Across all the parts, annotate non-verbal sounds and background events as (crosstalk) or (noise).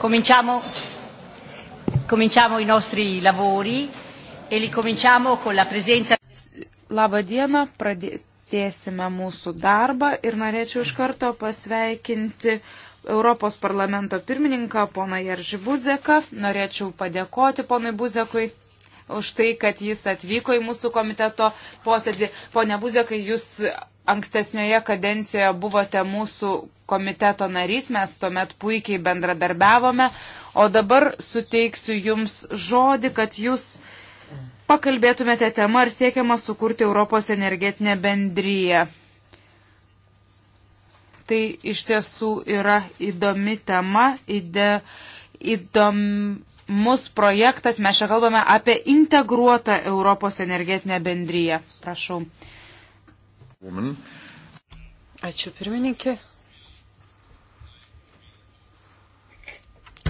Cominciamo, cominciamo i nostri lavori e li cominciamo con la presenza. Labą dieną, pradėsime mūsų darbą ir norėčiau iš karto pasveikinti Europos parlamento pirmininką poną Jeržį Buzeką. Norėčiau padėkoti ponui Buzekui už tai, kad jis atvyko į mūsų komiteto posėdį. Pone Buzekai, jūs ankstesnioje kadencijoje buvote mūsų komiteto narys, mes tuomet puikiai bendradarbiavome, o dabar suteiksiu Jums žodį, kad Jūs pakalbėtumėte temą, ar siekiama sukurti Europos energetinę bendryją. Tai iš tiesų yra įdomi tema, ide, įdomus projektas, mes čia kalbame apie integruotą Europos energetinę bendryją. Prašau. Ačiū pirmininkė.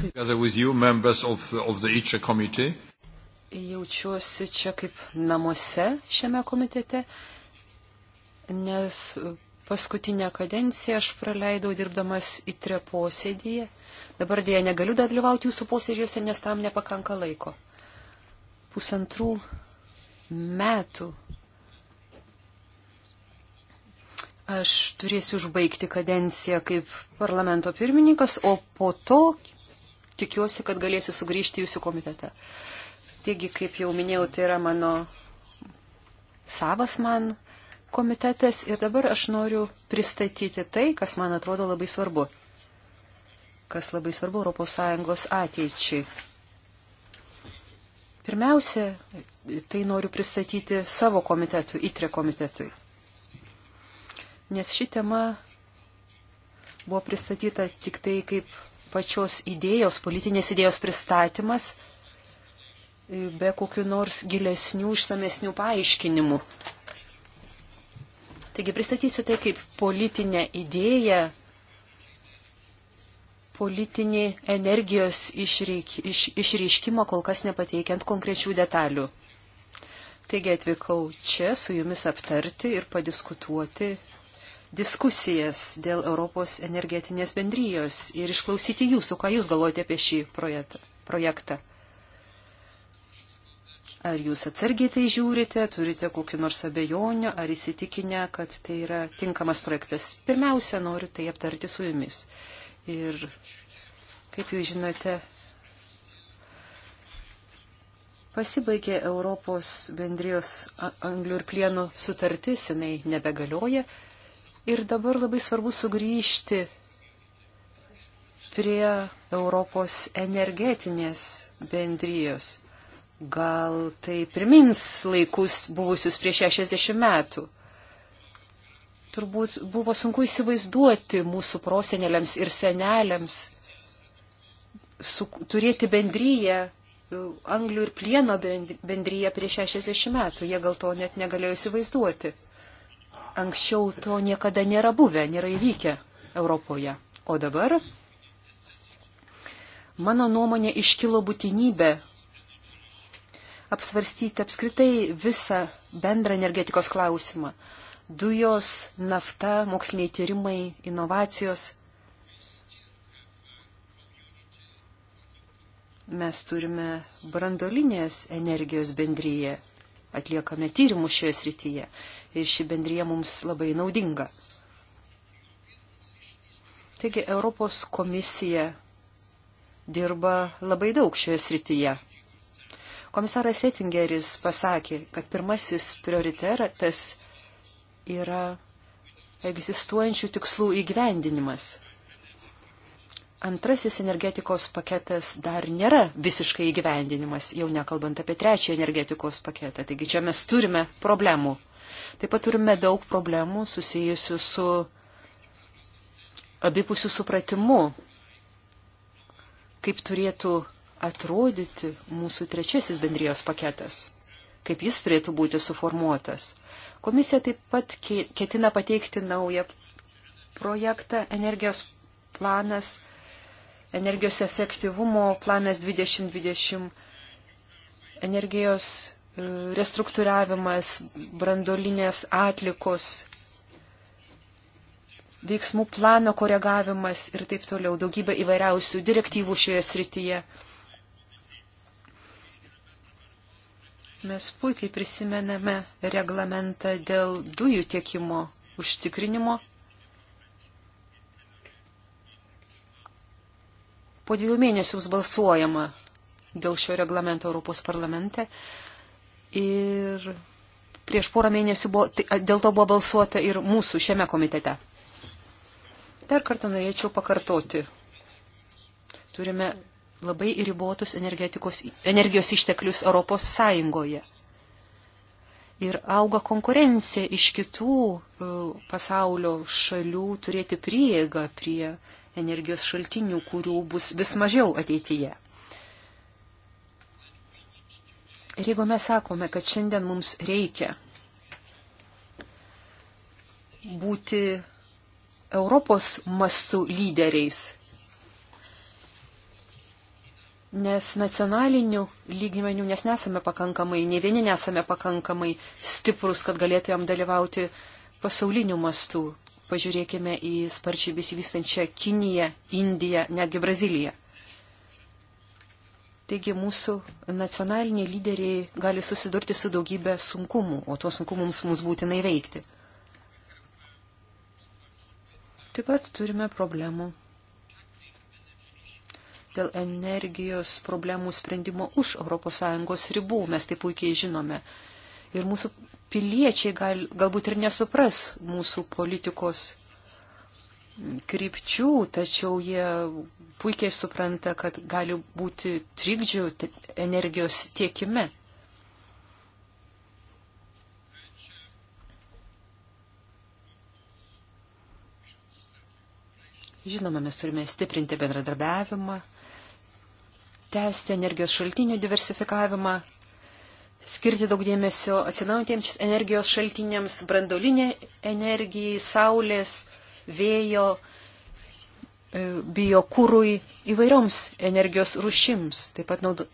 You, of the, of the Jaučiuosi čia kaip namuose šiame komitete, nes paskutinę kadenciją aš praleidau dirbdamas į tre posėdėje. Dabar dėja negaliu dalyvauti jūsų posėdžiuose, nes tam nepakanka laiko. Pusantrų metų Aš turėsiu užbaigti kadenciją kaip parlamento pirmininkas, o po to tikiuosi, kad galėsiu sugrįžti jūsų komitete. Taigi, kaip jau minėjau, tai yra mano savas man komitetas ir dabar aš noriu pristatyti tai, kas man atrodo labai svarbu. Kas labai svarbu ES ateičiai. Pirmiausia, tai noriu pristatyti savo komitetui, ITRE komitetui nes ši tema buvo pristatyta tik tai kaip pačios idėjos, politinės idėjos pristatymas, e, be kokiu nors gilesnių, išsamesnių paaiškinimų. Taigi pristatysiu tai kaip politinę idėją, politinį energijos išreik, iš, išreiškimą, kol kas nepateikiant konkrečių detalių. Taigi atvykau čia su jumis aptarti ir padiskutuoti diskusijas dėl Europos energetinės bendrijos ir išklausyti jūsų, ką jūs galvojate apie šį projektą. Ar jūs atsargiai tai žiūrite, turite kokiu nors abejonių, ar įsitikinę, kad tai yra tinkamas projektas? Pirmiausia, noriu tai aptarti su jumis. Ir kaip jūs žinote, pasibaigė Europos bendrijos anglių ir plienų sutartis, jinai nebegalioja, Ir dabar labai svarbu sugrįžti prie Europos energetinės bendrijos. Gal tai primins laikus buvusius prieš 60 metų. Turbūt buvo sunku įsivaizduoti mūsų prosenelėms ir senelėms su, turėti bendryje, anglių ir plieno bendryje prieš 60 metų. Jie gal to net negalėjo įsivaizduoti. Anksčiau to niekada nėra buvę, nėra įvykę Europoje. O dabar, mano nuomonė, iškilo būtinybė apsvarstyti apskritai visą bendrą energetikos klausimą. Dujos, nafta, moksliniai tyrimai, inovacijos, mes turime brandolinės energijos bendryje, atliekame tyrimus šioje srityje ir ši bendryje mums labai naudinga. Taigi Europos komisija dirba labai daug šioje srityje. Komisaras Ettingeris pasakė, kad pirmasis prioritetas yra egzistuojančių tikslų įgyvendinimas. Antrasis energetikos paketas dar nėra visiškai įgyvendinimas, jau nekalbant apie trečią energetikos paketą. Taigi čia mes turime problemų. Taip pat turime daug problemų susijusių su abipusių supratimu, kaip turėtų atrodyti mūsų trečiasis bendrijos paketas, kaip jis turėtų būti suformuotas. Komisija taip pat ketina pateikti naują projektą energijos planas, energijos efektyvumo planas 2020, energijos restruktūravimas, brandolinės atlikos, veiksmų plano koregavimas ir taip toliau, daugybė įvairiausių direktyvų šioje srityje. Mes puikiai prisimename reglamentą dėl dujų tiekimo užtikrinimo. Po dviejų mėnesių bus balsuojama dėl šio reglamento Europos parlamente. Ir prieš porą mėnesių buvo, tai, dėl to buvo balsuota ir mūsų šiame komitete. Dar kartą norėčiau pakartoti. Turime labai ribotus energijos išteklius Europos Sąjungoje. Ir auga konkurencija iš kitų e, pasaulio šalių turėti prieigą prie energijos šaltinių, kurių bus vis mažiau ateityje. Ir jeigu mes sakome, kad šiandien mums reikia būti Europos mastų lyderiais, nes nacionalinių lygmenių mes nesame pakankamai, ne vieni nesame pakankamai stiprus, kad galėtumėm dalyvauti pasauliniu mastu. Pažiūrėkime į sparčiai besivystančią Kiniją, Indiją, netgi Braziliją. Taigi mūsų nacionaliniai lyderiai gali susidurti su daugybė sunkumų, o tuos sunkumus mums būtinai veikti. Taip pat turime problemų dėl energijos problemų sprendimo už ES ribų, mes tai puikiai žinome. Ir mūsų piliečiai gal, galbūt ir nesupras mūsų politikos krypčių, tačiau jie puikiai supranta, kad gali būti trikdžių energijos tiekime. Žinoma, mes turime stiprinti bendradarbiavimą, tęsti energijos šaltinių diversifikavimą, skirti daug dėmesio atsinaujantiems energijos šaltiniams, brandolinė energijai, saulės, vėjo, e, biokūrui įvairioms energijos rušims, taip pat naudo,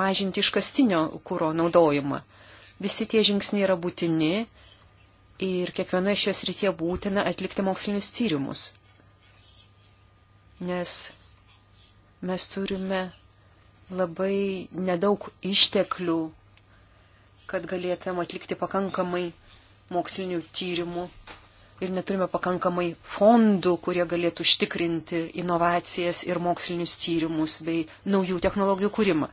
mažinti iškastinio kūro naudojimą. Visi tie žingsniai yra būtini ir kiekvienoje šios rytie būtina atlikti mokslinius tyrimus. Nes mes turime labai nedaug išteklių, kad galėtum atlikti pakankamai mokslinių tyrimų ir neturime pakankamai fondų, kurie galėtų užtikrinti inovacijas ir mokslinius tyrimus bei naujų technologijų kūrimą.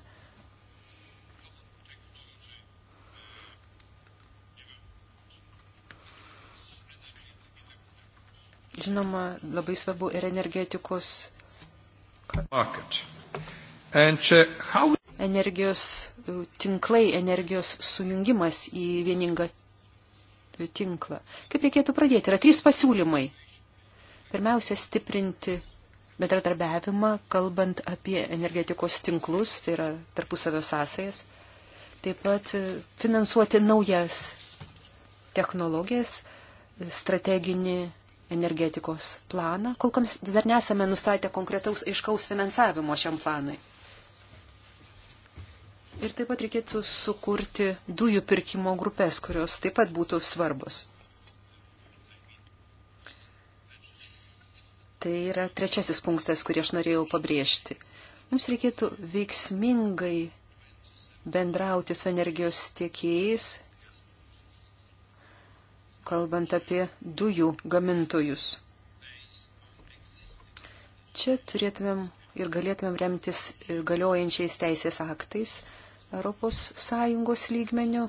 Žinoma, labai svarbu ir energetikos. Uh, energijos uh, tinklai, energijos sujungimas į vieningą tinklą. Kaip reikėtų pradėti? Yra trys pasiūlymai. Pirmiausia, stiprinti bendradarbiavimą, kalbant apie energetikos tinklus, tai yra tarpusavio sąsajas. Taip pat e, finansuoti naujas technologijas, strateginį energetikos planą. Kol kas dar nesame nustatę konkretaus aiškaus finansavimo šiam planui. Ir taip pat reikėtų sukurti dujų pirkimo grupės, kurios taip pat būtų svarbos. Tai yra trečiasis punktas, kurį aš norėjau pabrėžti. Mums reikėtų veiksmingai bendrauti su energijos tiekėjais, kalbant apie dujų gamintojus. Čia turėtumėm ir galėtumėm remtis galiojančiais teisės aktais ES lygmenių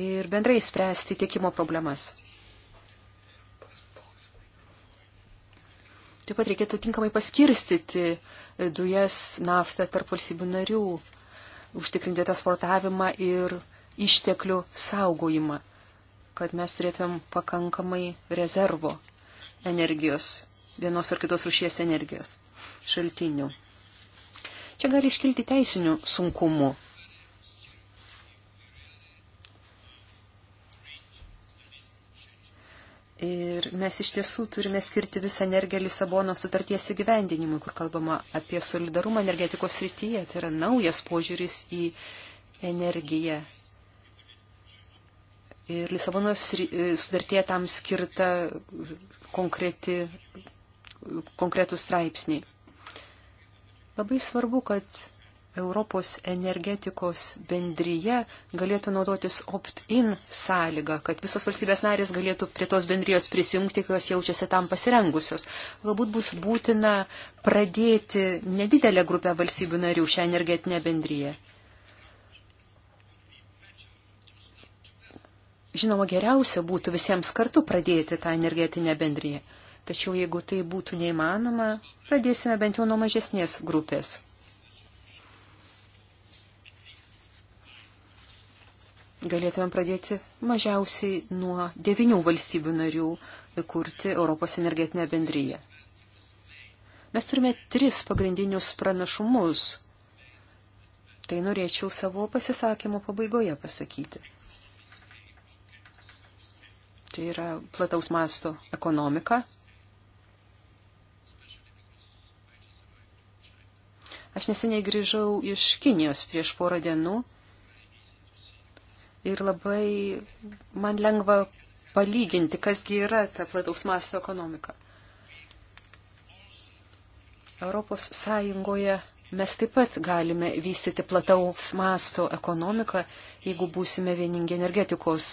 ir bendrai spręsti tiekimo problemas. Taip pat reikėtų tinkamai paskirstyti dujas, naftą tarp valstybių narių, užtikrinti transportavimą ir išteklių saugojimą, kad mes turėtumėm pakankamai rezervo energijos, vienos ar kitos rušies energijos šaltinių. Čia gali iškilti teisinių sunkumų. Ir mes iš tiesų turime skirti visą energiją Lisabono sutarties įgyvendinimui, kur kalbama apie solidarumą energetikos srityje. Tai yra naujas požiūris į energiją. Ir Lisabono e, sutartie tam skirta konkreti, konkretų straipsnį. Labai svarbu, kad Europos energetikos bendryje galėtų naudotis opt-in sąlyga, kad visos valstybės narės galėtų prie tos bendrijos prisijungti, kai jos jaučiasi tam pasirengusios. Galbūt bus būtina pradėti nedidelę grupę valstybių narių šią energetinę bendryje. Žinoma, geriausia būtų visiems kartu pradėti tą energetinę bendryje. Tačiau jeigu tai būtų neįmanoma, pradėsime bent jau nuo mažesnės grupės. Galėtumėm pradėti mažiausiai nuo devinių valstybių narių kurti Europos energetinę bendryją. Mes turime tris pagrindinius pranašumus. Tai norėčiau savo pasisakymo pabaigoje pasakyti. Tai yra plataus masto ekonomika, Aš neseniai grįžau iš Kinijos prieš porą dienų ir labai man lengva palyginti, kasgi yra ta plataus masto ekonomika. Europos Sąjungoje mes taip pat galime vystyti plataus masto ekonomiką, jeigu būsime vieningi energetikos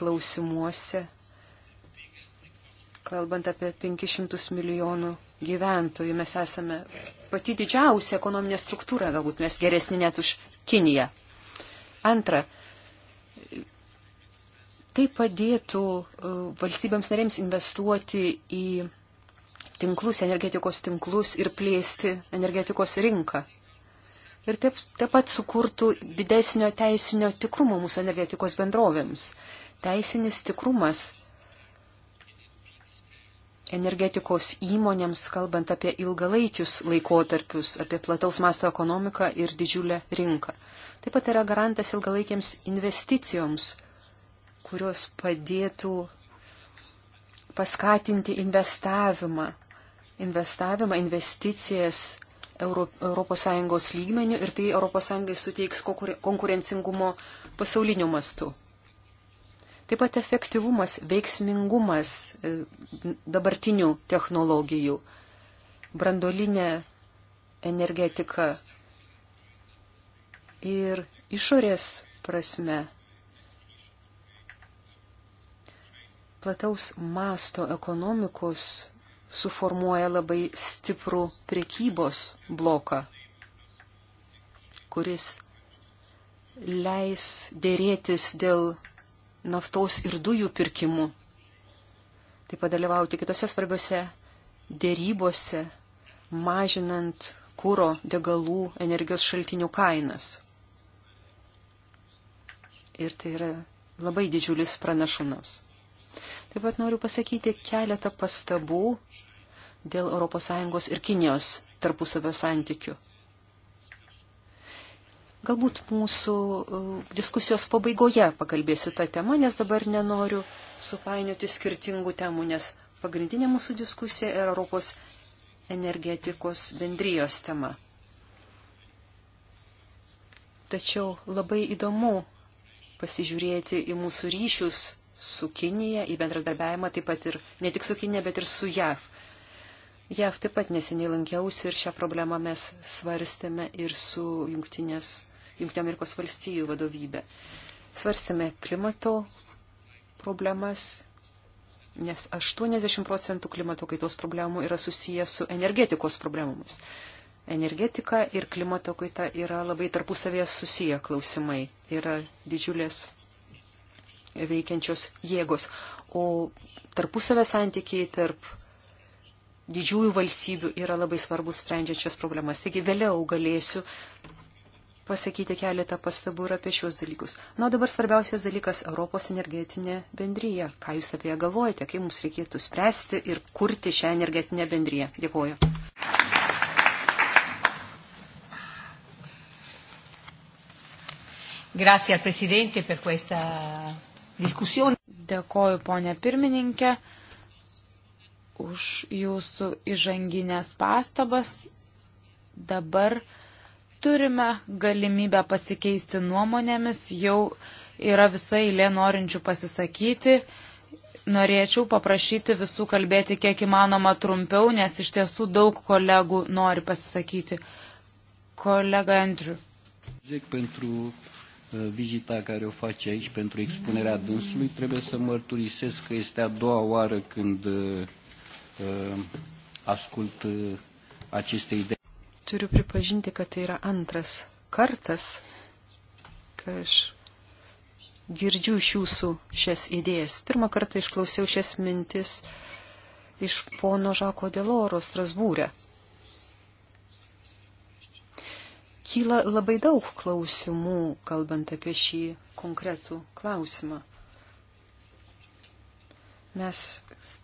klausimuose, kalbant apie 500 milijonų gyventojų. Mes esame pati didžiausia ekonominė struktūra, galbūt mes geresni net už Kiniją. Antra, tai padėtų e, valstybėms narėms investuoti į tinklus, energetikos tinklus ir plėsti energetikos rinką. Ir taip, taip pat sukurtų didesnio teisinio tikrumo mūsų energetikos bendrovėms. Teisinis tikrumas energetikos įmonėms, kalbant apie ilgalaikius laikotarpius, apie plataus masto ekonomiką ir didžiulę rinką. Taip pat yra garantas ilgalaikiams investicijoms, kurios padėtų paskatinti investavimą, investavimą, investicijas ES lygmenių ir tai ES suteiks konkurencingumo pasauliniu mastu. Taip pat efektyvumas, veiksmingumas e, dabartinių technologijų, brandolinė energetika ir išorės prasme plataus masto ekonomikos suformuoja labai stiprų prekybos bloką, kuris leis dėrėtis dėl naftos ir dujų pirkimu. Taip pat dalyvauti kitose svarbiose dėrybose, mažinant kūro, degalų, energijos šaltinių kainas. Ir tai yra labai didžiulis pranašumas. Taip pat noriu pasakyti keletą pastabų dėl ES ir Kinijos tarpusavio santykių. Galbūt mūsų e, diskusijos pabaigoje pakalbėsiu tą temą, nes dabar nenoriu supainioti skirtingų temų, nes pagrindinė mūsų diskusija yra Europos energetikos bendrijos tema. Tačiau labai įdomu pasižiūrėti į mūsų ryšius su Kinija, į bendradarbiavimą taip pat ir ne tik su Kinija, bet ir su JAV. JAV taip pat neseniai lankiausi ir šią problemą mes svarstėme ir su jungtinės Junktinio Amerikos valstijų vadovybę. Svarstėme klimato problemas, nes 80 procentų klimato kaitos problemų yra susijęs su energetikos problemomis. Energetika ir klimato kaita yra labai tarpusavėje susiję klausimai, yra didžiulės veikiančios jėgos, o tarpusavė santykiai tarp didžiųjų valstybių yra labai svarbus sprendžiančios problemas. Taigi vėliau galėsiu pasakyti keletą pastabų ir apie šios dalykus. Na, dabar svarbiausias dalykas - Europos energetinė bendryja. Ką Jūs apie ją galvojate, kaip mums reikėtų spręsti ir kurti šią energetinę bendryją? Dėkuoju. Grazie al Presidente per questa discussione. Dėkoju, ponė pirmininkė, už jūsų įžanginės pastabas. Dabar turime galimybę pasikeisti nuomonėmis, jau yra visa eilė norinčių pasisakyti. Norėčiau paprašyti visų kalbėti kiek įmanoma trumpiau, nes iš tiesų daug kolegų nori pasisakyti. Kolega Andrew. Pentru uh, vizita care o face aici, pentru expunerea dânsului, trebuie să mărturisesc că este a doua oară când uh, uh, ascult aceste idei. Turiu pripažinti, kad tai yra antras kartas, kai aš girdžiu iš jūsų šias idėjas. Pirmą kartą išklausiau šias mintis iš pono Žako Deloro Strasbūrė. Kyla labai daug klausimų, kalbant apie šį konkretų klausimą. Mes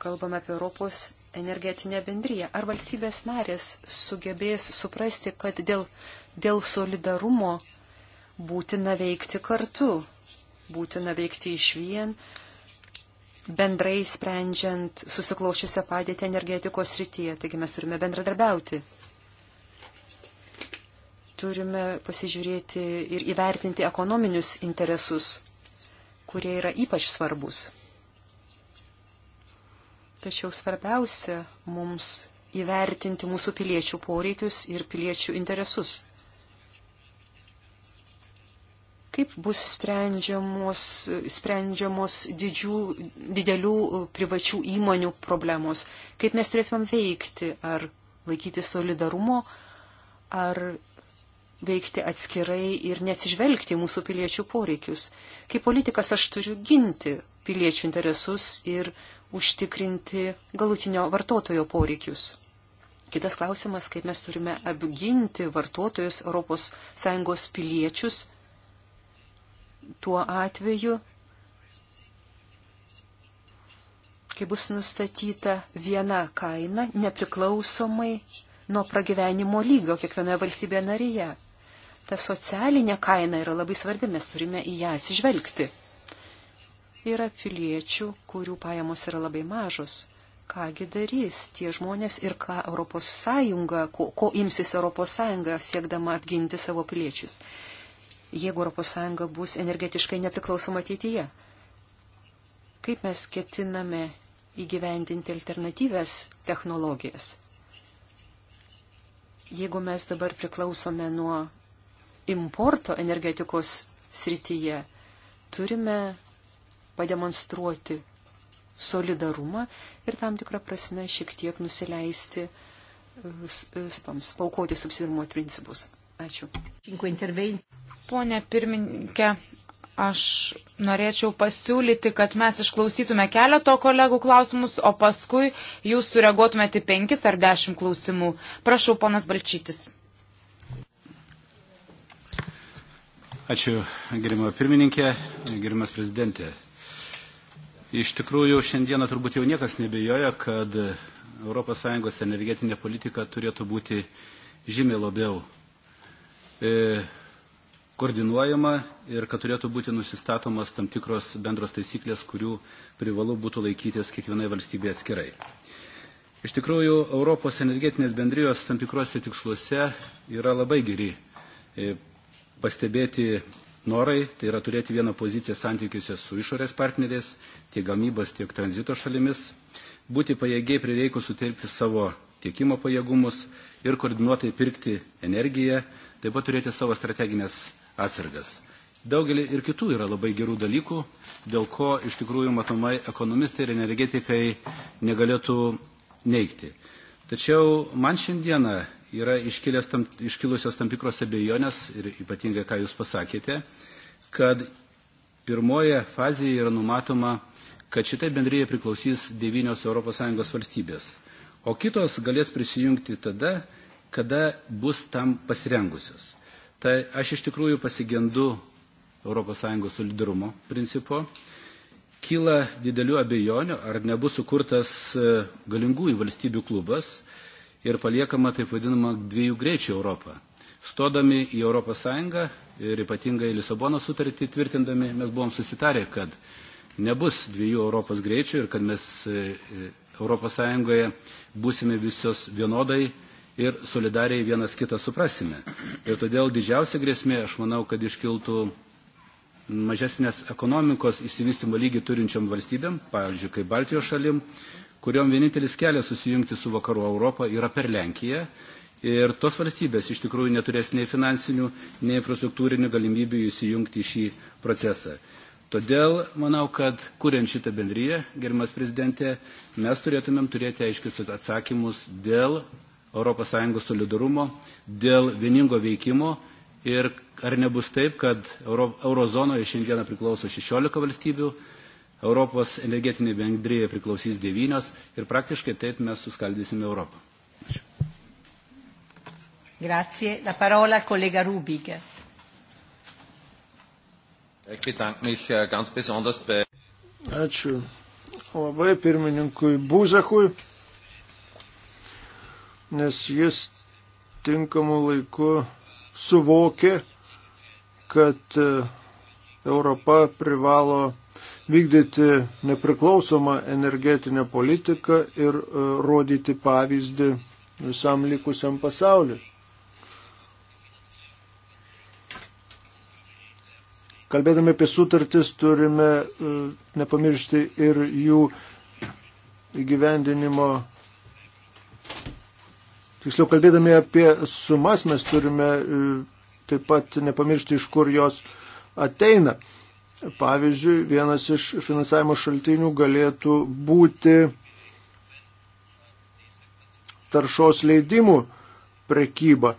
kalbame apie Europos energetinę bendryją. Ar valstybės narės sugebės suprasti, kad dėl, dėl solidarumo būtina veikti kartu, būtina veikti iš vien, bendrai sprendžiant susiklaušiusią padėtį energetikos rytyje. Taigi mes turime bendradarbiauti. Turime pasižiūrėti ir įvertinti ekonominius interesus, kurie yra ypač svarbus. Tačiau svarbiausia mums įvertinti mūsų piliečių poreikius ir piliečių interesus. Kaip bus sprendžiamos, sprendžiamos didžių, didelių e, privačių įmonių problemos? Kaip mes turėtumėm veikti? Ar laikyti solidarumo, ar veikti atskirai ir neatsižvelgti mūsų piliečių poreikius? Kaip politikas aš turiu ginti piliečių interesus ir užtikrinti galutinio vartotojo poreikius. Kitas klausimas, kaip mes turime apginti vartotojus ES piliečius tuo atveju, kai bus nustatyta viena kaina nepriklausomai nuo pragyvenimo lygio kiekvienoje valstybėje narėje. Ta socialinė kaina yra labai svarbi, mes turime į ją atsižvelgti yra piliečių, kurių pajamos yra labai mažos. Kągi darys tie žmonės ir ką Europos Sąjunga, ko, ko imsis Europos Sąjunga siekdama apginti savo piliečius, jeigu Europos Sąjunga bus energetiškai nepriklausoma ateityje. Kaip mes ketiname įgyvendinti alternatyves technologijas? Jeigu mes dabar priklausome nuo importo energetikos srityje, turime pademonstruoti solidarumą ir tam tikrą prasme šiek tiek nusileisti, e, spaukoti e, subsidirumo principus. Ačiū. Pone pirmininkė, aš norėčiau pasiūlyti, kad mes išklausytume keleto kolegų klausimus, o paskui jūs sureaguotumėte penkis ar dešimt klausimų. Prašau, ponas Balčytis. Ačiū, gerimo pirmininkė, gerimas prezidentė. Iš tikrųjų, šiandieną turbūt jau niekas nebejoja, kad ES energetinė politika turėtų būti žymiai labiau e, koordinuojama ir kad turėtų būti nusistatomas tam tikros bendros taisyklės, kurių privalu būtų laikytis kiekvienai valstybėje atskirai. Iš tikrųjų, Europos energetinės bendrijos tam tikrose tiksluose yra labai geri e, pastebėti norai, tai yra turėti vieną poziciją santykiuose su išorės partneriais, tiek gamybos, tiek tranzito šalimis, būti pajėgiai prireikus sutelkti savo tiekimo pajėgumus ir koordinuotai pirkti energiją, taip pat turėti savo strateginės atsargas. Daugelį ir kitų yra labai gerų dalykų, dėl ko iš tikrųjų matomai ekonomistai ir energetikai negalėtų neikti. Tačiau man šiandieną yra tam, iškilusios tam tikros abejonės ir ypatingai, ką Jūs pasakėte, kad pirmoje fazėje yra numatoma, kad šitai bendryje priklausys devynios ES valstybės, o kitos galės prisijungti tada, kada bus tam pasirengusios. Tai aš iš tikrųjų pasigendu ES solidarumo principo. Kyla didelių abejonių, ar nebus sukurtas e, galingųjų valstybių klubas, ir paliekama taip vadinama dviejų greičių Europą. Stodami į ES ir ypatingai Lisabono sutartį tvirtindami, mes buvom susitarę, kad nebus dviejų Europos greičių ir kad mes ES e, būsime visos vienodai ir solidariai vienas kitą suprasime. Ir todėl didžiausia grėsmė, aš manau, kad iškiltų mažesnės ekonomikos įsivystimo lygį turinčiom valstybėm, pavyzdžiui, kaip Baltijos šalim, kuriuom vienintelis kelias susijungti su vakarų Europą yra per Lenkiją. Ir tos valstybės iš tikrųjų neturės nei finansinių, nei infrastruktūrinių galimybių įsijungti į šį procesą. Todėl manau, kad kuriant šitą bendryją, gerimas prezidentė, mes turėtumėm turėti aiškius atsakymus dėl ES solidarumo, dėl vieningo veikimo ir ar nebus taip, kad eurozonoje šiandieną priklauso 16 valstybių, Europos energetinė bendrėje priklausys devynios ir praktiškai taip mes suskaldysime Europą. Ačiū. Grazie. La parola al collega Rubik. Ich bedanke mich äh, ganz besonders bei. Ačiū. Labai pirmininkui Būzakui, nes jis tinkamu laiku suvokė, kad äh, Europa privalo vykdyti nepriklausomą energetinę politiką ir e, rodyti pavyzdį visam likusiam pasauliu. Kalbėdami apie sutartis turime e, nepamiršti ir jų įgyvendinimo. Tiksliau, kalbėdami apie sumas mes turime e, taip pat nepamiršti, iš kur jos ateina. Pavyzdžiui, vienas iš finansavimo šaltinių galėtų būti taršos leidimų prekyba.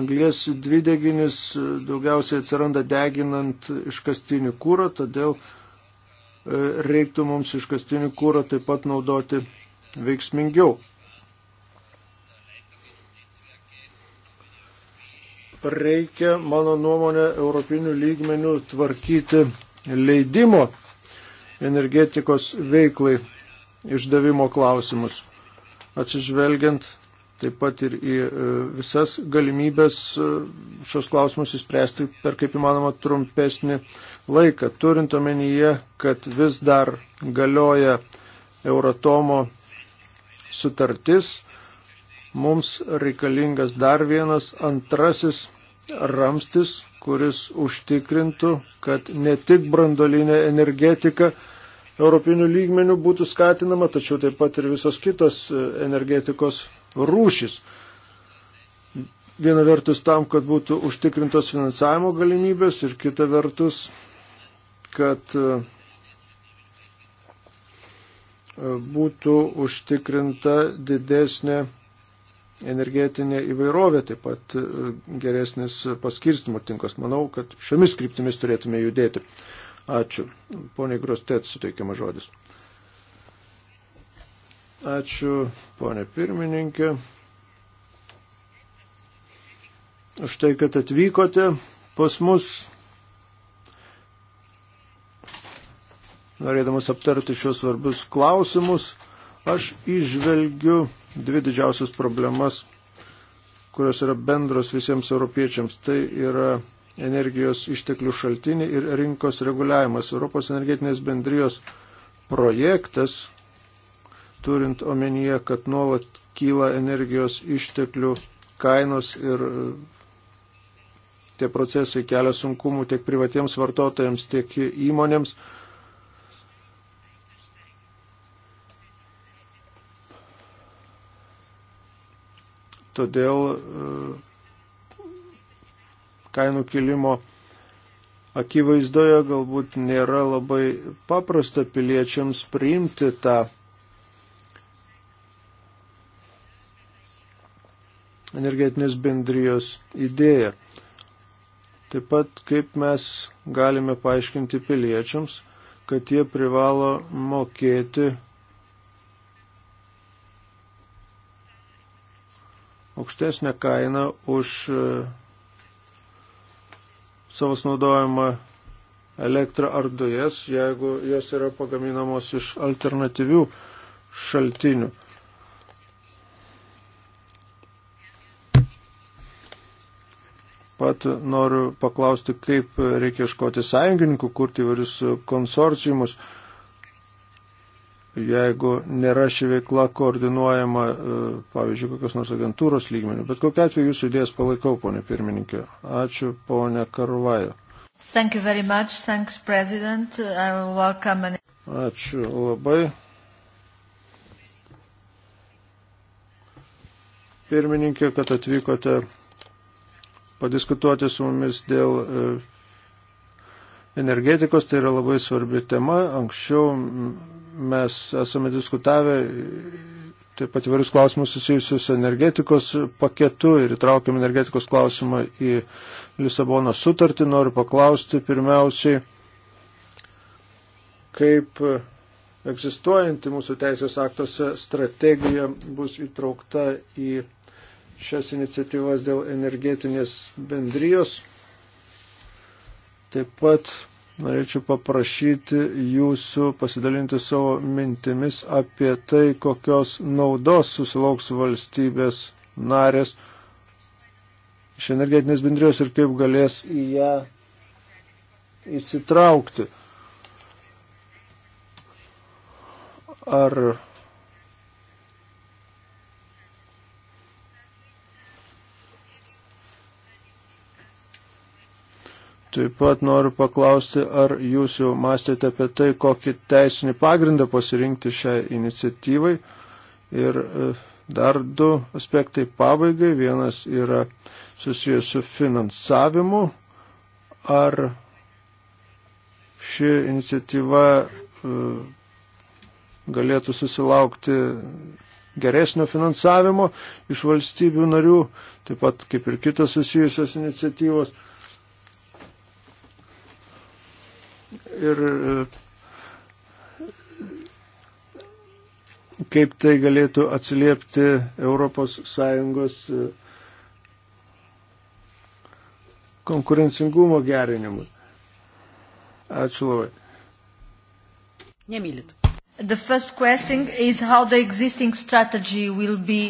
Anglės dvideginis daugiausiai atsiranda deginant iškastinį kūrą, todėl e, reiktų mums iškastinį kūrą taip pat naudoti veiksmingiau. reikia, mano nuomonė, europinių lygmenių tvarkyti leidimo energetikos veiklai išdavimo klausimus, atsižvelgiant taip pat ir į e, visas galimybės e, šios klausimus įspręsti per kaip įmanoma trumpesnį laiką, turint omenyje, kad vis dar galioja Euratomo sutartis mums reikalingas dar vienas antrasis ramstis, kuris užtikrintų, kad ne tik brandolinė energetika europinių lygmenių būtų skatinama, tačiau taip pat ir visos kitos e, energetikos rūšis. Viena vertus tam, kad būtų užtikrintos finansavimo galimybės ir kita vertus, kad e, būtų užtikrinta didesnė energetinė įvairovė, taip pat e, geresnis paskirstimo tinkas. Manau, kad šiomis kryptimis turėtume judėti. Ačiū. Pone Grostet suteikiama žodis. Ačiū, ponė pirmininkė, už tai, kad atvykote pas mus, norėdamas aptarti šios svarbius klausimus. Aš išvelgiu dvi didžiausias problemas, kurios yra bendros visiems europiečiams. Tai yra energijos išteklių šaltiniai ir rinkos reguliavimas. Europos energetinės bendrijos projektas, turint omenyje, kad nuolat kyla energijos išteklių kainos ir e, tie procesai kelia sunkumų tiek privatiems vartotojams, tiek įmonėms. Todėl e, kainų kilimo akivaizdoje galbūt nėra labai paprasta piliečiams priimti tą energetinės bendrijos idėją. Taip pat kaip mes galime paaiškinti piliečiams, kad jie privalo mokėti aukštesnę kainą už e, savo naudojimą elektrą ar dujas, jeigu jos yra pagaminamos iš alternatyvių šaltinių. Pat noriu paklausti, kaip reikia iškoti sąjungininkų, kurti įvairius konsorciumus, jeigu nėra ši veikla koordinuojama, e, pavyzdžiui, kokios nors agentūros lygmenių. Bet kokia atveju jūsų idėjas palaikau, ponė pirmininkė. Ačiū, ponė Karvajo. Thank you very much. Thanks, President. I welcome. And... Ačiū labai. Pirmininkė, kad atvykote padiskutuoti su mumis dėl e, energetikos, tai yra labai svarbi tema. Anksčiau Mes esame diskutavę taip pat įvairius klausimus susijusius energetikos paketu ir įtraukiam energetikos klausimą į Lisabono sutartį. Noriu paklausti pirmiausiai, kaip egzistuojanti mūsų teisės aktuose strategija bus įtraukta į šias iniciatyvas dėl energetinės bendrijos. Taip pat norėčiau paprašyti jūsų pasidalinti savo mintimis apie tai, kokios naudos susilauks valstybės narės iš energetinės bendrijos ir kaip galės į ją įsitraukti. Ar Taip pat noriu paklausti, ar jūs jau mąstėte apie tai, kokį teisinį pagrindą pasirinkti šiai iniciatyvai. Ir e, dar du aspektai pabaigai. Vienas yra susijęs su finansavimu. Ar ši iniciatyva e, galėtų susilaukti geresnio finansavimo iš valstybių narių, taip pat kaip ir kitos susijusios iniciatyvos. ir e, kaip tai galėtų atsiliepti ES e, konkurencingumo gerinimui. Ačiū labai. Nemylit. The first question is how the existing strategy will be.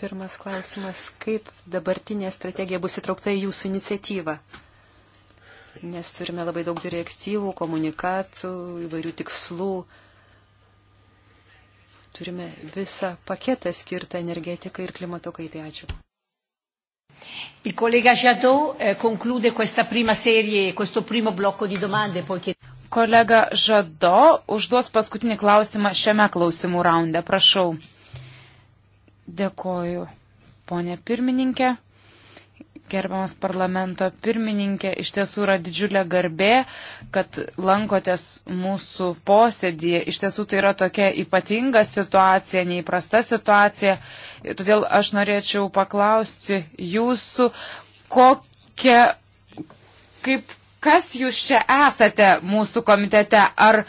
Pirmas klausimas, kaip dabartinė strategija bus įtraukta į jūsų iniciatyvą? nes turime labai daug direktyvų, komunikatų, įvairių tikslų. Turime visą paketą skirtą energetikai ir klimato kaitai. Ačiū. Il collega Jadot eh, conclude questa prima serie, questo primo blocco di domande. Poiché... Kolega Žado užduos paskutinį klausimą šiame klausimų raunde. Prašau. Dėkoju, ponė pirmininkė. Gerbiamas parlamento pirmininkė, iš tiesų yra didžiulė garbė, kad lankotės mūsų posėdėje. Iš tiesų tai yra tokia ypatinga situacija, neįprasta situacija. Todėl aš norėčiau paklausti jūsų, kokia, kaip, kas jūs čia esate mūsų komitete? Ar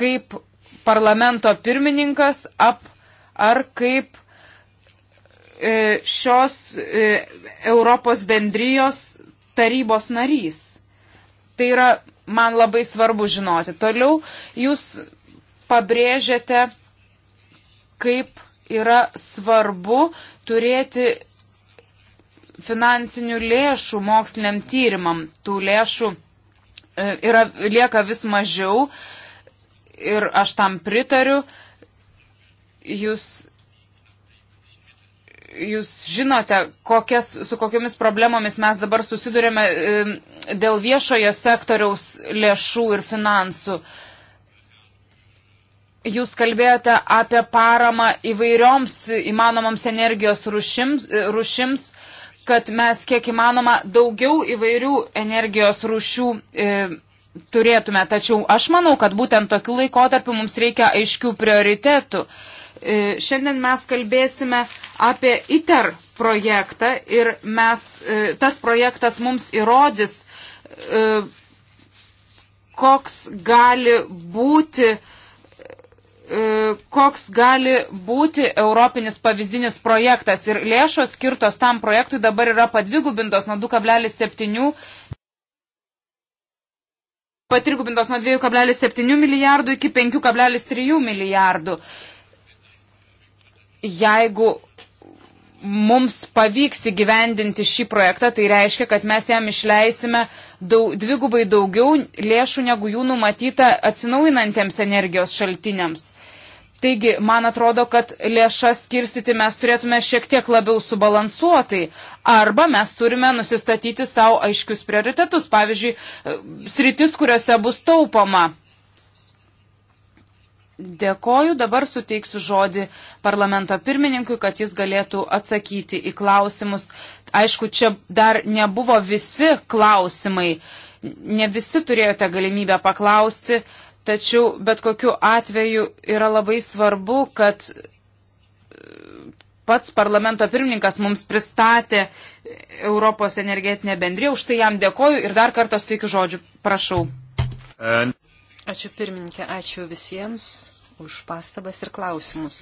kaip parlamento pirmininkas, ap, ar kaip E, šios e, Europos bendrijos tarybos narys. Tai yra man labai svarbu žinoti. Toliau jūs pabrėžiate, kaip yra svarbu turėti finansinių lėšų moksliniam tyrimam. Tų lėšų e, yra, lieka vis mažiau ir aš tam pritariu. Jūs jūs žinote, kokias, su kokiamis problemomis mes dabar susidurėme dėl viešojo sektoriaus lėšų ir finansų. Jūs kalbėjote apie paramą įvairioms įmanomoms energijos rušims, e, rušims kad mes kiek įmanoma daugiau įvairių energijos rušių e, turėtume. Tačiau aš manau, kad būtent tokiu laikotarpiu mums reikia aiškių prioritetų. E, E, šiandien mes kalbėsime apie ITER projektą ir mes, e, tas projektas mums įrodys, e, koks gali būti koks gali būti europinis pavyzdinis projektas. Ir lėšos skirtos tam projektui dabar yra padvigubintos nuo 2,7 patrigubintos nuo 2,7 milijardų iki 5,3 milijardų jeigu mums pavyks įgyvendinti šį projektą, tai reiškia, kad mes jam išleisime daug, dvigubai daugiau lėšų, negu jų numatyta atsinaujinantiems energijos šaltiniams. Taigi, man atrodo, kad lėšas skirstyti mes turėtume šiek tiek labiau subalansuotai, arba mes turime nusistatyti savo aiškius prioritetus, pavyzdžiui, sritis, kuriuose bus taupoma. Dėkoju, dabar suteiksiu žodį parlamento pirmininkui, kad jis galėtų atsakyti į klausimus. Aišku, čia dar nebuvo visi klausimai, ne visi turėjote galimybę paklausti, tačiau bet kokiu atveju yra labai svarbu, kad e, pats parlamento pirmininkas mums pristatė Europos energetinę bendriją, už tai jam dėkoju ir dar kartą suteikiu žodžių, prašau. And... Ačiū pirmininkė, ačiū visiems už pastabas ir klausimus.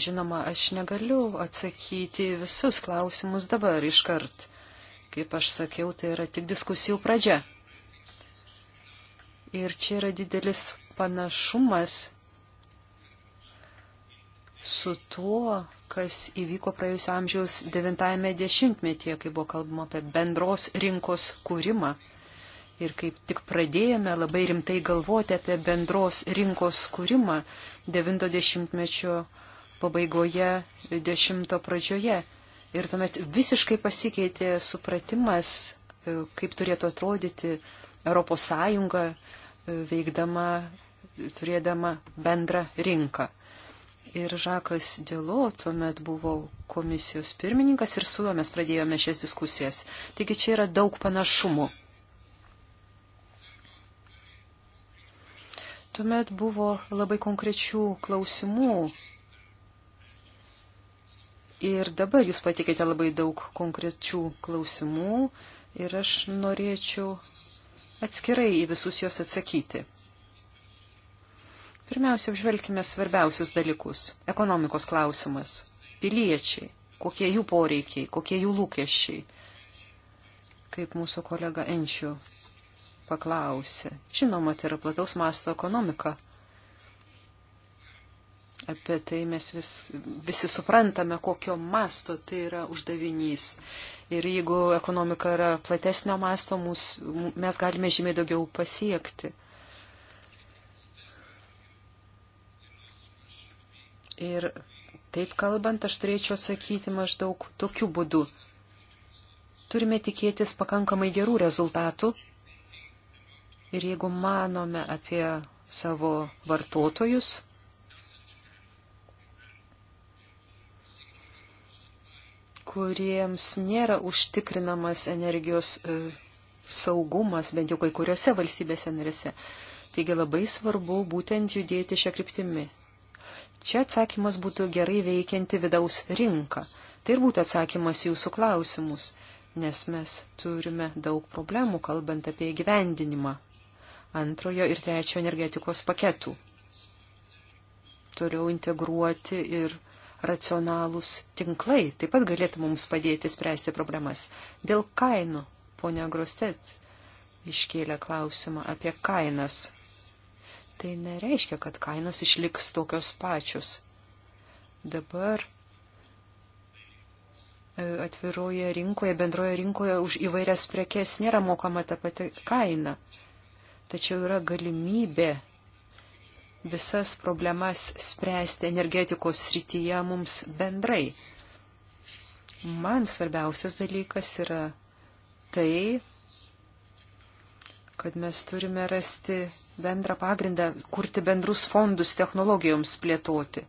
Žinoma, aš negaliu atsakyti visus klausimus dabar iškart. Kaip aš sakiau, tai yra tik diskusijų pradžia. Ir čia yra didelis panašumas su tuo, kas įvyko praėjusio amžiaus 90-metyje, kai buvo kalbama apie bendros rinkos kūrimą. Ir kaip tik pradėjome labai rimtai galvoti apie bendros rinkos skūrimą 90-mečio pabaigoje, 10 pradžioje. Ir tuomet visiškai pasikeitė supratimas, e, kaip turėtų atrodyti ES e, veikdama, turėdama bendrą rinką. Ir Žakas Dėlo tuomet buvo komisijos pirmininkas ir su juo mes pradėjome šias diskusijas. Taigi čia yra daug panašumų. Tuomet buvo labai konkrečių klausimų. Ir dabar jūs patikėte labai daug konkrečių klausimų ir aš norėčiau atskirai į visus juos atsakyti. Pirmiausia, apžvelkime svarbiausius dalykus - ekonomikos klausimas, piliečiai, kokie jų poreikiai, kokie jų lūkesčiai, kaip mūsų kolega Enčių paklausė. Žinoma, tai yra plataus masto ekonomika. Apie tai mes vis, visi suprantame, kokio masto tai yra uždavinys. Ir jeigu ekonomika yra platesnio masto, mūs, mes galime žymiai daugiau pasiekti. Ir taip kalbant, aš turėčiau atsakyti maždaug tokiu būdu turime tikėtis pakankamai gerų rezultatų, Ir jeigu manome apie savo vartotojus, kuriems nėra užtikrinamas energijos e, saugumas, bent jau kai kuriuose valstybėse narėse. Taigi labai svarbu būtent judėti šią kryptimį. Čia atsakymas būtų gerai veikianti vidaus rinka. Tai ir būtų atsakymas jūsų klausimus, nes mes turime daug problemų, kalbant apie įgyvendinimą antrojo ir trečiojo energetikos paketų. Toliau integruoti ir racionalūs tinklai taip pat galėtų mums padėti spręsti problemas. Dėl kainų, ponia Grostet iškėlė klausimą apie kainas. Tai nereiškia, kad kainos išliks tokios pačios. Dabar e, atviroje rinkoje, bendroje rinkoje už įvairias prekes nėra mokama ta pati kaina. Tačiau yra galimybė visas problemas spręsti energetikos srityje mums bendrai. Man svarbiausias dalykas yra tai, kad mes turime rasti bendrą pagrindą, kurti bendrus fondus technologijoms plėtoti.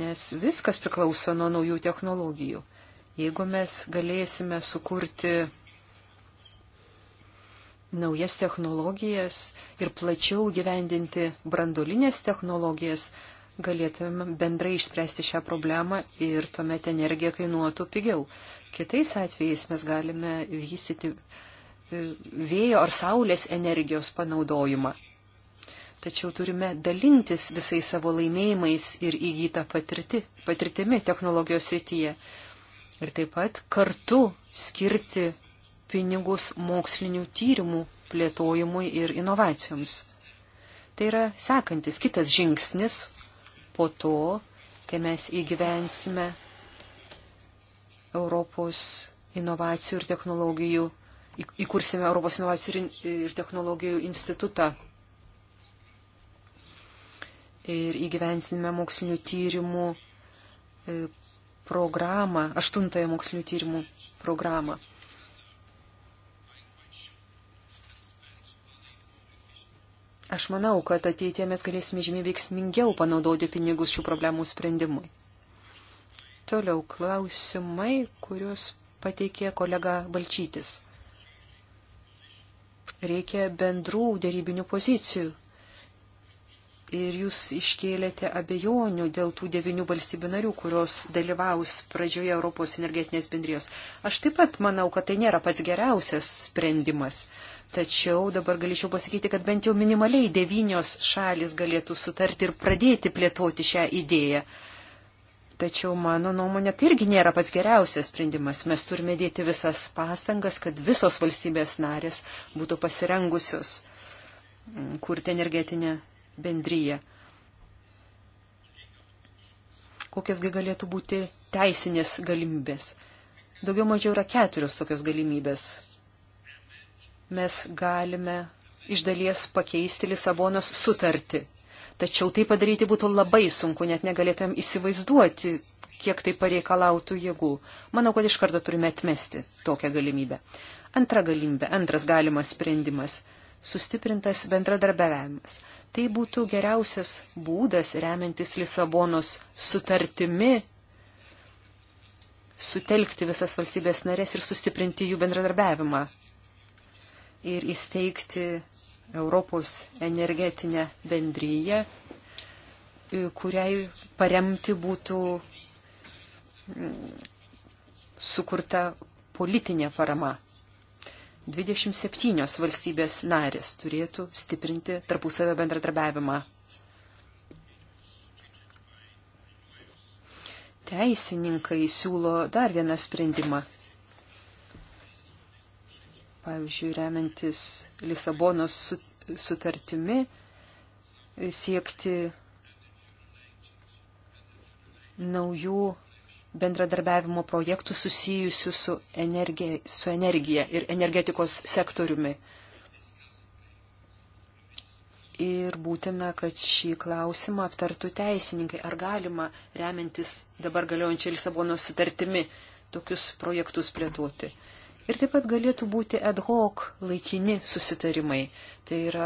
Nes viskas priklauso nuo naujų technologijų. Jeigu mes galėsime sukurti naujas technologijas ir plačiau gyvendinti brandolinės technologijas, galėtumėm bendrai išspręsti šią problemą ir tuomet energija kainuotų pigiau. Kitais atvejais mes galime vystyti e, vėjo ar saulės energijos panaudojimą. Tačiau turime dalintis visais savo laimėjimais ir įgytą patirti, patirtimi technologijos srityje. Ir taip pat kartu skirti pinigus mokslinių tyrimų plėtojimui ir inovacijoms. Tai yra sekantis kitas žingsnis po to, kai mes įgyvensime Europos inovacijų ir technologijų, įkursime Europos inovacijų ir technologijų institutą ir įgyvensime mokslinių tyrimų e, programą, aštuntąją mokslinių tyrimų programą. Aš manau, kad ateitie mes galėsime žymiai veiksmingiau panaudoti pinigus šių problemų sprendimui. Toliau klausimai, kuriuos pateikė kolega Balčytis. Reikia bendrų dėrybinių pozicijų. Ir jūs iškėlėte abejonių dėl tų devinių valstybių narių, kurios dalyvaus pradžioje Europos energetinės bendrijos. Aš taip pat manau, kad tai nėra pats geriausias sprendimas. Tačiau dabar galėčiau pasakyti, kad bent jau minimaliai devynios šalis galėtų sutarti ir pradėti plėtoti šią idėją. Tačiau mano nuomonė tai irgi nėra pats geriausias sprendimas. Mes turime dėti visas pastangas, kad visos valstybės narės būtų pasirengusios kurti energetinę bendryją. Kokiasgi galėtų būti teisinės galimybės? Daugiau mažiau yra keturios tokios galimybės mes galime iš dalies pakeisti Lisabonos sutartį. Tačiau tai padaryti būtų labai sunku, net negalėtumėm įsivaizduoti, kiek tai pareikalautų jėgų. Manau, kad iš karto turime atmesti tokią galimybę. Antra galimybė, antras galimas sprendimas - sustiprintas bendradarbiavimas. Tai būtų geriausias būdas, remiantis Lisabonos sutartimi, sutelkti visas valstybės narės ir sustiprinti jų bendradarbiavimą ir įsteigti Europos energetinę bendryją, e, kuriai paremti būtų mm, sukurta politinė parama. 27 valstybės narės turėtų stiprinti tarpusavę bendradarbiavimą. Teisininkai siūlo dar vieną sprendimą pavyzdžiui, remiantis Lisabonos sutartimi, siekti naujų bendradarbiavimo projektų susijusių su energija, su energija ir energetikos sektoriumi. Ir būtina, kad šį klausimą aptartų teisininkai. Ar galima, remiantis dabar galiojančia Lisabonos sutartimi, tokius projektus plėtoti? Ir taip pat galėtų būti ad hoc laikini susitarimai. Tai yra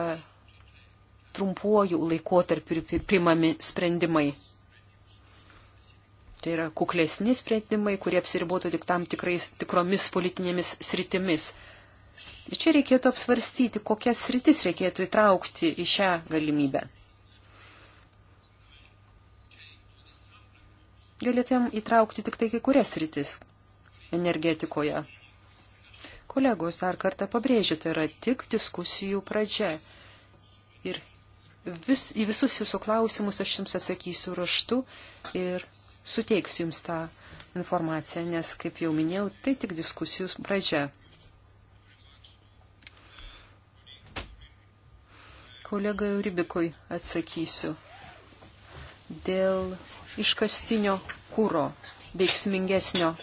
trumpuoju laikotarpiu primami sprendimai. Tai yra kuklesni sprendimai, kurie apsiribotų tik tam tikrais, tikromis politinėmis sritimis. Ir čia reikėtų apsvarstyti, kokias sritis reikėtų įtraukti į šią galimybę. Galėtum įtraukti tik tai kai kurias sritis energetikoje. Kolegos, dar kartą pabrėžiu, tai yra tik diskusijų pradžia. Ir vis, į visus jūsų klausimus aš jums atsakysiu raštu ir suteiksiu jums tą informaciją, nes, kaip jau minėjau, tai tik diskusijų pradžia. Kolegai Ribikui atsakysiu dėl iškastinio kūro veiksmingesnio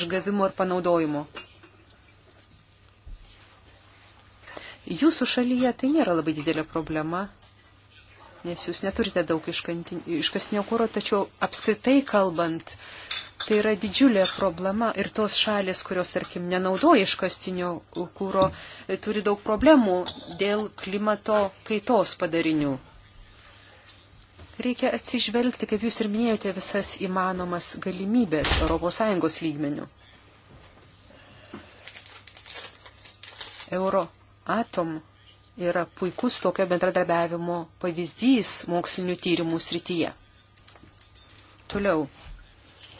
išgavimo ir panaudojimo. Jūsų šalyje tai nėra labai didelė problema, nes jūs neturite daug iškasnio kūro, tačiau apskritai kalbant, tai yra didžiulė problema ir tos šalis, kurios, tarkim, nenaudoja iškastinio kūro, e, turi daug problemų dėl klimato kaitos padarinių. Reikia atsižvelgti, kaip jūs ir minėjote, visas įmanomas galimybės ES lygmenių. Euro Atom yra puikus tokio bendradarbiavimo pavyzdys mokslinių tyrimų srityje. Toliau.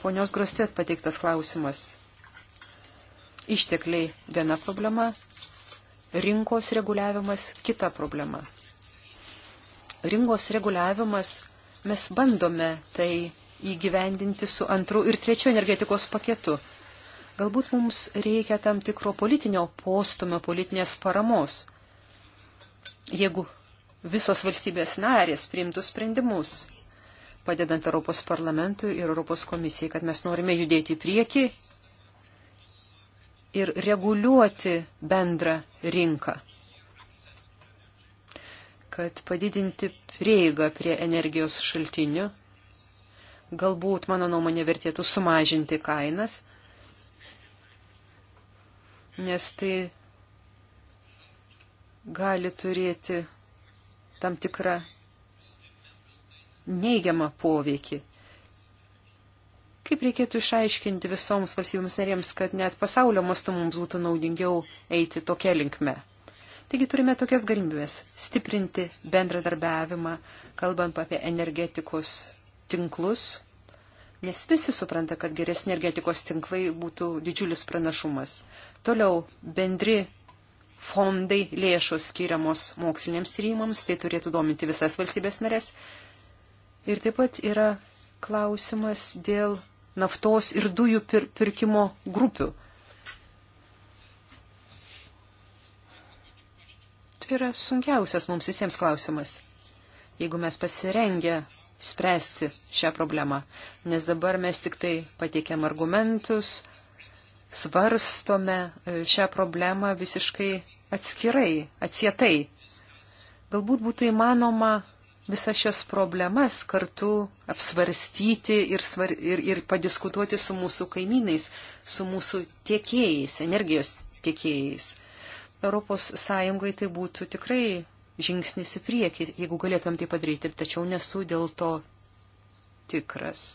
Ponios Grostet pateiktas klausimas. Ištekliai viena problema, rinkos reguliavimas kita problema. Rinkos reguliavimas mes bandome tai įgyvendinti su antru ir trečiu energetikos paketu. Galbūt mums reikia tam tikro politinio postumio, politinės paramos, jeigu visos valstybės narės priimtų sprendimus, padedant Europos parlamentui ir Europos komisijai, kad mes norime judėti į priekį ir reguliuoti bendrą rinką, kad padidinti prieigą prie energijos šaltinių. Galbūt, mano nuomonė, vertėtų sumažinti kainas nes tai gali turėti tam tikrą neigiamą poveikį. Kaip reikėtų išaiškinti visoms valstybėms narėms, kad net pasaulio mastu mums būtų naudingiau eiti tokia linkme? Taigi turime tokias galimybės - stiprinti bendradarbiavimą, kalbant apie energetikos tinklus, nes visi supranta, kad geresni energetikos tinklai būtų didžiulis pranašumas. Toliau bendri fondai lėšos skiriamos moksliniams tyrimams, tai turėtų dominti visas valstybės narės. Ir taip pat yra klausimas dėl naftos ir dujų pir pirkimo grupių. Tai yra sunkiausias mums visiems klausimas, jeigu mes pasirengę spręsti šią problemą, nes dabar mes tik tai pateikėm argumentus, svarstome e, šią problemą visiškai atskirai, atsietai. Galbūt būtų įmanoma visas šias problemas kartu apsvarstyti ir, svar, ir, ir padiskutuoti su mūsų kaimynais, su mūsų tiekėjais, energijos tiekėjais. Europos Sąjungai tai būtų tikrai žingsnis į priekį, jeigu galėtum tai padaryti, tačiau nesu dėl to tikras.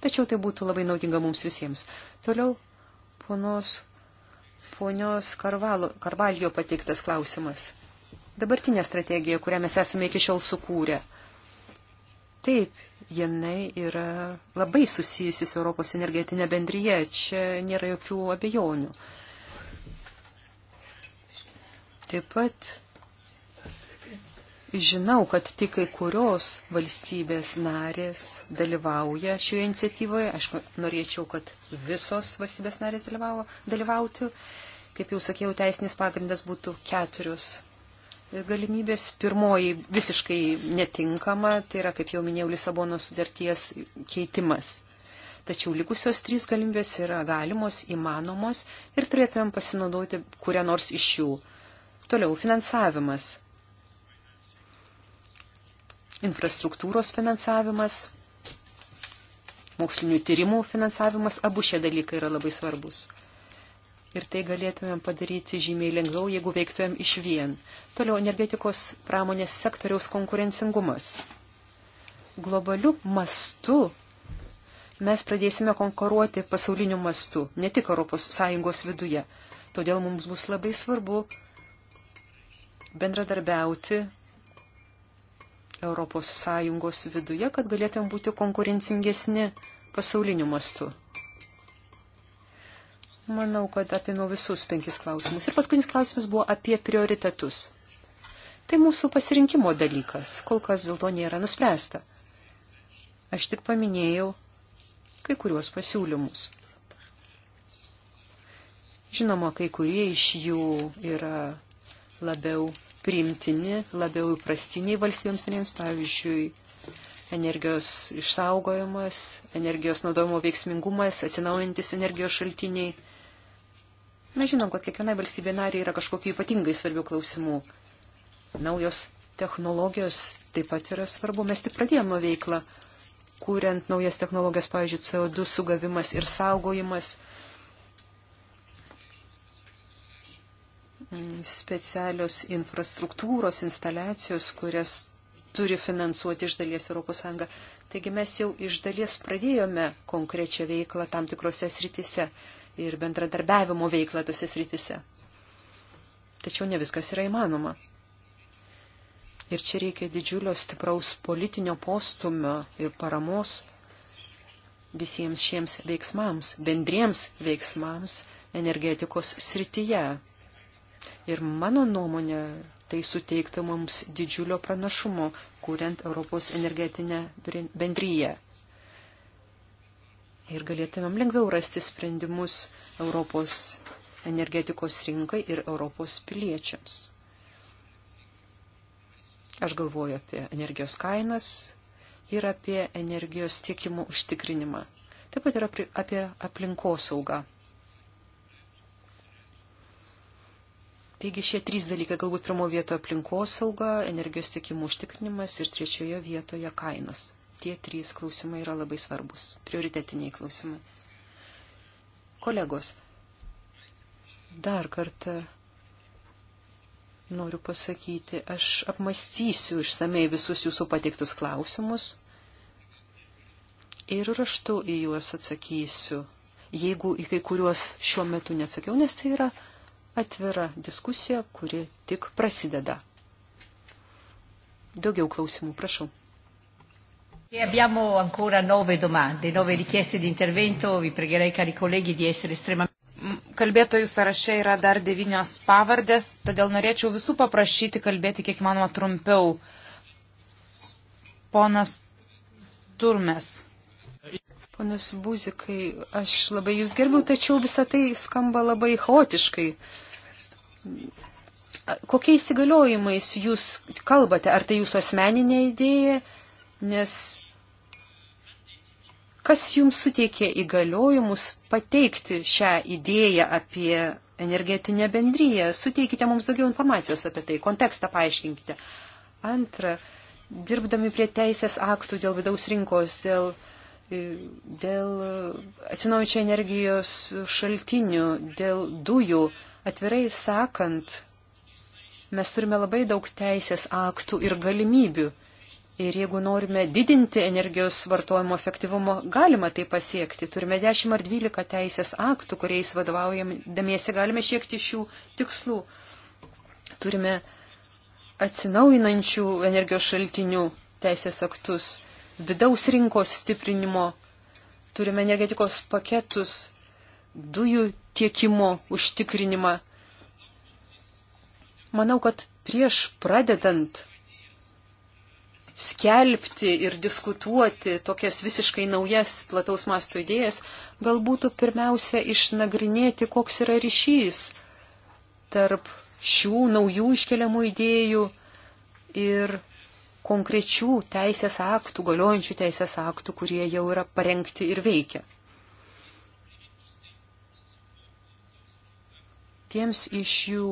Tačiau tai būtų labai naudinga mums visiems. Toliau ponos, ponios Karvalo, Karvalio pateiktas klausimas. Dabartinė strategija, kurią mes esame iki šiol sukūrę. Taip, jinai yra labai susijusi su Europos energetinė bendryje, čia nėra jokių abejonių. Taip pat Žinau, kad tik kai kurios valstybės narės dalyvauja šioje iniciatyvoje. Aš norėčiau, kad visos valstybės narės dalyvavo, dalyvautų. Kaip jau sakiau, teisinis pagrindas būtų keturios galimybės. Pirmoji visiškai netinkama, tai yra, kaip jau minėjau, Lisabonos sutarties keitimas. Tačiau likusios trys galimybės yra galimos, įmanomos ir turėtumėm pasinaudoti kurią nors iš jų. Toliau finansavimas infrastruktūros finansavimas, mokslinių tyrimų finansavimas, abu šie dalykai yra labai svarbus. Ir tai galėtumėm padaryti žymiai lengviau, jeigu veiktumėm iš vien. Toliau energetikos pramonės sektoriaus konkurencingumas. Globaliu mastu mes pradėsime konkuruoti pasauliniu mastu, ne tik ES viduje. Todėl mums bus labai svarbu bendradarbiauti ES viduje, kad galėtum būti konkurencingesni pasauliniu mastu. Manau, kad apėmiau visus penkis klausimus. Ir paskutinis klausimas buvo apie prioritetus. Tai mūsų pasirinkimo dalykas. Kol kas dėl to nėra nuspręsta. Aš tik paminėjau kai kuriuos pasiūlymus. Žinoma, kai kurie iš jų yra labiau priimtini, labiau įprastiniai valstybėms narėms, pavyzdžiui, energijos išsaugojimas, energijos naudojimo veiksmingumas, atsinaujantis energijos šaltiniai. Mes žinom, kad kiekviena valstybė narė yra kažkokiu ypatingai svarbių klausimų. Naujos technologijos taip pat yra svarbu. Mes tik pradėjome veiklą, kuriant naujas technologijas, pavyzdžiui, CO2 sugavimas ir saugojimas specialios infrastruktūros instaliacijos, kurias turi finansuoti iš dalies ES. Taigi mes jau iš dalies pradėjome konkrečią veiklą tam tikrose sritise ir bendradarbiavimo veiklą tose sritise. Tačiau ne viskas yra įmanoma. Ir čia reikia didžiulio stipraus politinio postumio ir paramos visiems šiems veiksmams, bendriems veiksmams energetikos srityje. Ir mano nuomonė, tai suteiktų mums didžiulio pranašumo, kuriant Europos energetinę bendryją. Ir galėtumėm lengviau rasti sprendimus Europos energetikos rinkai ir Europos piliečiams. Aš galvoju apie energijos kainas ir apie energijos tiekimo užtikrinimą. Taip pat ir apie aplinkosaugą. Taigi šie trys dalykai galbūt pirmo vietoje aplinkosauga, energijos tiekimų užtikrinimas ir trečioje vietoje kainos. Tie trys klausimai yra labai svarbus, prioritetiniai klausimai. Kolegos, dar kartą noriu pasakyti, aš apmastysiu išsamei visus jūsų pateiktus klausimus ir raštu į juos atsakysiu, jeigu į kai kuriuos šiuo metu neatsakiau, nes tai yra atvira diskusija, kuri tik prasideda. Daugiau klausimų, prašau. E abbiamo ancora nove domande, nove richieste di intervento. Vi pregherei, cari colleghi, di essere estremamente. Kalbėtojų sąraše yra dar devynios pavardės, todėl norėčiau visų paprašyti kalbėti kiek manoma trumpiau. Ponas Turmes. Panas Buzikai, aš labai jūs gerbiu, tačiau visa tai skamba labai chaotiškai. Kokiais įgaliojimais jūs kalbate? Ar tai jūsų asmeninė idėja? Nes kas jums suteikė įgaliojimus pateikti šią idėją apie energetinę bendryją. Suteikite mums daugiau informacijos apie tai, kontekstą paaiškinkite. Antra, dirbdami prie teisės aktų dėl vidaus rinkos, dėl dėl atsinaujančio energijos šaltinių, dėl dujų. Atvirai sakant, mes turime labai daug teisės aktų ir galimybių. Ir jeigu norime didinti energijos vartojimo efektyvumo, galima tai pasiekti. Turime 10 ar 12 teisės aktų, kuriais vadovaujamiesi galime siekti šių tikslų. Turime atsinaujinančių energijos šaltinių teisės aktus vidaus rinkos stiprinimo, turime energetikos paketus, dujų tiekimo užtikrinimą. Manau, kad prieš pradedant skelbti ir diskutuoti tokias visiškai naujas plataus masto idėjas, galbūt pirmiausia išnagrinėti, koks yra ryšys tarp šių naujų iškeliamų idėjų ir konkrečių teisės aktų, galiojančių teisės aktų, kurie jau yra parengti ir veikia. Tiems iš jų,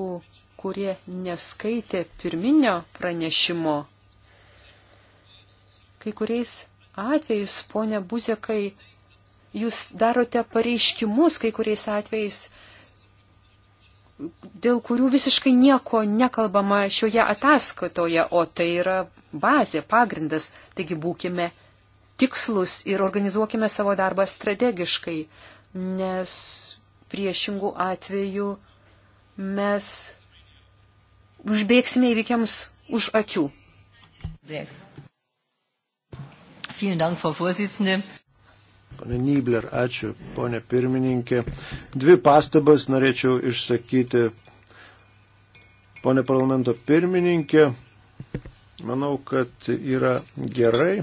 kurie neskaitė pirminio pranešimo, kai kuriais atvejais, ponia Buzekai, jūs darote pareiškimus kai kuriais atvejais, dėl kurių visiškai nieko nekalbama šioje ataskatoje, o tai yra bazė, pagrindas, taigi būkime tikslus ir organizuokime savo darbą strategiškai, nes priešingų atveju mes užbėgsime įvykiams už akių. Pane Nybler, ačiū, ponė pirmininkė. Dvi pastabas norėčiau išsakyti. Pone parlamento pirmininkė, Manau, kad yra gerai,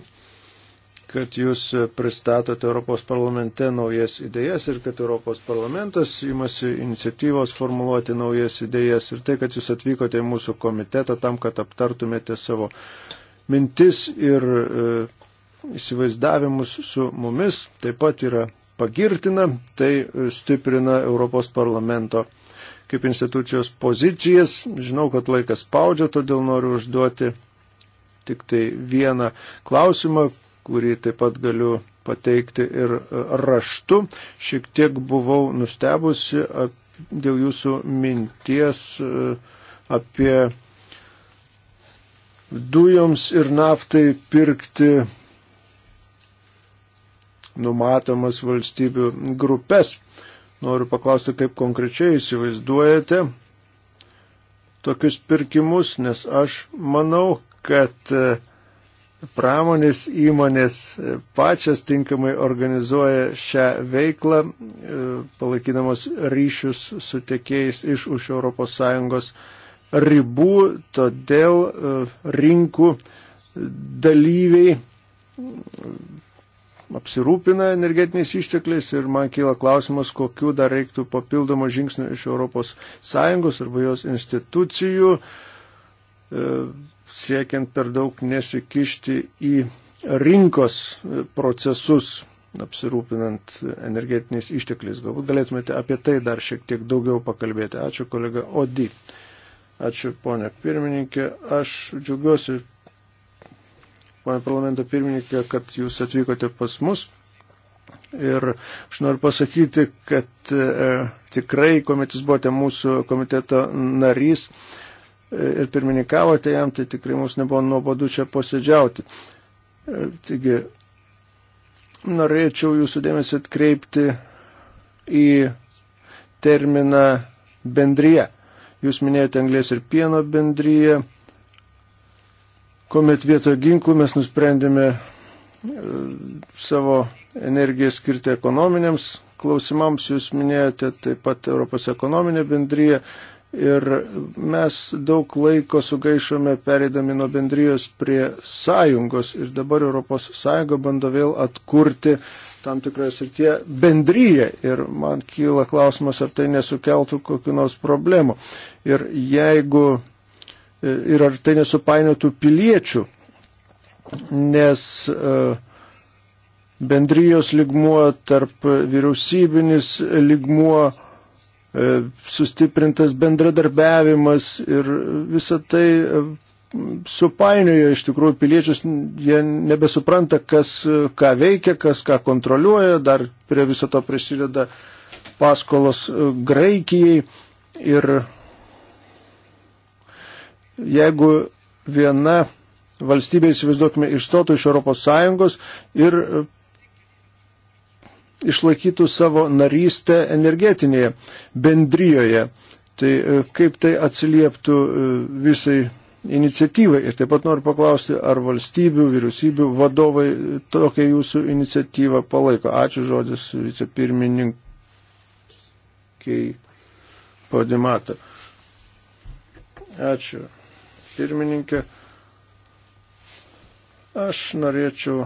kad jūs pristatote Europos parlamente naujas idėjas ir kad Europos parlamentas imasi iniciatyvos formuluoti naujas idėjas ir tai, kad jūs atvykote į mūsų komitetą tam, kad aptartumėte savo mintis ir e, įsivaizdavimus su mumis, taip pat yra pagirtina, tai stiprina Europos parlamento kaip institucijos pozicijas. Žinau, kad laikas spaudžia, todėl noriu užduoti tik tai vieną klausimą, kurį taip pat galiu pateikti ir e, raštu. Šiek tiek buvau nustebusi dėl jūsų minties e, apie dujoms ir naftai pirkti numatomas valstybių grupės. Noriu paklausti, kaip konkrečiai įsivaizduojate tokius pirkimus, nes aš manau, kad e, pramonės įmonės e, pačios tinkamai organizuoja šią veiklą, e, palaikydamos ryšius su tiekėjais iš už ES ribų, todėl rinkų dalyviai apsirūpina energetiniais ištekliais ir man kyla klausimas, kokiu dar reiktų papildomo žingsnio iš ES arba jos institucijų siekiant per daug nesikišti į rinkos procesus, apsirūpinant energetiniais ištekliais. Galbūt galėtumėte apie tai dar šiek tiek daugiau pakalbėti. Ačiū kolega Odi. Ačiū ponia pirmininkė. Aš džiaugiuosi, ponia parlamento pirmininkė, kad jūs atvykote pas mus. Ir aš noriu pasakyti, kad e, tikrai, kuomet jūs buvote mūsų komiteto narys, e, ir pirmininkavote jam, tai tikrai mums nebuvo nuobodu čia posėdžiauti. E, taigi, norėčiau jūsų dėmesį atkreipti į terminą bendryje. Jūs minėjote anglės ir pieno bendryje, kuomet vietoje ginklų mes nusprendėme e, savo energiją skirti ekonominiams klausimams. Jūs minėjote taip pat Europos ekonominę bendryje. Ir mes daug laiko sugaišome pereidami nuo bendrijos prie sąjungos ir dabar ES bando vėl atkurti tam tikroje srityje bendryje ir man kyla klausimas, ar tai nesukeltų kokiu nors problemu. Ir jeigu ir ar tai nesupainiotų piliečių, nes e, bendrijos ligmuo tarp vyriausybinis ligmuo E, sustiprintas bendradarbiavimas ir visą tai e, supainioja iš tikrųjų piliečius, jie nebesupranta, kas e, ką veikia, kas ką kontroliuoja, dar prie viso to prisideda paskolos Graikijai ir jeigu viena valstybė įsivaizduokime išstotų iš ES ir išlaikytų savo narystę energetinėje bendryjoje. Tai e, kaip tai atsilieptų e, visai iniciatyvai. Ir taip pat noriu paklausti, ar valstybių, vyriausybių vadovai e, tokią jūsų iniciatyvą palaiko. Ačiū žodis vicepirmininkiai Podimata. Ačiū. Pirmininkė. Aš norėčiau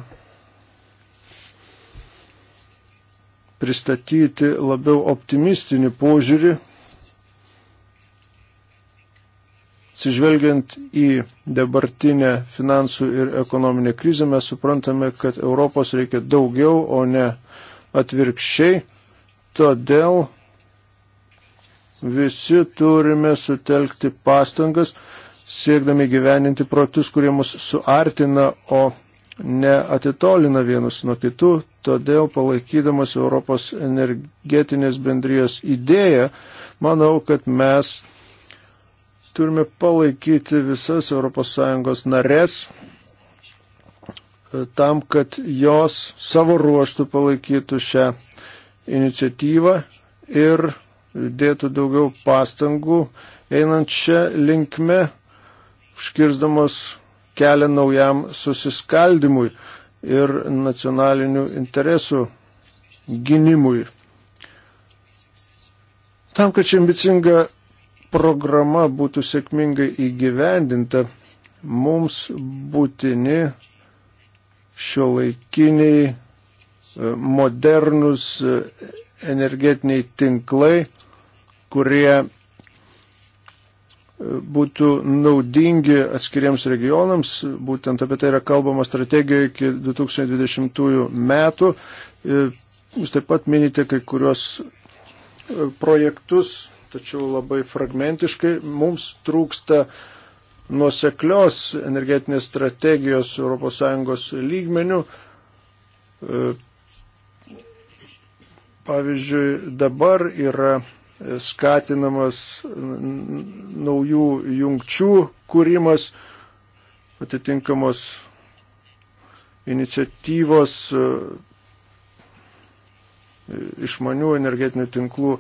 pristatyti labiau optimistinį požiūrį, Atsižvelgiant į dabartinę finansų ir ekonominę krizę, mes suprantame, kad Europos reikia daugiau, o ne atvirkščiai. Todėl visi turime sutelkti pastangas, siekdami gyveninti projektus, kurie mus suartina, o neatitolina vienus nuo kitų, todėl palaikydamas Europos energetinės bendrijos idėją, manau, kad mes turime palaikyti visas ES narės e, tam, kad jos savo ruoštų palaikytų šią iniciatyvą ir dėtų daugiau pastangų einant šią linkmę, užkirzdamos kelią naujam susiskaldimui ir nacionalinių interesų gynimui. Tam, kad ši ambicinga programa būtų sėkmingai įgyvendinta, mums būtini šio laikiniai modernus energetiniai tinklai, kurie būtų naudingi atskiriems regionams, būtent apie tai yra kalbama strategijoje iki 2020 metų. E, jūs taip pat minite kai kurios e, projektus, tačiau labai fragmentiškai mums trūksta nuoseklios energetinės strategijos ES lygmenių. E, pavyzdžiui, dabar yra skatinamas naujų jungčių kūrimas, atitinkamos iniciatyvos išmanių energetinių tinklų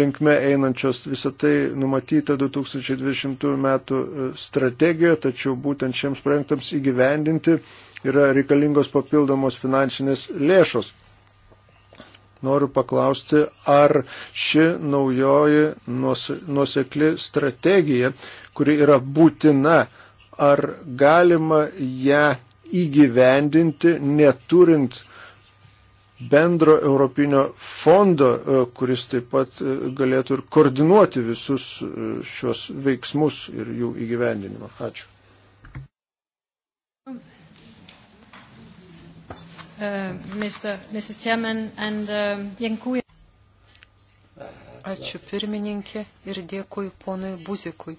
linkme einančios visą tai numatyta 2020 metų strategijoje, tačiau būtent šiems projektams įgyvendinti yra reikalingos papildomos finansinės lėšos noriu paklausti, ar ši naujoji nuosekli strategija, kuri yra būtina, ar galima ją įgyvendinti neturint bendro europinio fondo, e, kuris taip pat e, galėtų ir koordinuoti visus e, šios veiksmus ir jų įgyvendinimą. Ačiū. Uh, Mr. Mrs. Chairman, and dėkui. Um, Ačiū pirmininkė ir dėkui ponui Buzikui.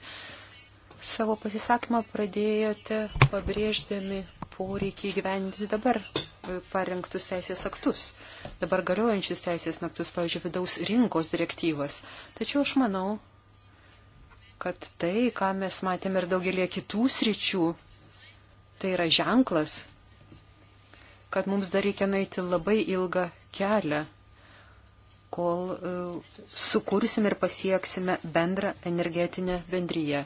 Savo pasisakymą pradėjote pabrėždami poreikį gyventi dabar e, parengtus teisės aktus, dabar galiojančius teisės aktus, pavyzdžiui, vidaus rinkos direktyvas. Tačiau aš manau, kad tai, ką mes matėme ir daugelie kitų sričių, tai yra ženklas, kad mums dar reikia nueiti labai ilgą kelią, kol e, sukursime ir pasieksime bendrą energetinę bendryją.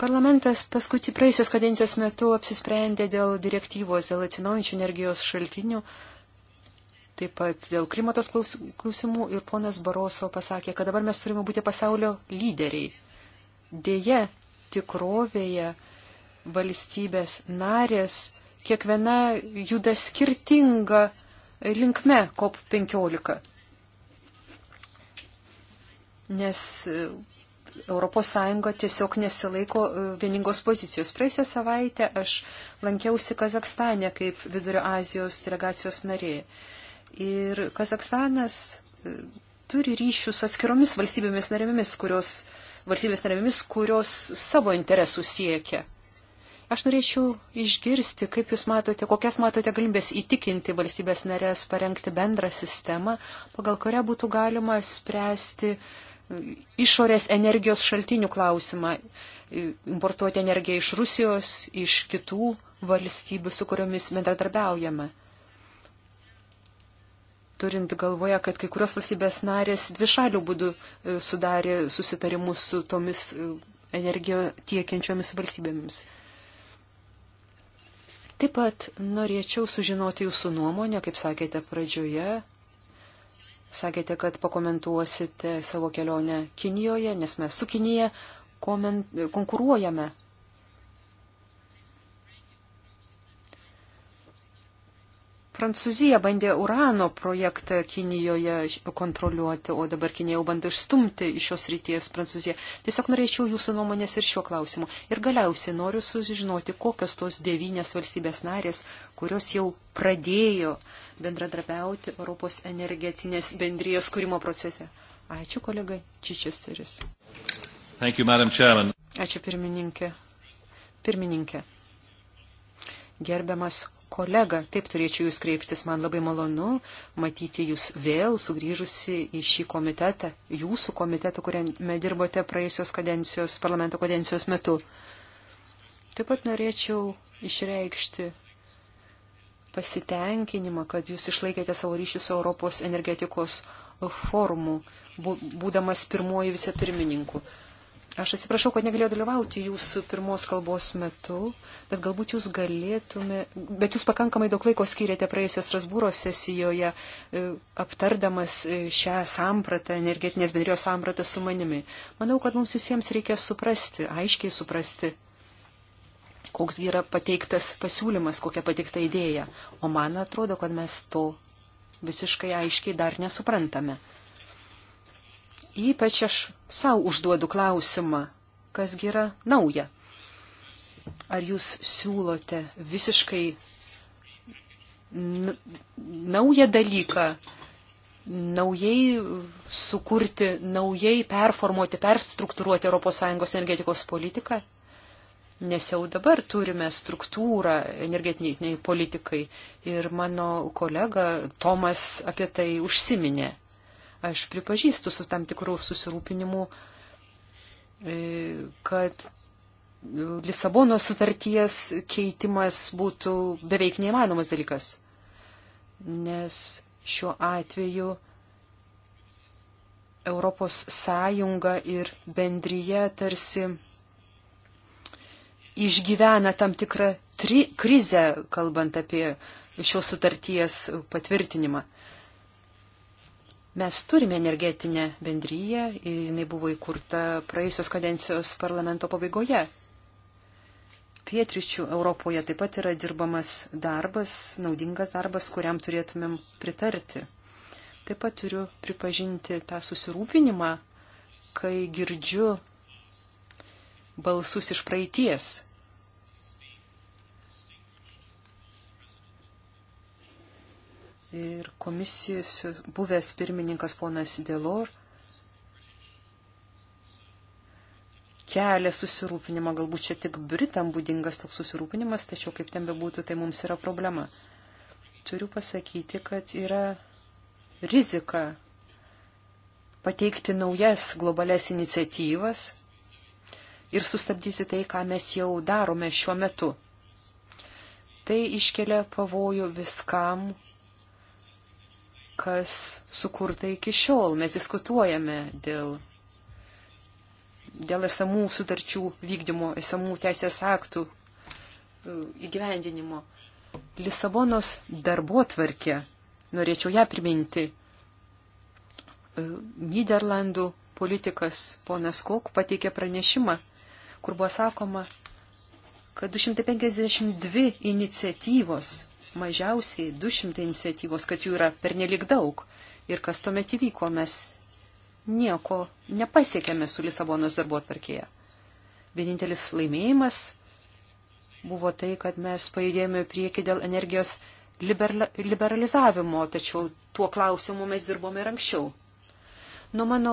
Parlamentas paskutį praėjusios kadencijos metu apsisprendė dėl direktyvos dėl atsinaujančių energijos šaltinių, taip pat dėl klimatos klausimų ir ponas Baroso pasakė, kad dabar mes turime būti pasaulio lyderiai. Deja, tikrovėje valstybės narės kiekviena juda skirtinga linkme COP15. Nes ES tiesiog nesilaiko e, vieningos pozicijos. Praėjusią savaitę aš lankiausi Kazakstane kaip Vidurio Azijos delegacijos narė. Ir Kazakstanas e, turi ryšių su atskiromis valstybėmis narėmis, kurios, valstybės narėmis, kurios savo interesų siekia. Aš norėčiau išgirsti, kaip Jūs matote, kokias matote galimybės įtikinti valstybės narės parengti bendrą sistemą, pagal kurią būtų galima spręsti e, išorės energijos šaltinių klausimą, e, importuoti energiją iš Rusijos, iš kitų valstybių, su kuriomis bendradarbiaujame. Turint galvoje, kad kai kurios valstybės narės dvišalių būdų e, sudarė susitarimus su tomis energiją tiekiančiomis valstybėmis. Taip pat norėčiau sužinoti jūsų nuomonę, kaip sakėte pradžioje. Sakėte, kad pakomentuosite savo kelionę Kinijoje, nes mes su Kinija konkuruojame. Prancūzija bandė urano projektą Kinijoje kontroliuoti, o dabar Kinija jau bando išstumti iš šios ryties Prancūziją. Tiesiog norėčiau jūsų nuomonės ir šiuo klausimu. Ir galiausiai noriu sužinoti, kokios tos devynės valstybės narės, kurios jau pradėjo bendradarbiauti Europos energetinės bendrijos kūrimo procese. Ačiū, kolega Čičesteris. Ačiū, pirmininkė. Pirmininkė. Gerbiamas kolega, taip turėčiau jūs kreiptis, man labai malonu matyti jūs vėl sugrįžusi į šį komitetą, jūsų komitetą, kuriame dirbote praėjusios kadencijos, parlamento kadencijos metu. Taip pat norėčiau išreikšti pasitenkinimą, kad jūs išlaikėte savo ryšius Europos energetikos formų, būdamas pirmoji vicepirmininku. pirmininku. Aš atsiprašau, kad negalėjau dalyvauti jūsų pirmos kalbos metu, bet galbūt jūs galėtume, bet jūs pakankamai daug laiko skiriate praėjusios Rasbūro sesijoje, e, aptardamas e, šią sampratą, energetinės bendrijos sampratą su manimi. Manau, kad mums visiems reikia suprasti, aiškiai suprasti, koks yra pateiktas pasiūlymas, kokia pateikta idėja. O man atrodo, kad mes to visiškai aiškiai dar nesuprantame. Ypač aš savo užduodu klausimą, kasgi yra nauja. Ar jūs siūlote visiškai naują dalyką, naujai sukurti, naujai performuoti, perstruktūruoti ES energetikos politiką? Nes jau dabar turime struktūrą energetiniai politikai ir mano kolega Tomas apie tai užsiminė. Aš pripažįstu su tam tikrų susirūpinimu, e, kad Lisabono sutarties keitimas būtų beveik neįmanomas dalykas. Nes šiuo atveju Europos Sąjunga ir bendryje tarsi išgyvena tam tikrą tri, krizę, kalbant apie šios sutarties patvirtinimą. Mes turime energetinę bendryją, jinai buvo įkurta praėjusios kadencijos parlamento pabaigoje. Pietričių Europoje taip pat yra dirbamas darbas, naudingas darbas, kuriam turėtumėm pritarti. Taip pat turiu pripažinti tą susirūpinimą, kai girdžiu balsus iš praeities. ir komisijos buvęs pirmininkas ponas Delor kelia susirūpinimą. Galbūt čia tik Britam būdingas toks susirūpinimas, tačiau kaip ten bebūtų, tai mums yra problema. Turiu pasakyti, kad yra rizika pateikti naujas globales iniciatyvas ir sustabdyti tai, ką mes jau darome šiuo metu. Tai iškelia pavojų viskam, kas sukurta iki šiol. Mes diskutuojame dėl, dėl esamų sutarčių vykdymo, esamų teisės aktų e, įgyvendinimo. Lisabonos darbo tvarkė, norėčiau ją priminti, e, Niderlandų politikas ponas Kok pateikė pranešimą, kur buvo sakoma, kad 252 iniciatyvos mažiausiai 200 iniciatyvos, kad jų yra pernelik daug. Ir kas tuomet įvyko, mes nieko nepasiekėme su Lisabonos darbo atvarkėje. Vienintelis laimėjimas buvo tai, kad mes pajudėjome prieki dėl energijos liberla, liberalizavimo, tačiau tuo klausimu mes dirbome ir anksčiau. Nuo mano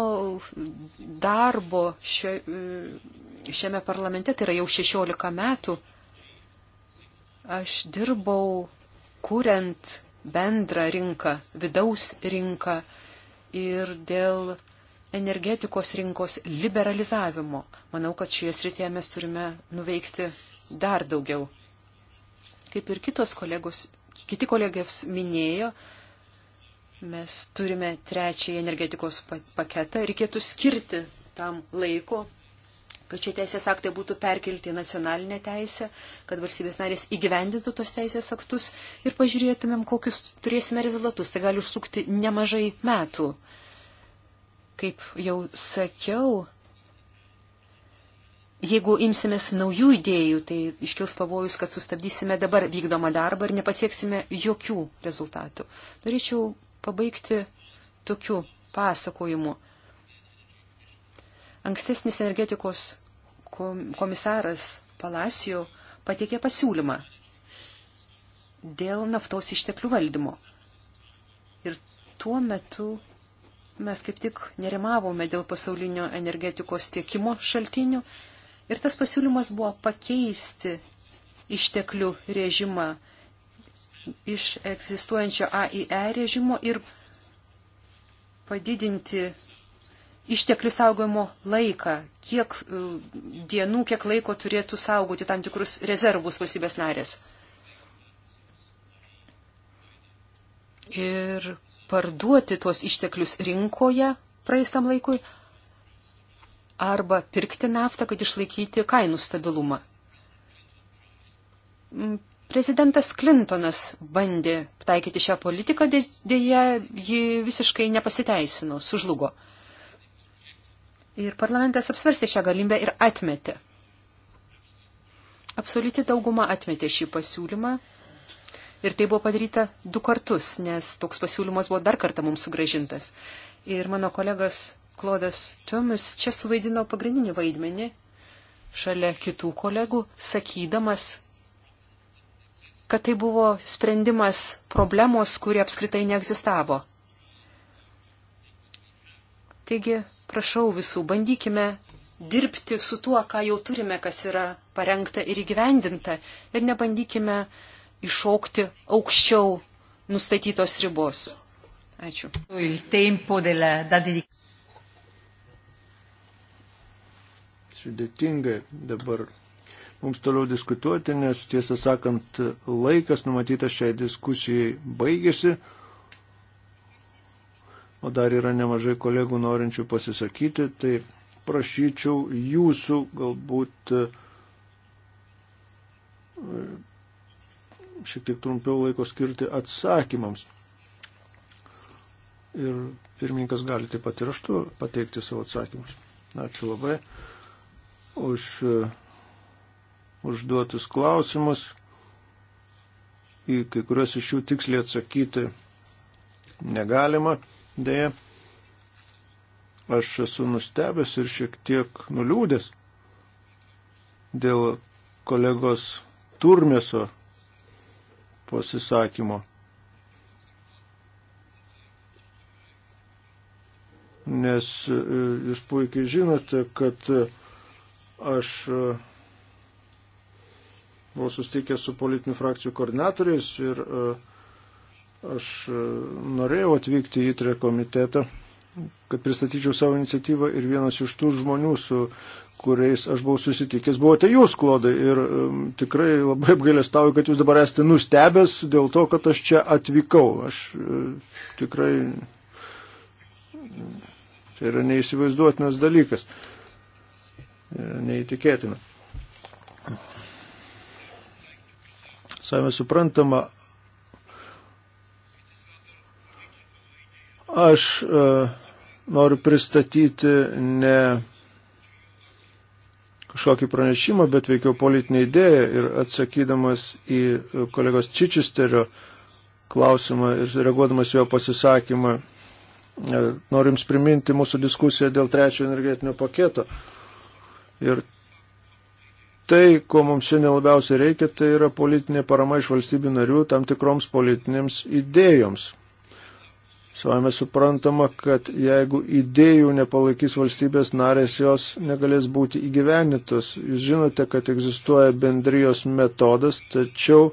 darbo šio, šiame parlamente, tai yra jau 16 metų, aš dirbau kuriant bendrą rinką, vidaus rinką ir dėl energetikos rinkos liberalizavimo. Manau, kad šioje srityje mes turime nuveikti dar daugiau. Kaip ir kitos kolegos, kiti kolegės minėjo, mes turime trečiąjį energetikos paketą, reikėtų skirti tam laiko kad šie teisės aktai būtų perkelti į nacionalinę teisę, kad valstybės narės įgyvendintų tos teisės aktus ir pažiūrėtumėm, kokius turėsime rezultatus. Tai gali užsukti nemažai metų. Kaip jau sakiau, jeigu imsimės naujų idėjų, tai iškils pavojus, kad sustabdysime dabar vykdomą darbą ir nepasieksime jokių rezultatų. Norėčiau pabaigti tokiu pasakojimu. Ankstesnis energetikos komisaras Palacijų pateikė pasiūlymą dėl naftos išteklių valdymo. Ir tuo metu mes kaip tik nerimavome dėl pasaulinio energetikos tiekimo šaltinių ir tas pasiūlymas buvo pakeisti išteklių režimą iš egzistuojančio AIE režimo ir padidinti išteklių saugojimo laiką, kiek e, dienų, kiek laiko turėtų saugoti tam tikrus rezervus valstybės narės. Ir parduoti tuos išteklius rinkoje praeistam laikui arba pirkti naftą, kad išlaikyti kainų stabilumą. Mm, prezidentas Clintonas bandė taikyti šią politiką, dėja ji visiškai nepasiteisino, sužlugo. Ir parlamentas apsvarstė šią galimybę ir atmetė. Absoliuti dauguma atmetė šį pasiūlymą. Ir tai buvo padaryta du kartus, nes toks pasiūlymas buvo dar kartą mums sugražintas. Ir mano kolegas Klodas Tuomis čia suvaidino pagrindinį vaidmenį šalia kitų kolegų, sakydamas, kad tai buvo sprendimas problemos, kuri apskritai neegzistavo. Taigi, prašau visų, bandykime dirbti su tuo, ką jau turime, kas yra parengta ir įgyvendinta, ir nebandykime iššokti aukščiau nustatytos ribos. Ačiū. Sudėtingai dabar mums toliau diskutuoti, nes tiesą sakant, laikas numatytas šiai diskusijai baigėsi o dar yra nemažai kolegų norinčių pasisakyti, tai prašyčiau jūsų galbūt e, šiek tiek trumpiau laiko skirti atsakymams. Ir pirmininkas gali taip pat ir aštu pateikti savo atsakymus. Ačiū labai už e, užduotus klausimus. Į kai kuriuos iš jų tiksliai atsakyti negalima. Deja, aš esu nustebęs ir šiek tiek nuliūdęs dėl kolegos Turmeso pasisakymo. Nes e, jūs puikiai žinote, kad e, aš e, buvau susitikęs su politinių frakcijų koordinatoriais ir uh, Aš e, norėjau atvykti į tre komitetą, kad pristatyčiau savo iniciatyvą ir vienas iš tų žmonių, su kuriais aš buvau susitikęs, buvote jūs, Klodai, ir um, tikrai labai apgailestauju, kad jūs dabar esate nustebęs dėl to, kad aš čia atvykau. Aš uh, tikrai. Tai yra neįsivaizduotinas dalykas. Neįtikėtina. Savai suprantama, Aš e, noriu pristatyti ne kažkokį pranešimą, bet veikiau politinę idėją ir atsakydamas į kolegos Čičisterio klausimą ir reaguodamas jo pasisakymą, e, noriu Jums priminti mūsų diskusiją dėl trečiojo energetinio paketo. Ir tai, ko mums šiandien labiausiai reikia, tai yra politinė parama iš valstybių narių tam tikroms politinėms idėjoms. Savame suprantama, kad jeigu idėjų nepalaikys valstybės narės, jos negalės būti įgyvenintos. Jūs žinote, kad egzistuoja bendrijos metodas, tačiau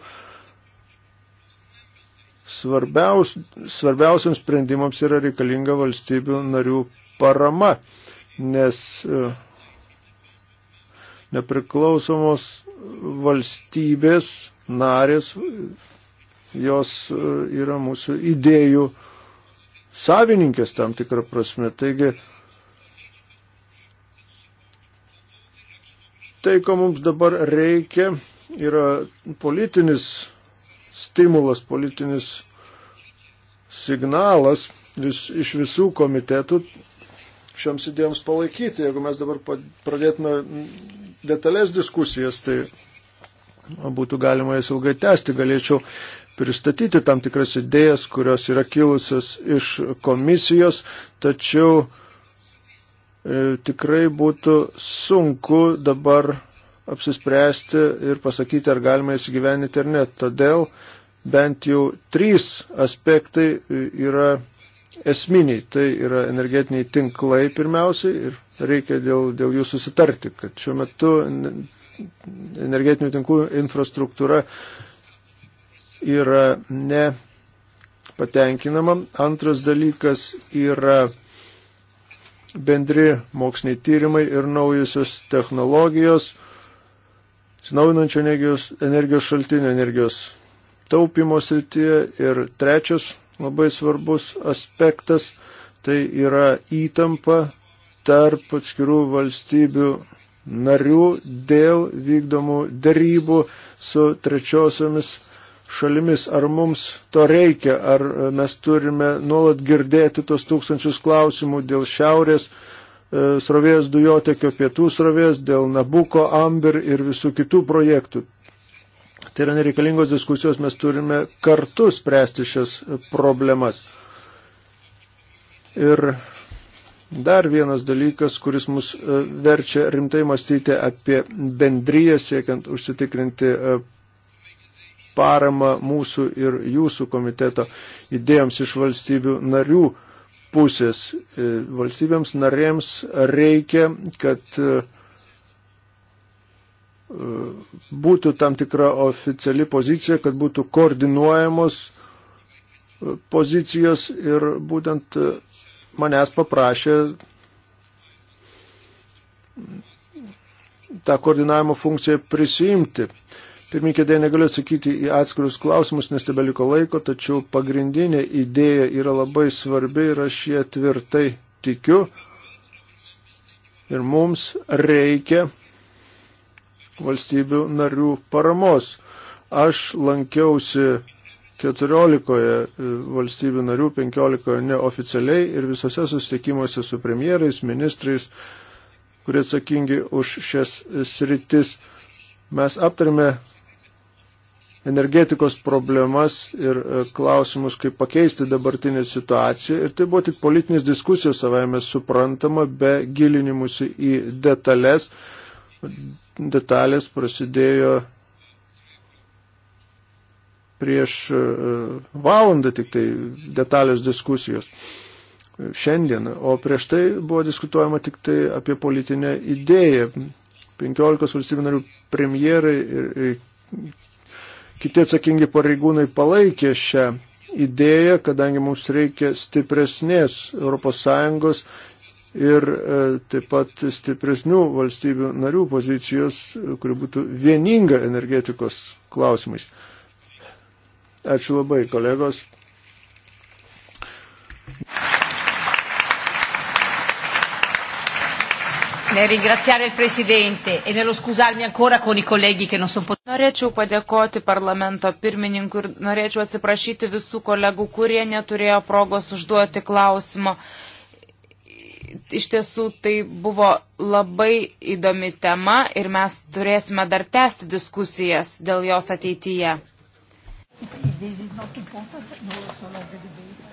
svarbiaus, svarbiausiams sprendimams yra reikalinga valstybių narių parama, nes e, nepriklausomos valstybės narės, jos e, yra mūsų idėjų savininkės tam tikrą prasme. Taigi, tai, ko mums dabar reikia, yra politinis stimulas, politinis signalas vis, iš visų komitetų šioms idėjoms palaikyti. Jeigu mes dabar pradėtume detalės diskusijas, tai būtų galima jas ilgai tęsti. Galėčiau pristatyti tam tikras idėjas, kurios yra kilusios iš komisijos, tačiau e, tikrai būtų sunku dabar apsispręsti ir pasakyti, ar galima įsigyveninti ar ne. Todėl bent jau trys aspektai e, yra esminiai. Tai yra energetiniai tinklai pirmiausiai ir reikia dėl, dėl jų susitarti, kad šiuo metu energetinių tinklų infrastruktūra yra nepatenkinama. Antras dalykas yra bendri moksliniai tyrimai ir naujusios technologijos, atsinaujinančio energijos, energijos šaltinio energijos taupimo srityje. Ir trečias labai svarbus aspektas tai yra įtampa tarp atskirų valstybių narių dėl vykdomų darybų su trečiosiomis šalimis, ar mums to reikia, ar mes turime nuolat girdėti tos tūkstančius klausimų dėl šiaurės e, srovės dujotekio, pietų srovės, dėl Nabuko, Amber ir visų kitų projektų. Tai yra nereikalingos diskusijos, mes turime kartu spręsti šias problemas. Ir Dar vienas dalykas, kuris mus e, verčia rimtai mąstyti apie bendryją, siekiant užsitikrinti e, paramą mūsų ir jūsų komiteto idėjams iš valstybių narių pusės. E, valstybėms narėms reikia, kad e, būtų tam tikra oficiali pozicija, kad būtų koordinuojamos e, pozicijos ir būtent manęs paprašė tą koordinavimo funkciją prisimti. Pirminkė, dėja negaliu atsakyti į atskirius klausimus, nes tebeliko laiko, tačiau pagrindinė idėja yra labai svarbi ir aš ją tvirtai tikiu. Ir mums reikia valstybių narių paramos. Aš lankiausi 14 valstybių narių, 15 neoficialiai ir visose susitikimuose su premjerais, ministrais, kurie atsakingi už šias sritis. Mes aptarėme energetikos problemas ir e, klausimus, kaip pakeisti dabartinę situaciją. Ir tai buvo tik politinės diskusijos savaime suprantama, be gilinimusi į detalės. Detalės prasidėjo prieš e, valandą tik tai detalės diskusijos šiandien, o prieš tai buvo diskutuojama tik tai apie politinę idėją. 15 valstybių narių premjerai ir Kiti atsakingi pareigūnai palaikė šią idėją, kadangi mums reikia stipresnės ES ir e, taip pat stipresnių valstybių narių pozicijos, kuri būtų vieninga energetikos klausimais. Ačiū labai, kolegos. nel ringraziare il Presidente e nello scusarmi ancora con i colleghi che non sono potuti. Norėčiau padėkoti parlamento pirmininkui ir norėčiau atsiprašyti visų kolegų, kurie neturėjo progos užduoti klausimo. Iš tiesų tai buvo labai įdomi tema ir mes turėsime dar tęsti diskusijas dėl jos ateityje.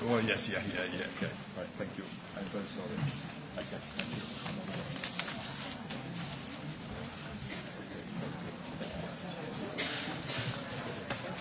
Well, oh, yes, yeah, yeah, yeah, okay. right, thank you. I'm very sorry.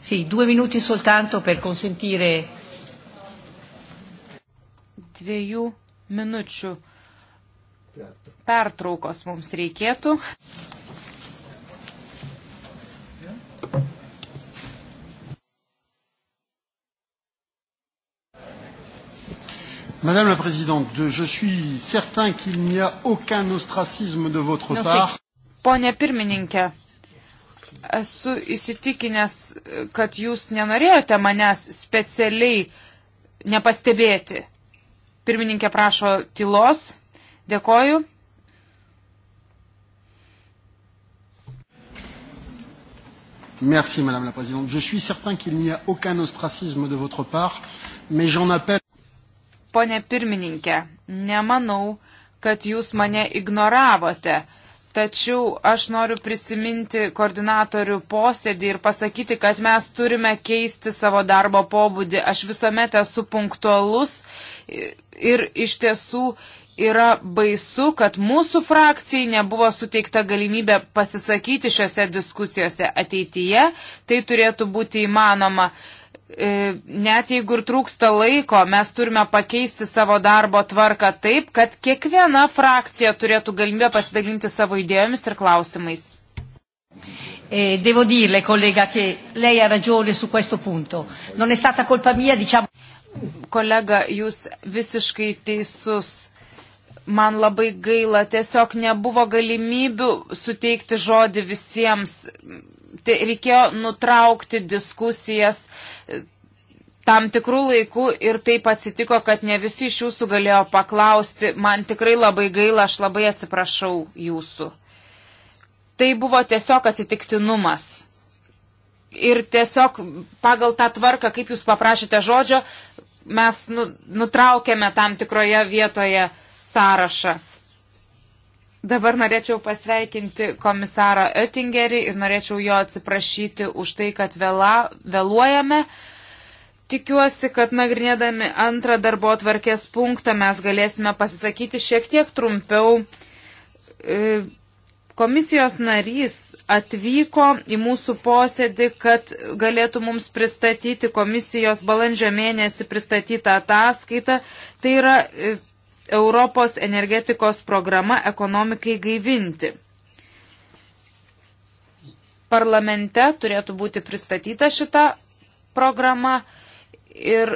Sì, due minuti soltanto per consentire. Dviejų minučių pertraukos mums reikėtų. Madame la Présidente, je suis certain qu'il n'y a aucun ostracisme de votre part. Pone pirmininkė, esu įsitikinęs, kad jūs nenorėjote manęs specialiai nepastebėti. Pirmininkė prašo tylos. Dėkoju. Merci, Madame la Présidente. Je suis certain qu'il n'y a aucun ostracisme de votre part, mais j'en appelle. Pone pirmininkė, nemanau, kad jūs mane ignoravote. Tačiau aš noriu prisiminti koordinatorių posėdį ir pasakyti, kad mes turime keisti savo darbo pobūdį. Aš visuomet esu punktualus ir iš tiesų yra baisu, kad mūsų frakcijai nebuvo suteikta galimybė pasisakyti šiuose diskusijose ateityje. Tai turėtų būti įmanoma. E, net jeigu ir trūksta laiko, mes turime pakeisti savo darbo tvarką taip, kad kiekviena frakcija turėtų galimybę pasidalinti savo idėjomis ir klausimais. E, devo dirle, collega, che lei ha ragione su questo punto. Non è stata colpa mia, diciamo. Kolega, jūs visiškai teisus. Man labai gaila, tiesiog nebuvo galimybių suteikti žodį visiems Tai reikėjo nutraukti diskusijas e, tam tikrų laikų ir taip atsitiko, kad ne visi iš jūsų galėjo paklausti. Man tikrai labai gaila, aš labai atsiprašau jūsų. Tai buvo tiesiog atsitiktinumas. Ir tiesiog pagal tą tvarką, kaip jūs paprašėte žodžio, mes nu, nutraukėme tam tikroje vietoje sąrašą. Dabar norėčiau pasveikinti komisarą Oettingerį ir norėčiau jo atsiprašyti už tai, kad vėla, vėluojame. Tikiuosi, kad nagrinėdami antrą darbo atvarkės punktą mes galėsime pasisakyti šiek tiek trumpiau. E, komisijos narys atvyko į mūsų posėdį, kad galėtų mums pristatyti komisijos balandžio mėnesį pristatytą ataskaitą. Tai yra e, Europos energetikos programa ekonomikai gaivinti. Parlamente turėtų būti pristatyta šita programa ir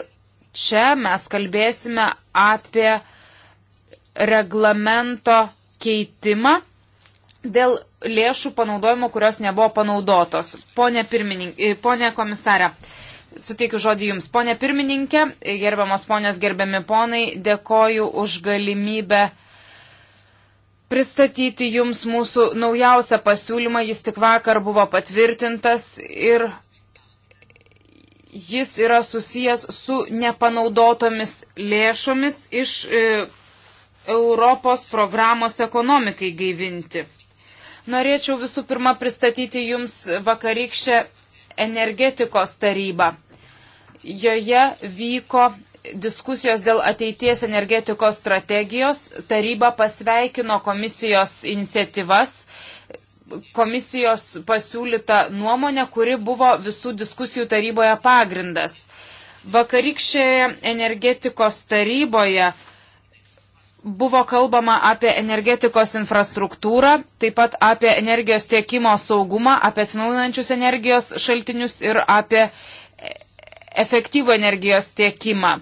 čia mes kalbėsime apie reglamento keitimą dėl lėšų panaudojimo, kurios nebuvo panaudotos. Pone, pirmininkai, pone komisarė, Suteikiu žodį Jums, ponė pirmininkė, gerbiamos ponios, gerbiami ponai, dėkoju už galimybę pristatyti Jums mūsų naujausią pasiūlymą, jis tik vakar buvo patvirtintas ir jis yra susijęs su nepanaudotomis lėšomis iš e, Europos programos ekonomikai gaivinti. Norėčiau visų pirma pristatyti Jums vakarykščią energetikos taryba. Joje vyko diskusijos dėl ateities energetikos strategijos. Taryba pasveikino komisijos iniciatyvas, komisijos pasiūlytą nuomonę, kuri buvo visų diskusijų taryboje pagrindas. Vakarykščioje energetikos taryboje buvo kalbama apie energetikos infrastruktūrą, taip pat apie energijos tiekimo saugumą, apie atsinaujinančius energijos šaltinius ir apie efektyvų energijos tiekimą.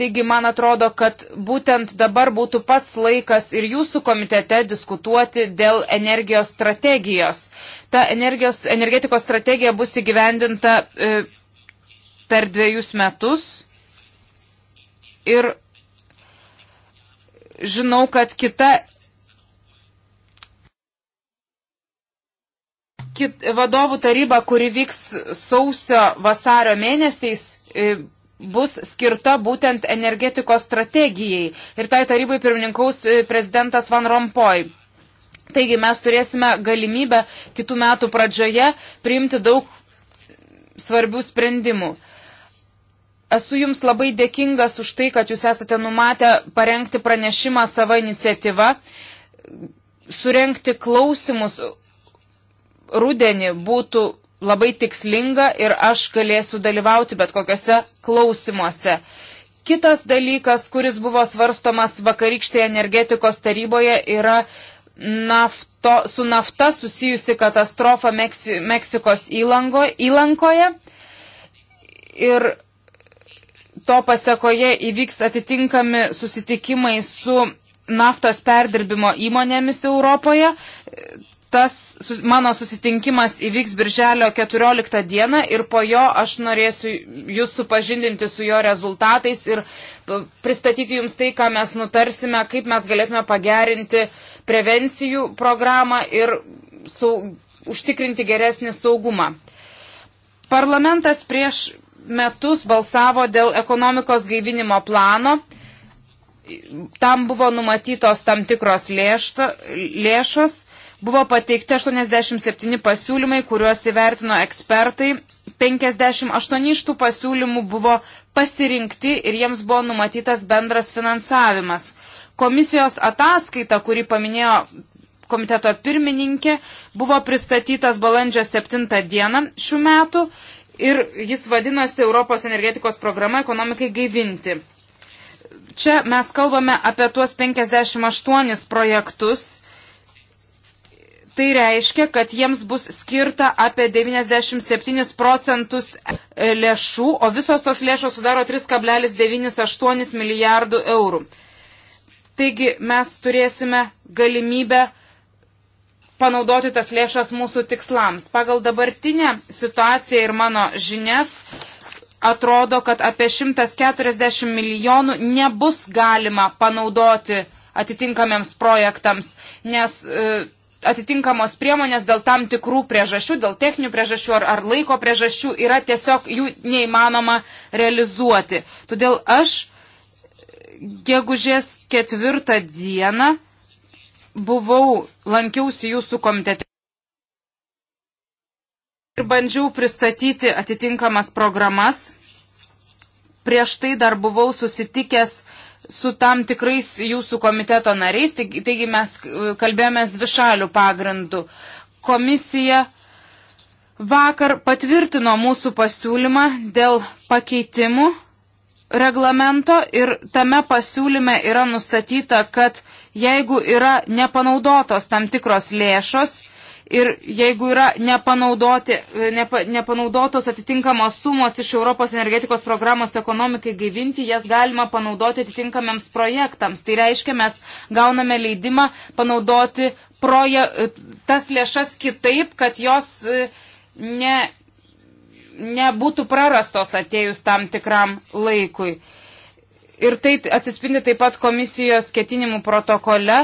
Taigi, man atrodo, kad būtent dabar būtų pats laikas ir jūsų komitete diskutuoti dėl energijos strategijos. Ta energijos, energetikos strategija bus įgyvendinta e, per dviejus metus ir žinau, kad kita. Kit, vadovų taryba, kuri vyks sausio vasario mėnesiais, e, bus skirta būtent energetikos strategijai. Ir tai tarybai pirmininkaus e, prezidentas Van Rompuy. Taigi mes turėsime galimybę kitų metų pradžioje priimti daug svarbių sprendimų. Uh, Esu Jums labai dėkingas už tai, kad Jūs esate numatę parengti pranešimą savo iniciatyvą, surenkti klausimus rudenį būtų labai tikslinga ir aš galėsiu dalyvauti bet kokiuose klausimuose. Kitas dalykas, kuris buvo svarstomas vakarykštėje energetikos taryboje, yra nafto, su nafta susijusi katastrofa Meksi, Meksikos įlango, įlankoje. Ir to pasakoje įvyks atitinkami susitikimai su naftos perdirbimo įmonėmis Europoje. Tas mano susitinkimas įvyks birželio 14 dieną ir po jo aš norėsiu jūs supažindinti su jo rezultatais ir pristatyti jums tai, ką mes nutarsime, kaip mes galėtume pagerinti prevencijų programą ir sau, užtikrinti geresnį saugumą. Parlamentas prieš metus balsavo dėl ekonomikos gaivinimo plano. Tam buvo numatytos tam tikros lėšta, lėšos. Buvo pateikti 87 pasiūlymai, kuriuos įvertino ekspertai. 58 iš tų pasiūlymų buvo pasirinkti ir jiems buvo numatytas bendras finansavimas. Komisijos ataskaita, kuri paminėjo komiteto pirmininkė, buvo pristatytas balandžio 7 dieną šių metų ir jis vadinasi Europos energetikos programa ekonomikai gaivinti. Čia mes kalbame apie tuos 58 projektus. Tai reiškia, kad jiems bus skirta apie 97 procentus lėšų, o visos tos lėšos sudaro 3,98 milijardų eurų. Taigi mes turėsime galimybę panaudoti tas lėšas mūsų tikslams. Pagal dabartinę situaciją ir mano žinias atrodo, kad apie 140 milijonų nebus galima panaudoti atitinkamiems projektams, nes e, atitinkamos priemonės dėl tam tikrų priežasčių, dėl techninių priežasčių ar, ar laiko priežasčių yra tiesiog jų neįmanoma realizuoti. Todėl aš gegužės ketvirtą dieną buvau, lankiausi jūsų komitete ir bandžiau pristatyti atitinkamas programas. Prieš tai dar buvau susitikęs su tam tikrais jūsų komiteto nariais, taigi mes e, kalbėjomės dvišalių pagrindų. Komisija vakar patvirtino mūsų pasiūlymą dėl pakeitimų reglamento ir tame pasiūlyme yra nustatyta, kad jeigu yra nepanaudotos tam tikros lėšos ir jeigu yra e, nepa, nepanaudotos atitinkamos sumos iš Europos energetikos programos ekonomikai gaivinti, jas galima panaudoti atitinkamiems projektams. Tai reiškia, mes gauname leidimą panaudoti proje, e, tas lėšas kitaip, kad jos e, ne, nebūtų prarastos atėjus tam tikram laikui ir tai atsispindi taip pat komisijos ketinimų protokole,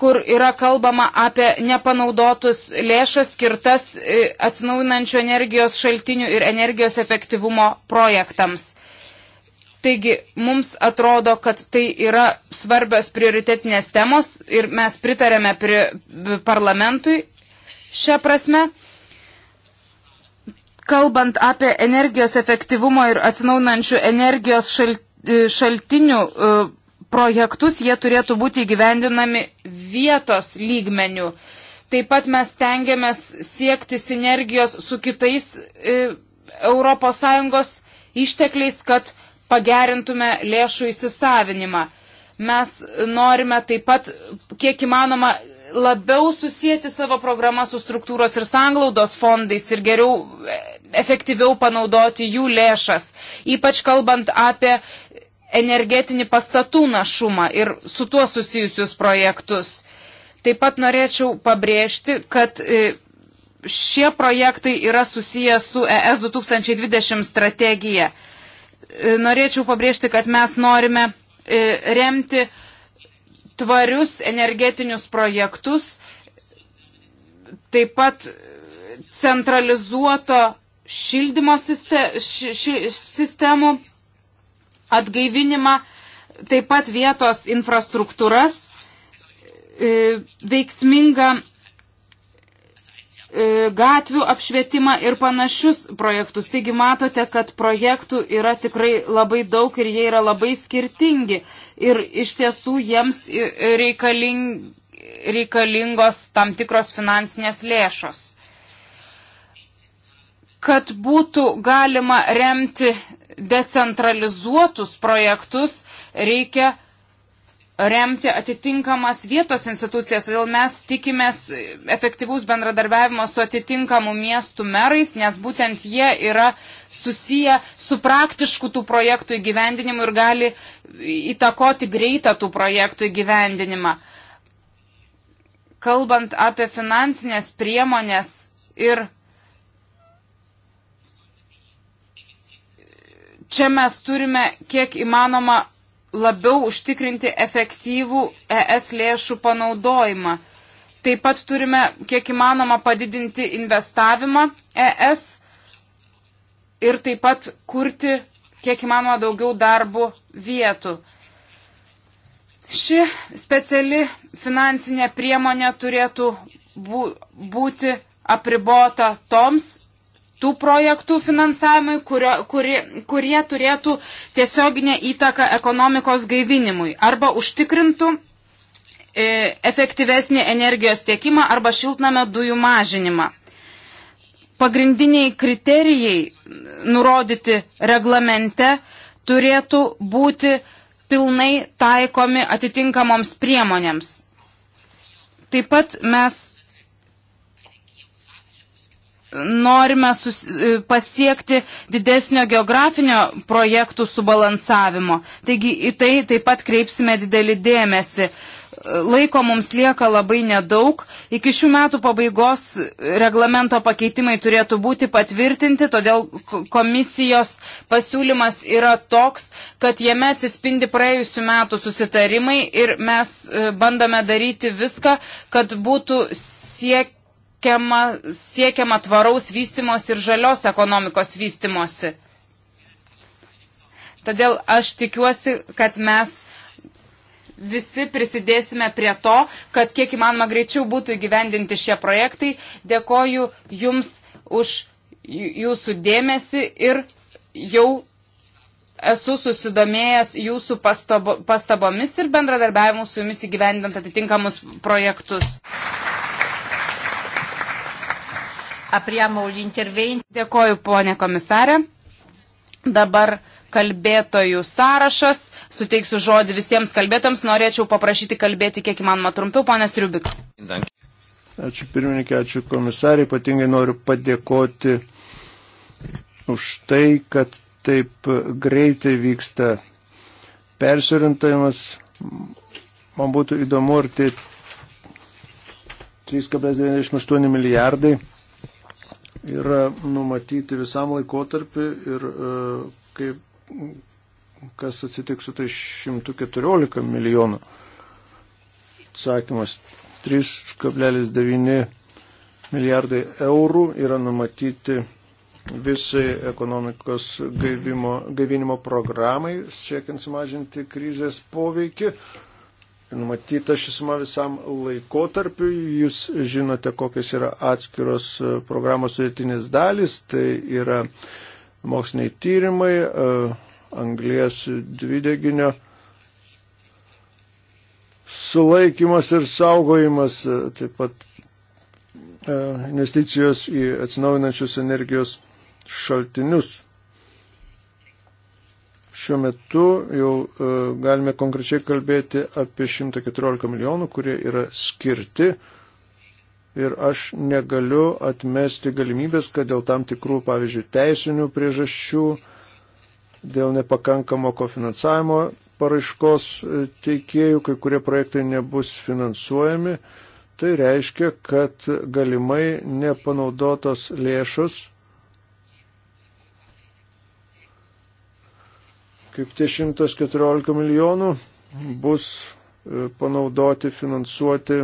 kur yra kalbama apie nepanaudotus lėšas skirtas e, atsinaujinančių energijos šaltinių ir energijos efektyvumo projektams. Taigi mums atrodo, kad tai yra svarbios prioritetinės temos ir mes pritarėme prie parlamentui šią prasme. Kalbant apie energijos efektyvumo ir atsinaunančių energijos šalt, E, šaltinių e, projektus, jie turėtų būti įgyvendinami vietos lygmenių. Taip pat mes tengiamės siekti sinergijos su kitais ES ištekliais, kad pagerintume lėšų įsisavinimą. Mes norime taip pat, kiek įmanoma, labiau susijęti savo programą su struktūros ir sanglaudos fondais ir geriau e, efektyviau panaudoti jų lėšas, ypač kalbant apie energetinį pastatų našumą ir su tuo susijusius projektus. Taip pat norėčiau pabrėžti, kad e, šie projektai yra susiję su ES 2020 strategija. E, norėčiau pabrėžti, kad mes norime e, remti tvarius energetinius projektus, taip pat centralizuoto šildymo sistemų atgaivinimą, taip pat vietos infrastruktūras, e, veiksmingą e, gatvių apšvietimą ir panašius projektus. Taigi matote, kad projektų yra tikrai labai daug ir jie yra labai skirtingi. Ir iš tiesų jiems e, reikaling, reikalingos tam tikros finansinės lėšos. Kad būtų galima remti decentralizuotus projektus reikia remti atitinkamas vietos institucijas, todėl mes tikimės efektyvaus bendradarbiavimo su atitinkamu miestų merais, nes būtent jie yra susiję su praktišku tų projektų įgyvendinimu ir gali įtakoti greitą tų projektų įgyvendinimą. Kalbant apie finansinės priemonės ir čia mes turime kiek įmanoma labiau užtikrinti efektyvų ES lėšų panaudojimą. Taip pat turime kiek įmanoma padidinti investavimą ES ir taip pat kurti kiek įmanoma daugiau darbų vietų. Ši speciali finansinė priemonė turėtų būti apribota toms tų projektų finansavimui, kurio, kurie, kurie turėtų tiesioginę įtaką ekonomikos gaivinimui arba užtikrintų e, efektyvesnį energijos tiekimą arba šiltname dujų mažinimą. Pagrindiniai kriterijai nurodyti reglamente turėtų būti pilnai taikomi atitinkamoms priemonėms. Taip pat mes norime sus, e, pasiekti didesnio geografinio projektų subalansavimo. Taigi į tai taip pat kreipsime didelį dėmesį. Laiko mums lieka labai nedaug. Iki šių metų pabaigos reglamento pakeitimai turėtų būti patvirtinti, todėl komisijos pasiūlymas yra toks, kad jame atsispindi praėjusių metų susitarimai ir mes e, bandome daryti viską, kad būtų siek siekiama, siekiama tvaraus vystimos ir žalios ekonomikos vystimosi. Todėl aš tikiuosi, kad mes visi prisidėsime prie to, kad kiek įmanoma greičiau būtų įgyvendinti šie projektai. Dėkoju Jums už Jūsų dėmesį ir jau esu susidomėjęs Jūsų pastabo, pastabomis ir bendradarbiavimu su Jumis įgyvendinant atitinkamus projektus. Apriamo gli interventi. Dėkoju, ponė komisarė. Dabar kalbėtojų sąrašas. Suteiksiu žodį visiems kalbėtams. Norėčiau paprašyti kalbėti kiek įmanoma trumpiau, ponas Riubik. Ačiū pirmininkė, ačiū komisarė. Ypatingai noriu padėkoti už tai, kad taip greitai vyksta persirintavimas. Man būtų įdomu, ar tai 3,98 milijardai yra numatyti visam laikotarpiu ir e, kaip, kas atsitiks su tai 114 milijonų. Atsakymas 3,9 milijardai eurų yra numatyti visai ekonomikos gaivimo, gaivinimo programai, siekiant sumažinti krizės poveikį numatyta ši suma visam laikotarpiu. Jūs žinote, kokios yra atskiros e, programos sudėtinės dalys. Tai yra moksliniai tyrimai, e, anglės dvideginio sulaikimas ir saugojimas, e, taip pat investicijos į atsinaujinančius energijos šaltinius. Šiuo metu jau e, galime konkrečiai kalbėti apie 114 milijonų, kurie yra skirti ir aš negaliu atmesti galimybės, kad dėl tam tikrų, pavyzdžiui, teisinių priežasčių, dėl nepakankamo kofinansavimo paraiškos e, teikėjų, kai kurie projektai nebus finansuojami, tai reiškia, kad galimai nepanaudotos lėšos kaip tie 114 milijonų bus e, panaudoti, finansuoti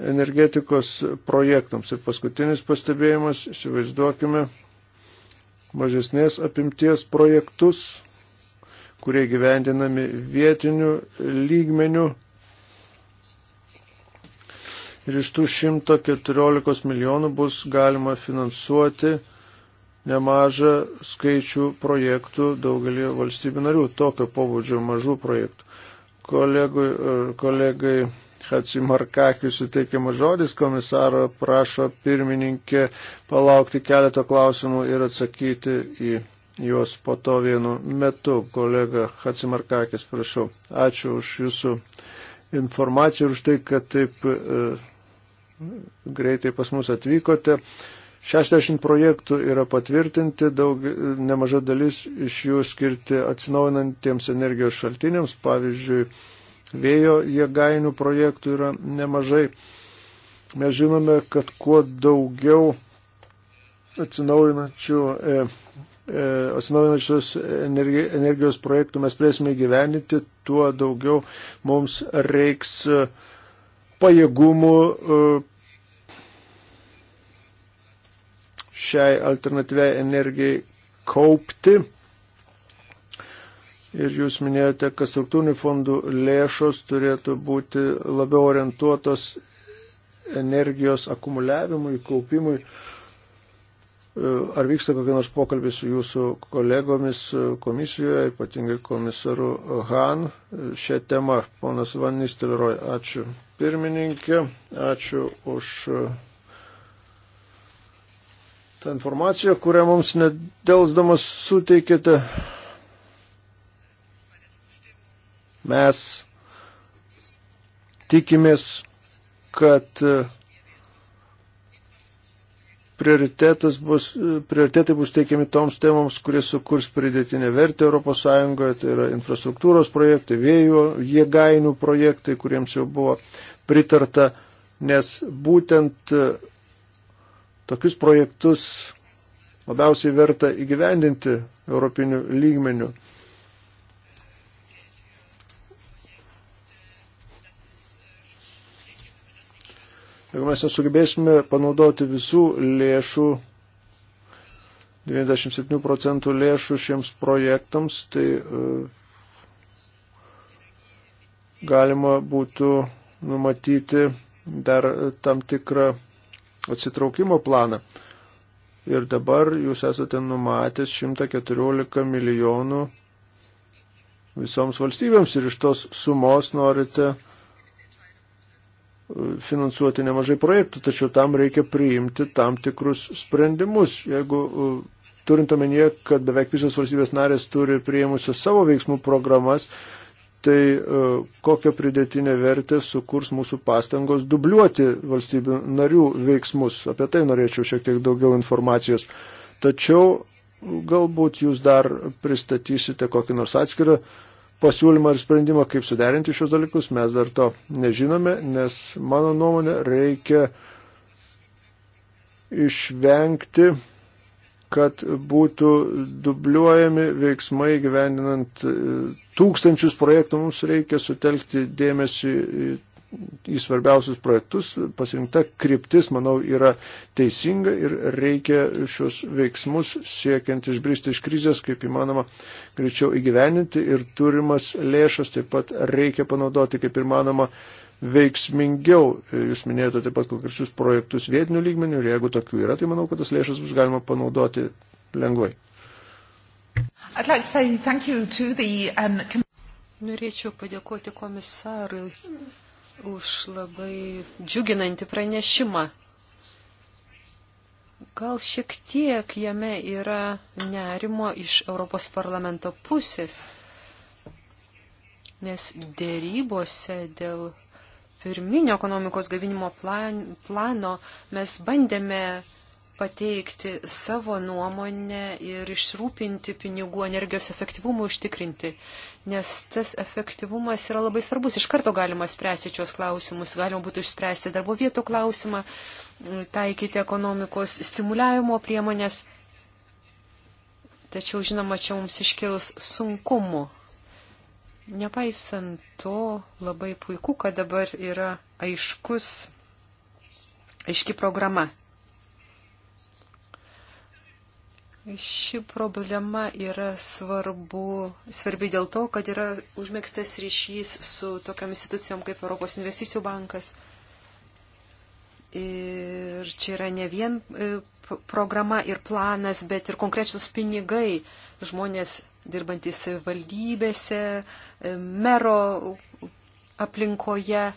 energetikos projektams. Ir paskutinis pastebėjimas, įsivaizduokime, mažesnės apimties projektus, kurie gyvendinami vietiniu lygmeniu. Ir iš tų 114 milijonų bus galima finansuoti nemažą skaičių projektų daugelį valstybių narių, tokio pobūdžio mažų projektų. Kolegui, kolegai Hatsimarkakius suteikiamas žodis komisaro prašo pirmininkė palaukti keletą klausimų ir atsakyti į juos po to vienu metu. Kolega Hatsimarkakis, prašau, ačiū už jūsų informaciją ir už tai, kad taip e, greitai pas mus atvykote. E, 60 projektų yra patvirtinti, daug, nemaža dalis iš jų skirti atsinaujinantiems energijos šaltiniams, pavyzdžiui, vėjo jėgainių projektų yra nemažai. Mes žinome, kad kuo daugiau atsinaujinančių, e, e, atsinaujinančios energi, energijos projektų mes plėsime gyveninti, tuo daugiau mums reiks e, pajėgumų e, šiai alternatyviai energijai kaupti. Ir jūs minėjote, kad struktūrinių fondų lėšos turėtų būti labiau orientuotos energijos akumuliavimui, kaupimui. Ar vyksta kokie nors pokalbiai su jūsų kolegomis komisijoje, ypatingai komisaru Han? Šią temą, ponas Van Nistelroj, ačiū pirmininkė, ačiū už tą informaciją, kurią mums nedelsdamas suteikėte. Mes tikimės, kad e, prioritetas bus, e, prioritetai bus teikiami toms temoms, kurie sukurs pridėtinę vertę ES, tai yra infrastruktūros projektai, vėjo jėgainių projektai, kuriems jau buvo pritarta, nes būtent e, tokius projektus labiausiai verta įgyvendinti europinių lygmenių. Jeigu mes nesugebėsime panaudoti visų lėšų, 97 procentų lėšų šiems projektams, tai e, galima būtų numatyti dar tam tikrą atsitraukimo planą. Ir dabar jūs esate numatęs 114 milijonų visoms valstybėms ir iš tos sumos norite uh, finansuoti nemažai projektų, tačiau tam reikia priimti tam tikrus sprendimus. Jeigu uh, turint omenyje, kad beveik visos valstybės narės turi prieimusios savo veiksmų programas, tai e, kokią pridėtinę vertę sukurs mūsų pastangos dubliuoti valstybių narių veiksmus. Apie tai norėčiau šiek tiek daugiau informacijos. Tačiau galbūt jūs dar pristatysite kokį nors atskirą pasiūlymą ar sprendimą, kaip suderinti šios dalykus. Mes dar to nežinome, nes mano nuomonė reikia išvengti kad būtų dubliuojami veiksmai gyvendinant e, tūkstančius projektų, mums reikia sutelkti dėmesį į svarbiausius projektus. Pasirinkta kryptis, manau, yra teisinga ir reikia šios veiksmus siekiant išbristi iš krizės, kaip įmanoma, greičiau įgyveninti ir turimas lėšas taip pat reikia panaudoti, kaip įmanoma, veiksmingiau. Jūs minėjote taip pat konkrečius projektus vietinių lygmenių ir jeigu tokių yra, tai manau, kad tas lėšas bus galima panaudoti lengvai. I'd like to say thank you to the, um, Norėčiau padėkoti komisarui už labai džiuginantį pranešimą. Gal šiek tiek jame yra nerimo iš Europos parlamento pusės, nes dėrybose dėl pirminio ekonomikos gavinimo plan, plano mes bandėme pateikti savo nuomonę ir išrūpinti pinigų energijos efektyvumą užtikrinti, nes tas efektyvumas yra labai svarbus. Iš karto galima spręsti šios klausimus, galima būtų išspręsti darbo vietų klausimą, taikyti ekonomikos stimuliavimo priemonės. Tačiau, žinoma, čia mums iškils sunkumų. Nepaisant to, labai puiku, kad dabar yra aiškus, aiški programa Ši problema yra svarbu, svarbi dėl to, kad yra užmėgstas ryšys su tokiam institucijom kaip Europos investicijų bankas. Ir čia yra ne vien e, programa ir planas, bet ir konkrečios pinigai. Žmonės dirbantys valdybėse, e, mero aplinkoje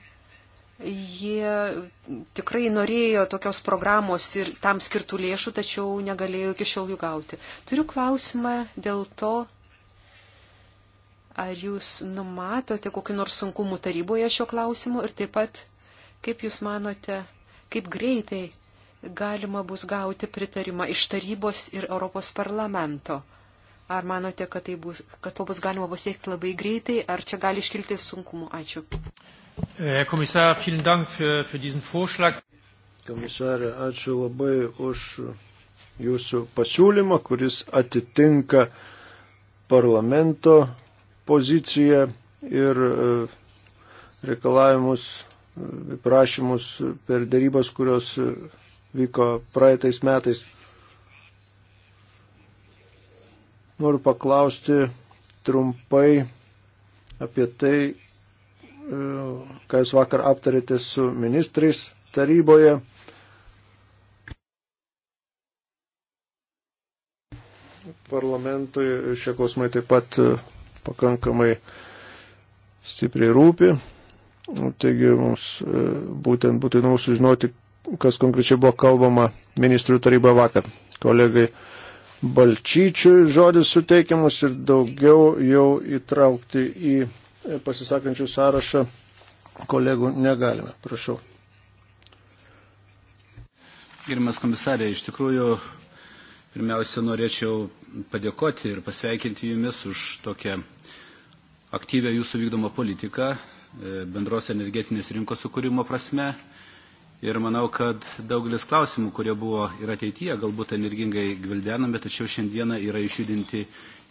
Jie tikrai norėjo tokios programos ir tam skirtų lėšų, tačiau negalėjo iki šiol jų gauti. Turiu klausimą dėl to, ar jūs numatote kokiu nors sunkumu taryboje šio klausimu ir taip pat, kaip jūs manote, kaip greitai galima bus gauti pritarimą iš tarybos ir Europos parlamento Ar manote, kad, tai bus, kad to bus galima pasiekti labai greitai, ar čia gali iškilti sunkumų? Ačiū. Komisar, Dank für, für diesen Vorschlag. Komisarė, ačiū labai už jūsų pasiūlymą, kuris atitinka parlamento poziciją ir e, reikalavimus, e, prašymus per darybas, kurios e, vyko praeitais metais Noriu paklausti trumpai apie tai, e, ką jūs vakar aptarėte su ministrais taryboje. Parlamentui šie klausimai taip pat e, pakankamai stipriai rūpi. Taigi mums e, būtent būtų įdomu sužinoti, kas konkrečiai buvo kalbama ministrų taryba vakar. Kolegai Balčyčiui žodis suteikiamas ir daugiau jau įtraukti į e, pasisakančių sąrašą kolegų negalime. Prašau. Gerimas komisarė, iš tikrųjų, pirmiausia, norėčiau padėkoti ir pasveikinti jumis už tokią aktyvę jūsų vykdomą politiką e, bendros energetinės rinkos sukūrimo prasme Ir manau, kad daugelis klausimų, kurie buvo ir ateityje, galbūt energingai gvildenami, tačiau šiandieną yra išjudinti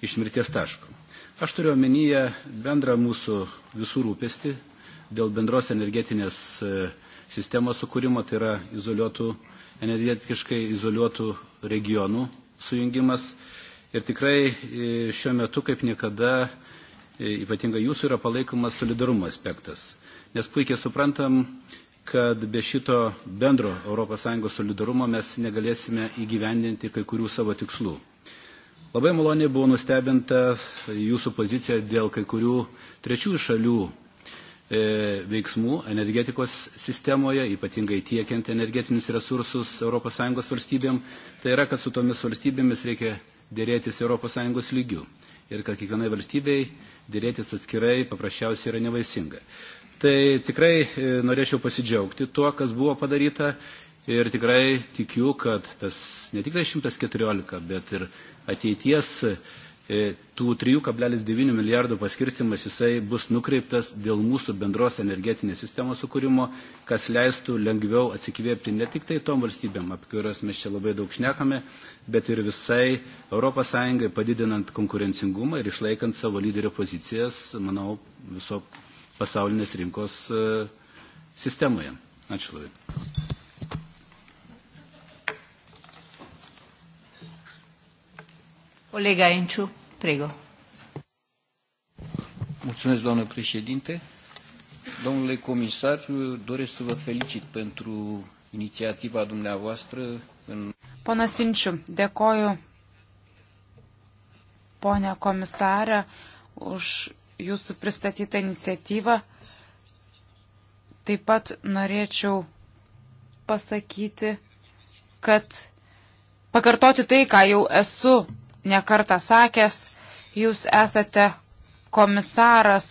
iš mirties taško. Aš turiu omenyje bendrą mūsų visų rūpestį dėl bendros energetinės e, sistemos sukūrimo, tai yra izoliuotų, energetiškai izoliuotų regionų sujungimas. Ir tikrai e, šiuo metu kaip niekada e, ypatingai jūsų yra palaikomas solidarumo aspektas. Nes puikiai suprantam, kad be šito bendro ES solidarumo mes negalėsime įgyvendinti kai kurių savo tikslų. Labai maloniai buvo nustebinta jūsų pozicija dėl kai kurių trečiųjų šalių e, veiksmų energetikos sistemoje, ypatingai tiekiant energetinius resursus ES valstybėm, tai yra, kad su tomis valstybėmis reikia dėrėtis ES lygių ir kad kiekvienai valstybei dėrėtis atskirai paprasčiausiai yra nevaisinga. Tai tikrai e, norėčiau pasidžiaugti tuo, kas buvo padaryta ir tikrai tikiu, kad tas ne tik 114, bet ir ateities e, tų 3,9 milijardų paskirstimas jisai bus nukreiptas dėl mūsų bendros energetinės sistemos sukūrimo, kas leistų lengviau atsikvėpti ne tik tai tom valstybėm, apie kurias mes čia labai daug šnekame, bet ir visai ES padidinant konkurencingumą ir išlaikant savo lyderio pozicijas, manau, viso pasaulinės rinkos e, sistemoje. Ačiū labai. Colega Enciu, prego. Mulțumesc, doamnă președinte. Domnule comisar, doresc să vă felicit pentru inițiativa dumneavoastră în... Ponas Inčiu, dėkoju, ponia komisarė, už jūsų pristatytą iniciatyvą. Taip pat norėčiau pasakyti, kad pakartoti tai, ką jau esu nekartą sakęs, jūs esate komisaras,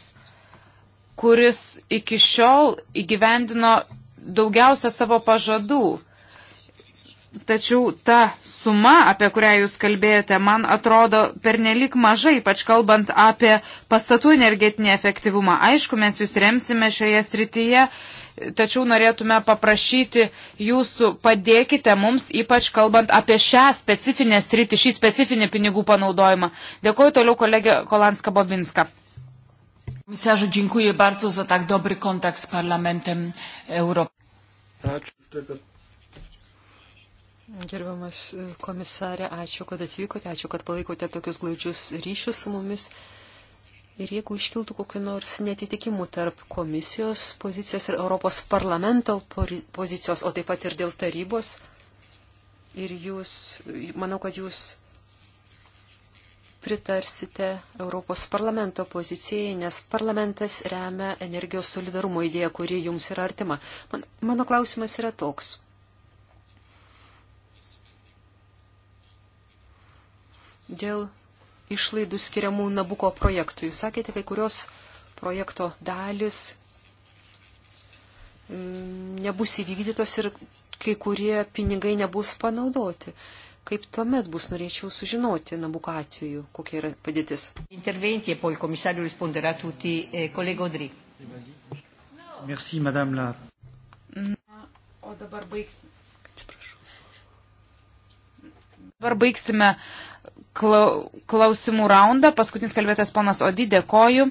kuris iki šiol įgyvendino daugiausia savo pažadų. Tačiau ta suma, apie kurią jūs kalbėjote, man atrodo pernelik mažai, ypač kalbant apie pastatų energetinį efektyvumą. Aišku, mes jūs remsime šioje srityje, tačiau norėtume paprašyti jūsų padėkite mums, ypač kalbant apie šią specifinę sritį, šį specifinį pinigų panaudojimą. Dėkuoju toliau kolegė Kolanska Bobinska. Komisarzu, dziękuję bardzo za tak dobry kontakt z Parlamentem Europejskim. Ačiū, taip pat Gerbiamas e, komisarė, ačiū, kad atvykote, ačiū, kad palaikote tokius glaudžius ryšius su mumis. Ir jeigu iškiltų kokiu nors netitikimu tarp komisijos pozicijos ir Europos parlamento pozicijos, o taip pat ir dėl tarybos, ir jūs, manau, kad jūs pritarsite Europos parlamento pozicijai, nes parlamentas remia energijos solidarumo idėją, kuri jums yra artima. Man, mano klausimas yra toks. dėl išlaidų skiriamų Nabuko projektui. Jūs sakėte, kai kurios projekto dalis mm, nebus įvykdytos ir kai kurie pinigai nebus panaudoti. Kaip tuomet bus, norėčiau sužinoti Nabuko atveju, kokia yra padėtis. Interventi, e poi komisariu risponderà tutti, eh, kolego Dri. Merci, madame la. Na, o dabar baigsime. Dabar baigsime klausimų raundą. Paskutinis kalbėtas ponas Odi, dėkoju.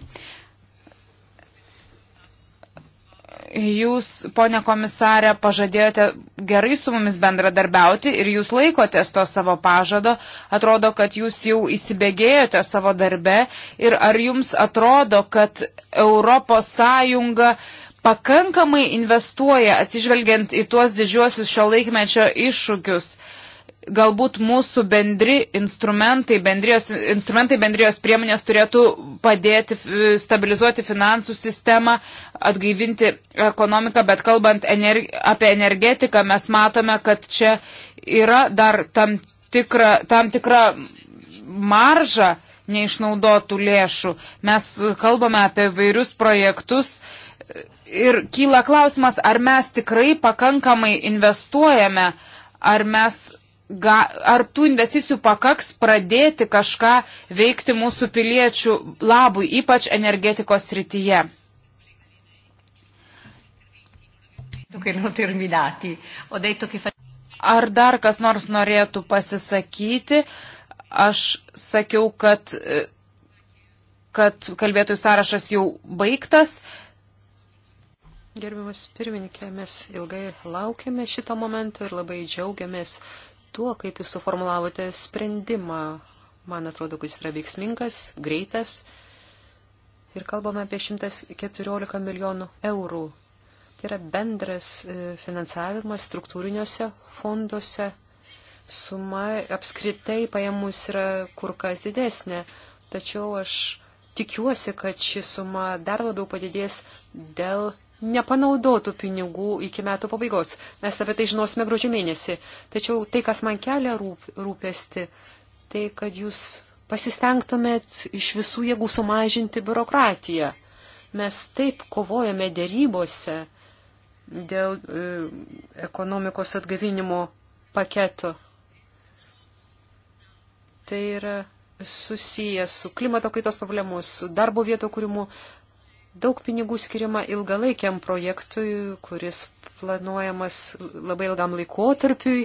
Jūs, ponė komisarė, pažadėjote gerai su mumis bendradarbiauti ir jūs laikotės to savo pažado. Atrodo, kad jūs jau įsibėgėjote savo darbe ir ar jums atrodo, kad Europos Sąjunga pakankamai investuoja atsižvelgiant į tuos didžiuosius šio laikmečio iššūkius? Uh, galbūt mūsų bendri instrumentai, bendrijos, instrumentai bendrijos priemonės turėtų padėti stabilizuoti finansų sistemą, atgaivinti ekonomiką, bet kalbant energi apie energetiką, mes matome, kad čia yra dar tam tikra, tam tikra marža neišnaudotų lėšų. Mes kalbame apie vairius projektus, ir kyla klausimas, ar mes tikrai pakankamai investuojame, ar mes ga, ar tų investicijų pakaks pradėti kažką veikti mūsų piliečių labui, ypač energetikos srityje. Ar dar kas nors norėtų pasisakyti? Aš sakiau, kad, kad kalbėtojų sąrašas jau baigtas. Gerbiamas pirmininkė, mes ilgai laukėme šito momento ir labai džiaugiamės tuo, kaip jūs suformulavote sprendimą. Man atrodo, kad jis yra veiksmingas, greitas. Ir kalbame apie 114 milijonų eurų. Tai yra bendras e, finansavimas struktūriniuose fonduose. Suma apskritai pajamus yra kur kas didesnė. Tačiau aš tikiuosi, kad ši suma dar labiau padidės dėl nepanaudotų pinigų iki metų pabaigos. Mes apie tai žinosime gruodžio mėnesį. Tačiau tai, kas man kelia rūp, rūpesti, tai kad jūs pasistengtumėt iš visų jėgų sumažinti biurokratiją. Mes taip kovojame dėrybose dėl e, ekonomikos atgavinimo paketo. Tai yra susijęs su klimato kaitos problemu, su darbo vieto kūrimu, daug pinigų skirima ilgalaikiam projektui, kuris planuojamas labai ilgam laikotarpiui,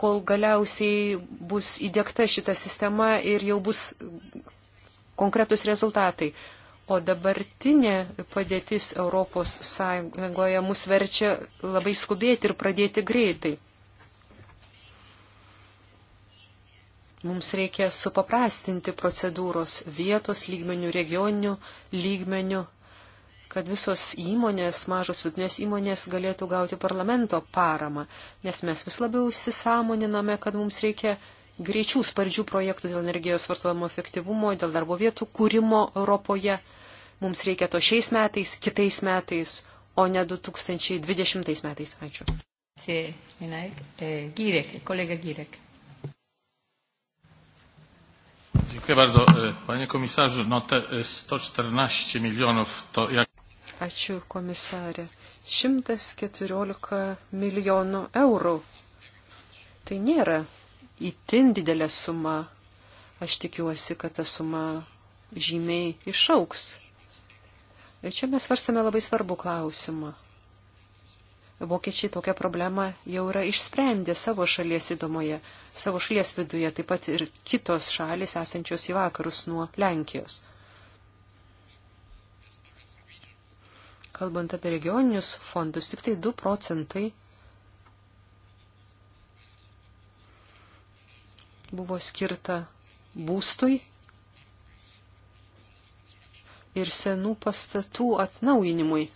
kol galiausiai bus įdėkta šita sistema ir jau bus konkretus rezultatai. O dabartinė padėtis Europos Sąjungoje mus verčia labai skubėti ir pradėti greitai. Mums reikia supaprastinti procedūros vietos lygmenių, regioninių lygmenių kad visos įmonės, mažos vidutinės įmonės galėtų gauti parlamento paramą, nes mes vis labiau įsisamoniname, kad mums reikia greičių spardžių projektų dėl energijos vartojimo efektyvumo, dėl darbo vietų kūrimo Europoje. Mums reikia to šiais metais, kitais metais, o ne 2020 metais. Ačiū. Eh, Dziękuję bardzo. E, panie komisarzu, no te 114 e, milionów to jak... Ačiū, komisarė. 114 milijonų eurų. Tai nėra įtin didelė suma. Aš tikiuosi, kad ta suma žymiai išauks. Ir čia mes svarstame labai svarbų klausimą. Vokiečiai tokią problemą jau yra išsprendę savo šalies įdomoje, savo šalies viduje, taip pat ir kitos šalis esančios į vakarus nuo Lenkijos. Kalbant apie regioninius fondus, tik tai 2 procentai buvo skirta būstui ir senų pastatų atnaujinimui.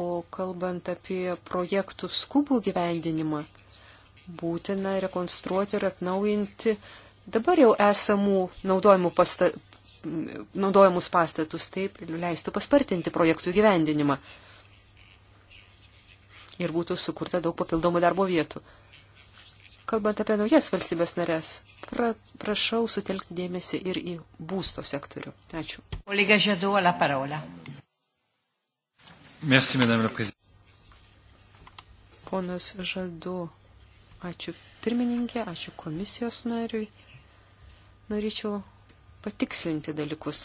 O kalbant apie projektų skubų gyvendinimą, būtina rekonstruoti ir atnaujinti dabar jau esamų naudojimų pasta, naudojamus pastatus, taip leistų paspartinti projektų gyvendinimą. Ir būtų sukurta daug papildomų darbo vietų. Kalbant apie naujas valstybės narės, pra, prašau sutelkti dėmesį ir į būsto sektorių. Ačiū. Olega Žadu, la parola. Merci, madame la prezidente. Ponas Žadu, ačiū pirmininkė, ačiū komisijos nariui. Norėčiau patikslinti dalykus.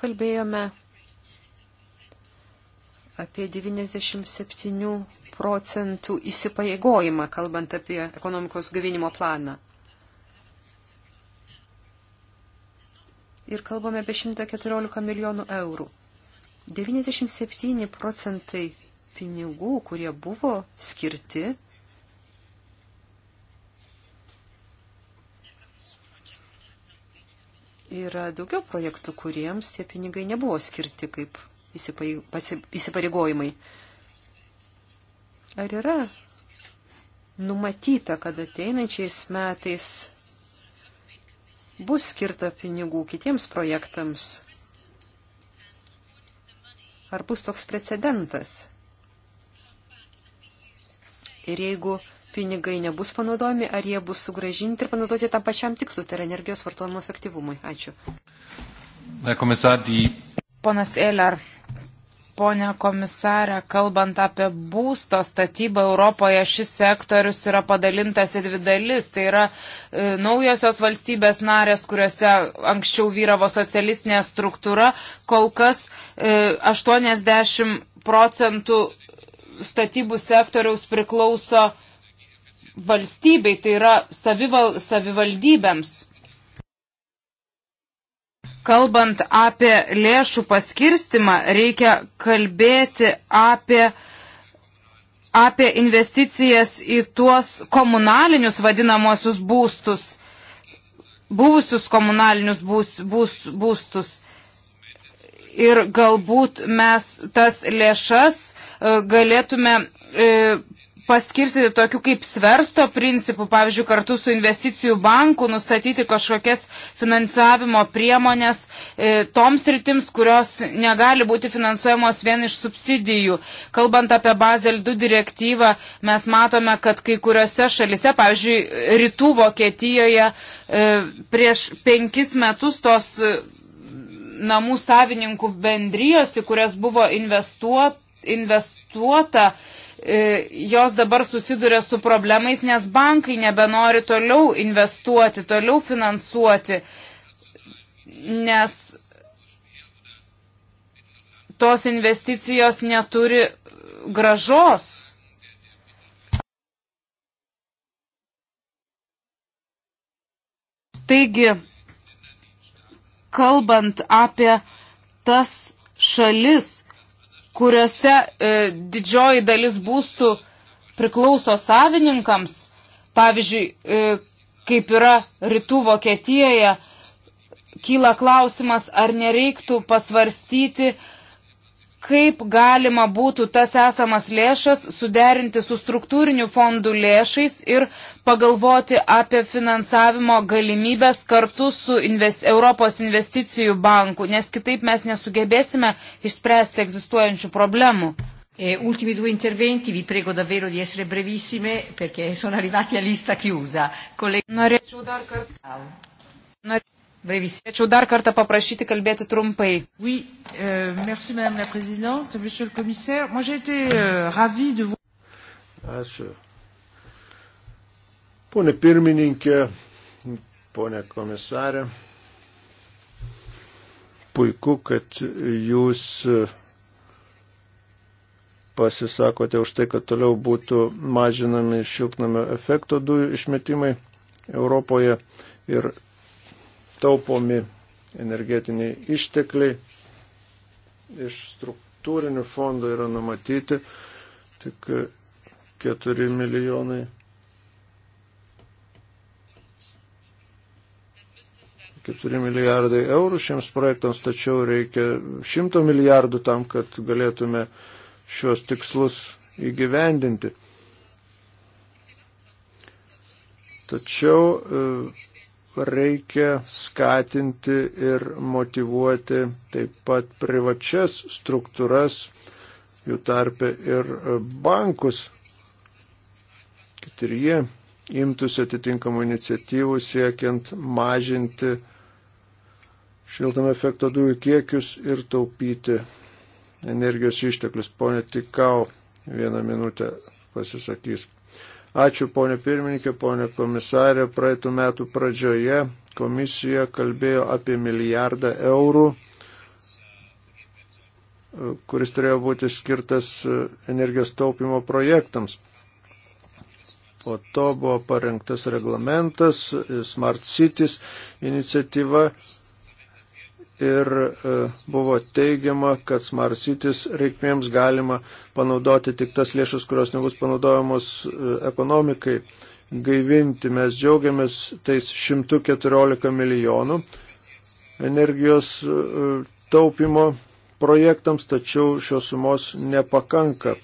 Kalbėjome apie 97 procentų įsipareigojimą, kalbant apie ekonomikos gavinimo planą. Ir kalbame apie 114 milijonų eurų. 97 procentai pinigų, kurie buvo skirti yra daugiau projektų, kuriems tie pinigai nebuvo skirti kaip įsipareigojimai. Ar yra numatyta, kad ateinančiais metais bus skirta pinigų kitiems projektams? Ar bus toks precedentas? Ir jeigu pinigai nebus panaudojami, ar jie bus sugražinti ir panaudoti tam pačiam tikslu, tai yra energijos vartojimo efektyvumui. Ačiū. Komisarį. Ponas Eiler, ponė komisarė, kalbant apie būsto statybą Europoje, šis sektorius yra padalintas į dvi dalis. Tai yra e, naujosios valstybės narės, kuriuose anksčiau vyravo socialistinė struktūra, kol kas e, 80 procentų statybų sektoriaus priklauso valstybei, tai yra savival, savivaldybėms. Kalbant apie lėšų paskirstimą, reikia kalbėti apie, apie investicijas į tuos komunalinius vadinamosius būstus, buvusius komunalinius būs, būs, būstus. Ir galbūt mes tas lėšas e, galėtume e, paskirstyti tokių kaip sversto principų, pavyzdžiui, kartu su investicijų banku nustatyti kažkokias finansavimo priemonės e, toms rytims, kurios negali būti finansuojamos vien iš subsidijų. Kalbant apie Bazel 2 direktyvą, mes matome, kad kai kuriuose šalise, pavyzdžiui, rytų Vokietijoje e, prieš penkis metus tos e, namų savininkų bendrijos, į kurias buvo investuota, investuota E, jos dabar susiduria su problemais, nes bankai nebenori toliau investuoti, toliau finansuoti, nes tos investicijos neturi gražos. Taigi, kalbant apie tas šalis, kuriuose e, didžioji dalis būstų priklauso savininkams, pavyzdžiui, e, kaip yra rytų Vokietijoje, kyla klausimas, ar nereiktų pasvarstyti, kaip galima būtų tas esamas lėšas suderinti su struktūrinių fondų lėšais ir pagalvoti apie finansavimo galimybės kartu su invest, Europos investicijų banku, nes kitaip mes nesugebėsime išspręsti egzistuojančių problemų. E, ultimi due interventi, vi prego davvero di essere brevissime perché sono arrivati a lista chiusa. Colleg- Norėčiau dar kartą. Norėčiau Brevis. Ačiū dar kartą paprašyti kalbėti trumpai. Oui, euh, merci madame la présidente, monsieur le commissaire. Moi j'ai été euh, ravi de vous. Ačiū. Pone pirmininkė, pone komisarė, puiku, kad jūs e, pasisakote už tai, kad toliau būtų mažinami šiltnamio efekto dujų išmetimai Europoje ir taupomi energetiniai ištekliai iš struktūrinių fondų yra numatyti tik 4 milijonai. 4 milijardai eurų šiems projektams, tačiau reikia 100 milijardų tam, kad galėtume šios tikslus įgyvendinti. Tačiau e, reikia skatinti ir motivuoti taip pat privačias struktūras, jų tarpe ir bankus, kad ir jie imtųsi atitinkamų iniciatyvų siekiant mažinti šiltame efekto dujų kiekius ir taupyti energijos išteklius. Pone Tikau, vieną minutę pasisakys. Ačiū ponė pirmininkė, ponė komisarė. Praeitų metų pradžioje komisija kalbėjo apie milijardą eurų, kuris turėjo būti skirtas energijos taupimo projektams. Po to buvo parengtas reglamentas Smart Cities iniciatyva ir e, buvo teigiama, kad Smart Cities reikmėms galima panaudoti tik tas lėšas, kurios nebus panaudojamos e, ekonomikai gaivinti. Mes džiaugiamės tais 114 milijonų energijos e, taupimo projektams, tačiau šios sumos nepakanka.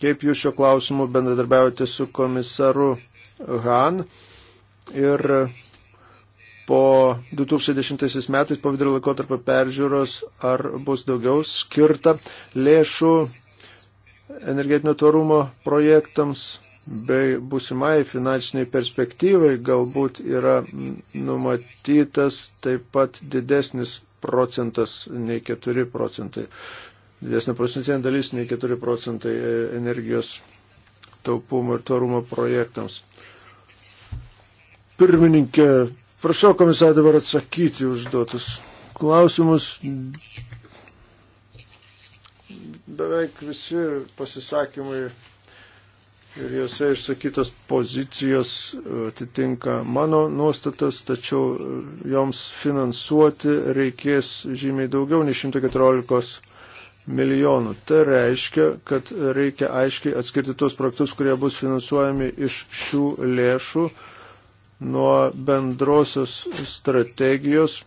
Kaip jūs šio klausimu bendradarbiaujate su komisaru Han ir po 2010 metais, po vidurio laikotarpio peržiūros, ar bus daugiau skirta lėšų energetinio tvarumo projektams bei būsimai finansiniai perspektyvai galbūt yra numatytas taip pat didesnis procentas nei 4 procentai. Didesnė procentinė dalis nei 4 procentai energijos taupumo ir tvarumo projektams. Pirmininkė, Prašau komisarą dabar atsakyti užduotus klausimus. Beveik visi pasisakymai ir jose išsakytos pozicijos atitinka mano nuostatas, tačiau joms finansuoti reikės žymiai daugiau nei 114 milijonų. Tai reiškia, kad reikia aiškiai atskirti tuos projektus, kurie bus finansuojami iš šių lėšų nuo bendrosios strategijos,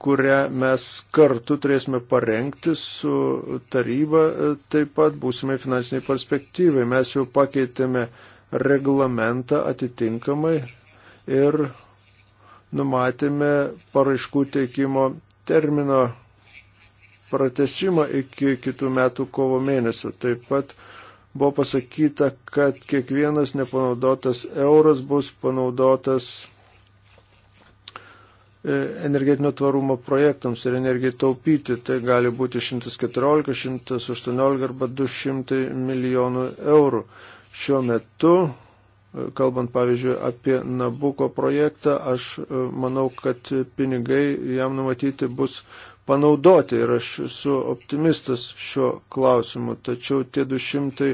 kurią mes kartu turėsime parengti su taryba e, taip pat būsimai finansiniai perspektyvai. Mes jau pakeitėme reglamentą atitinkamai ir numatėme paraiškų teikimo termino pratesimą iki kitų metų kovo mėnesio. Taip pat buvo pasakyta, kad kiekvienas nepanaudotas euras bus panaudotas e, energetinio tvarumo projektams ir energijai taupyti. Tai gali būti 114, 118 arba 200 milijonų eurų. Šiuo metu, e, kalbant pavyzdžiui apie Nabuko projektą, aš e, manau, kad pinigai jam numatyti bus panaudoti ir aš esu optimistas šiuo klausimu, tačiau tie 200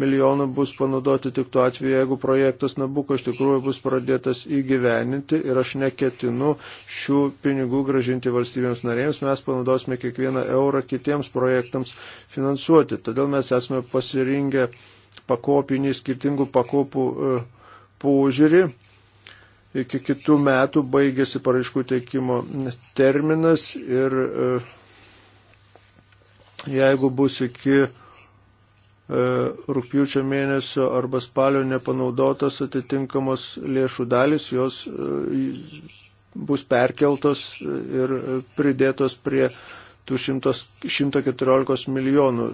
milijonų bus panaudoti tik tuo atveju, jeigu projektas Nabuko iš tikrųjų bus pradėtas įgyveninti ir aš neketinu šių pinigų gražinti valstybėms narėms, mes panaudosime kiekvieną eurą kitiems projektams finansuoti. Todėl mes esame pasirinkę pakopinį skirtingų pakopų e, požiūrį. Uh, iki kitų metų baigėsi paraiškų teikimo terminas ir e, jeigu bus iki e, rūpjūčio mėnesio arba spalio nepanaudotas atitinkamos lėšų dalis, jos e, bus perkeltos ir pridėtos prie tų 100, 114 milijonų.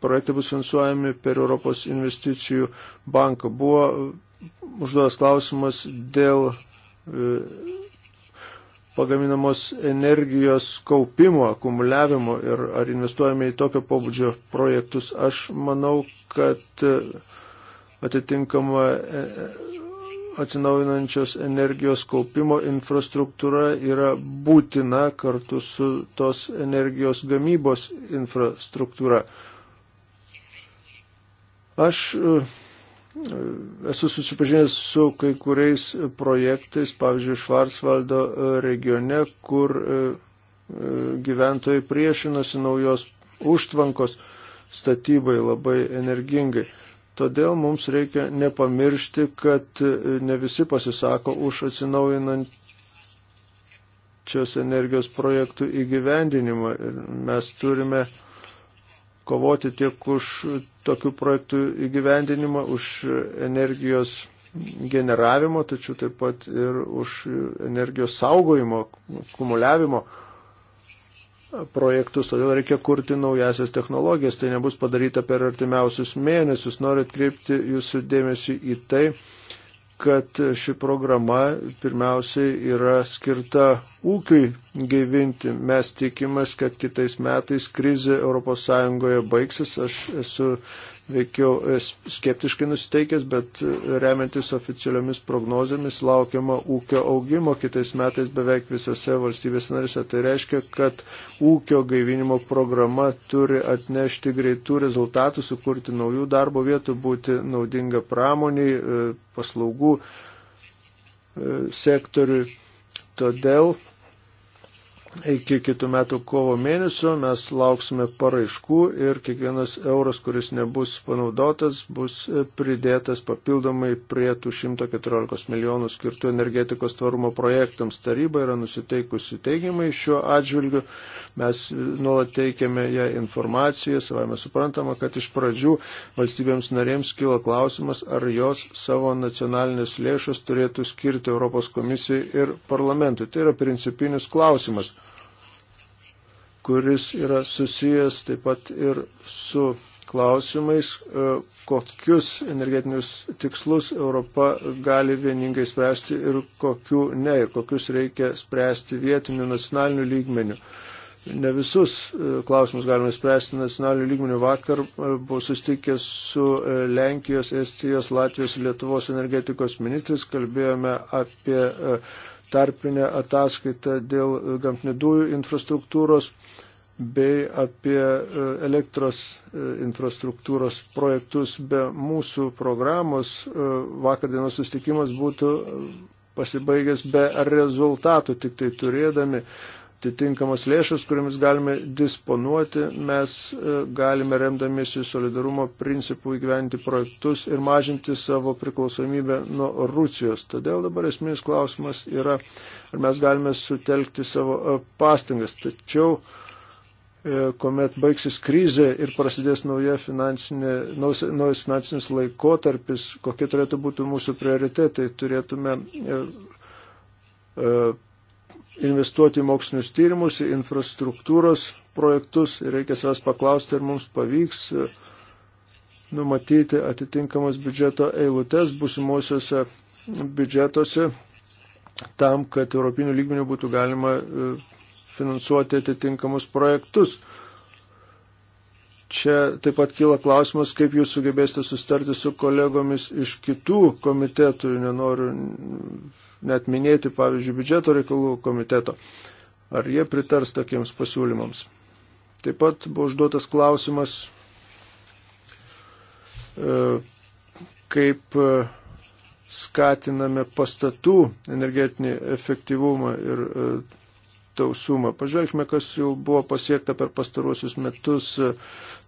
Projektai bus finansuojami per Europos investicijų banką. Buvo užduotas klausimas dėl e, pagaminamos energijos kaupimo, akumuliavimo ir ar investuojame į tokio pobūdžio projektus. Aš manau, kad e, atitinkama e, atsinaujinančios energijos kaupimo infrastruktūra yra būtina kartu su tos energijos gamybos infrastruktūra. Aš uh, Esu susipažinęs su kai kuriais projektais, pavyzdžiui, Švarsvaldo e, regione, kur e, e, gyventojai priešinasi naujos užtvankos statybai labai energingai. Todėl mums reikia nepamiršti, kad ne visi pasisako už atsinaujinančios energijos projektų įgyvendinimą. Ir mes turime uh, kovoti tiek už tokių projektų įgyvendinimą, už energijos generavimo, tačiau taip pat ir už energijos saugojimo, kumuliavimo projektus, todėl reikia kurti naujasias technologijas. Tai nebus padaryta per artimiausius mėnesius. Noriu atkreipti jūsų dėmesį į tai, kad ši programa pirmiausiai yra skirta ūkiui gaivinti. Mes tikimės, kad kitais metais krizė ES baigsis. Aš esu veikiau skeptiškai nusiteikęs, bet e, remiantis oficialiomis prognozėmis laukiama ūkio augimo kitais metais beveik visose valstybės narise. Tai reiškia, kad ūkio gaivinimo programa turi atnešti greitų rezultatų, sukurti naujų darbo vietų, būti naudinga pramoniai, e, paslaugų e, sektoriui. Todėl Iki kitų metų kovo mėnesio mes lauksime paraiškų ir kiekvienas euras, kuris nebus panaudotas, bus e, pridėtas papildomai prie tų 114 milijonų skirtų energetikos tvarumo projektams. Taryba yra nusiteikusi teigiamai šiuo atžvilgiu. Mes e, nuolat teikiame ją informaciją, savai mes suprantama, kad iš pradžių valstybėms narėms kilo klausimas, ar jos savo nacionalinės lėšas turėtų skirti Europos komisijai ir parlamentui. Tai yra principinis klausimas kuris yra susijęs taip pat ir su klausimais, e, kokius energetinius tikslus Europa gali vieningai spręsti ir kokių ne, ir kokius reikia spręsti vietiniu nacionaliniu lygmeniu. Ne visus e, klausimus galime spręsti nacionaliniu lygmeniu. Vakar e, buvau sustikęs su Lenkijos, Estijos, Latvijos ir Lietuvos energetikos ministrais, kalbėjome apie tarpinę ataskaitą dėl gamtinių dujų infrastruktūros bei apie e, elektros e, infrastruktūros projektus be mūsų programos e, vakar dienos sustikimas būtų pasibaigęs be rezultatų, tik tai turėdami atitinkamas lėšas, kuriamis galime disponuoti, mes e, galime remdamiesi solidarumo principų įgyventi projektus ir mažinti savo priklausomybę nuo Rusijos. Todėl dabar esminis klausimas yra, ar mes galime sutelkti savo e, pastangas. Tačiau, e, kuomet baigsis krizė ir prasidės nauja finansinė, naujas finansinis laikotarpis, kokie turėtų būti mūsų prioritetai, turėtume investuoti į mokslinius tyrimus, į infrastruktūros projektus ir reikia savęs paklausti, ar mums pavyks e, numatyti atitinkamas biudžeto eilutes busimuosiuose biudžetuose tam, kad europinių lygmenių būtų galima e, finansuoti atitinkamus projektus. Čia taip pat kyla klausimas, kaip jūs sugebėsite sustarti su kolegomis iš kitų komitetų. Nenoriu net minėti, pavyzdžiui, biudžeto reikalų komiteto. Ar jie pritars tokiems pasiūlymams? Taip pat buvo užduotas klausimas, e, kaip e, skatiname pastatų energetinį efektyvumą ir e, tausumą. Pažvelgime, kas jau buvo pasiekta per pastaruosius metus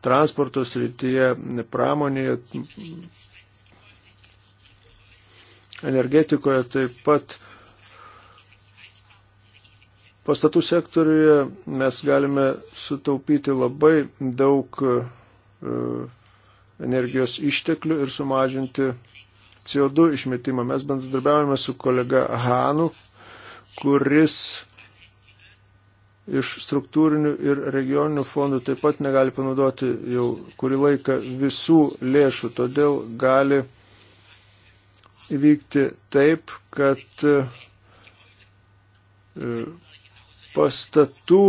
transporto srityje, pramonėje, energetikoje, taip pat pastatų sektoriuje mes galime sutaupyti labai daug e, energijos išteklių ir sumažinti CO2 išmetimą. Mes bendradarbiavame su kolega Hanu, kuris iš struktūrinių ir regioninių fondų taip pat negali panaudoti jau kurį laiką visų lėšų, todėl gali įvykti taip, kad e, pastatų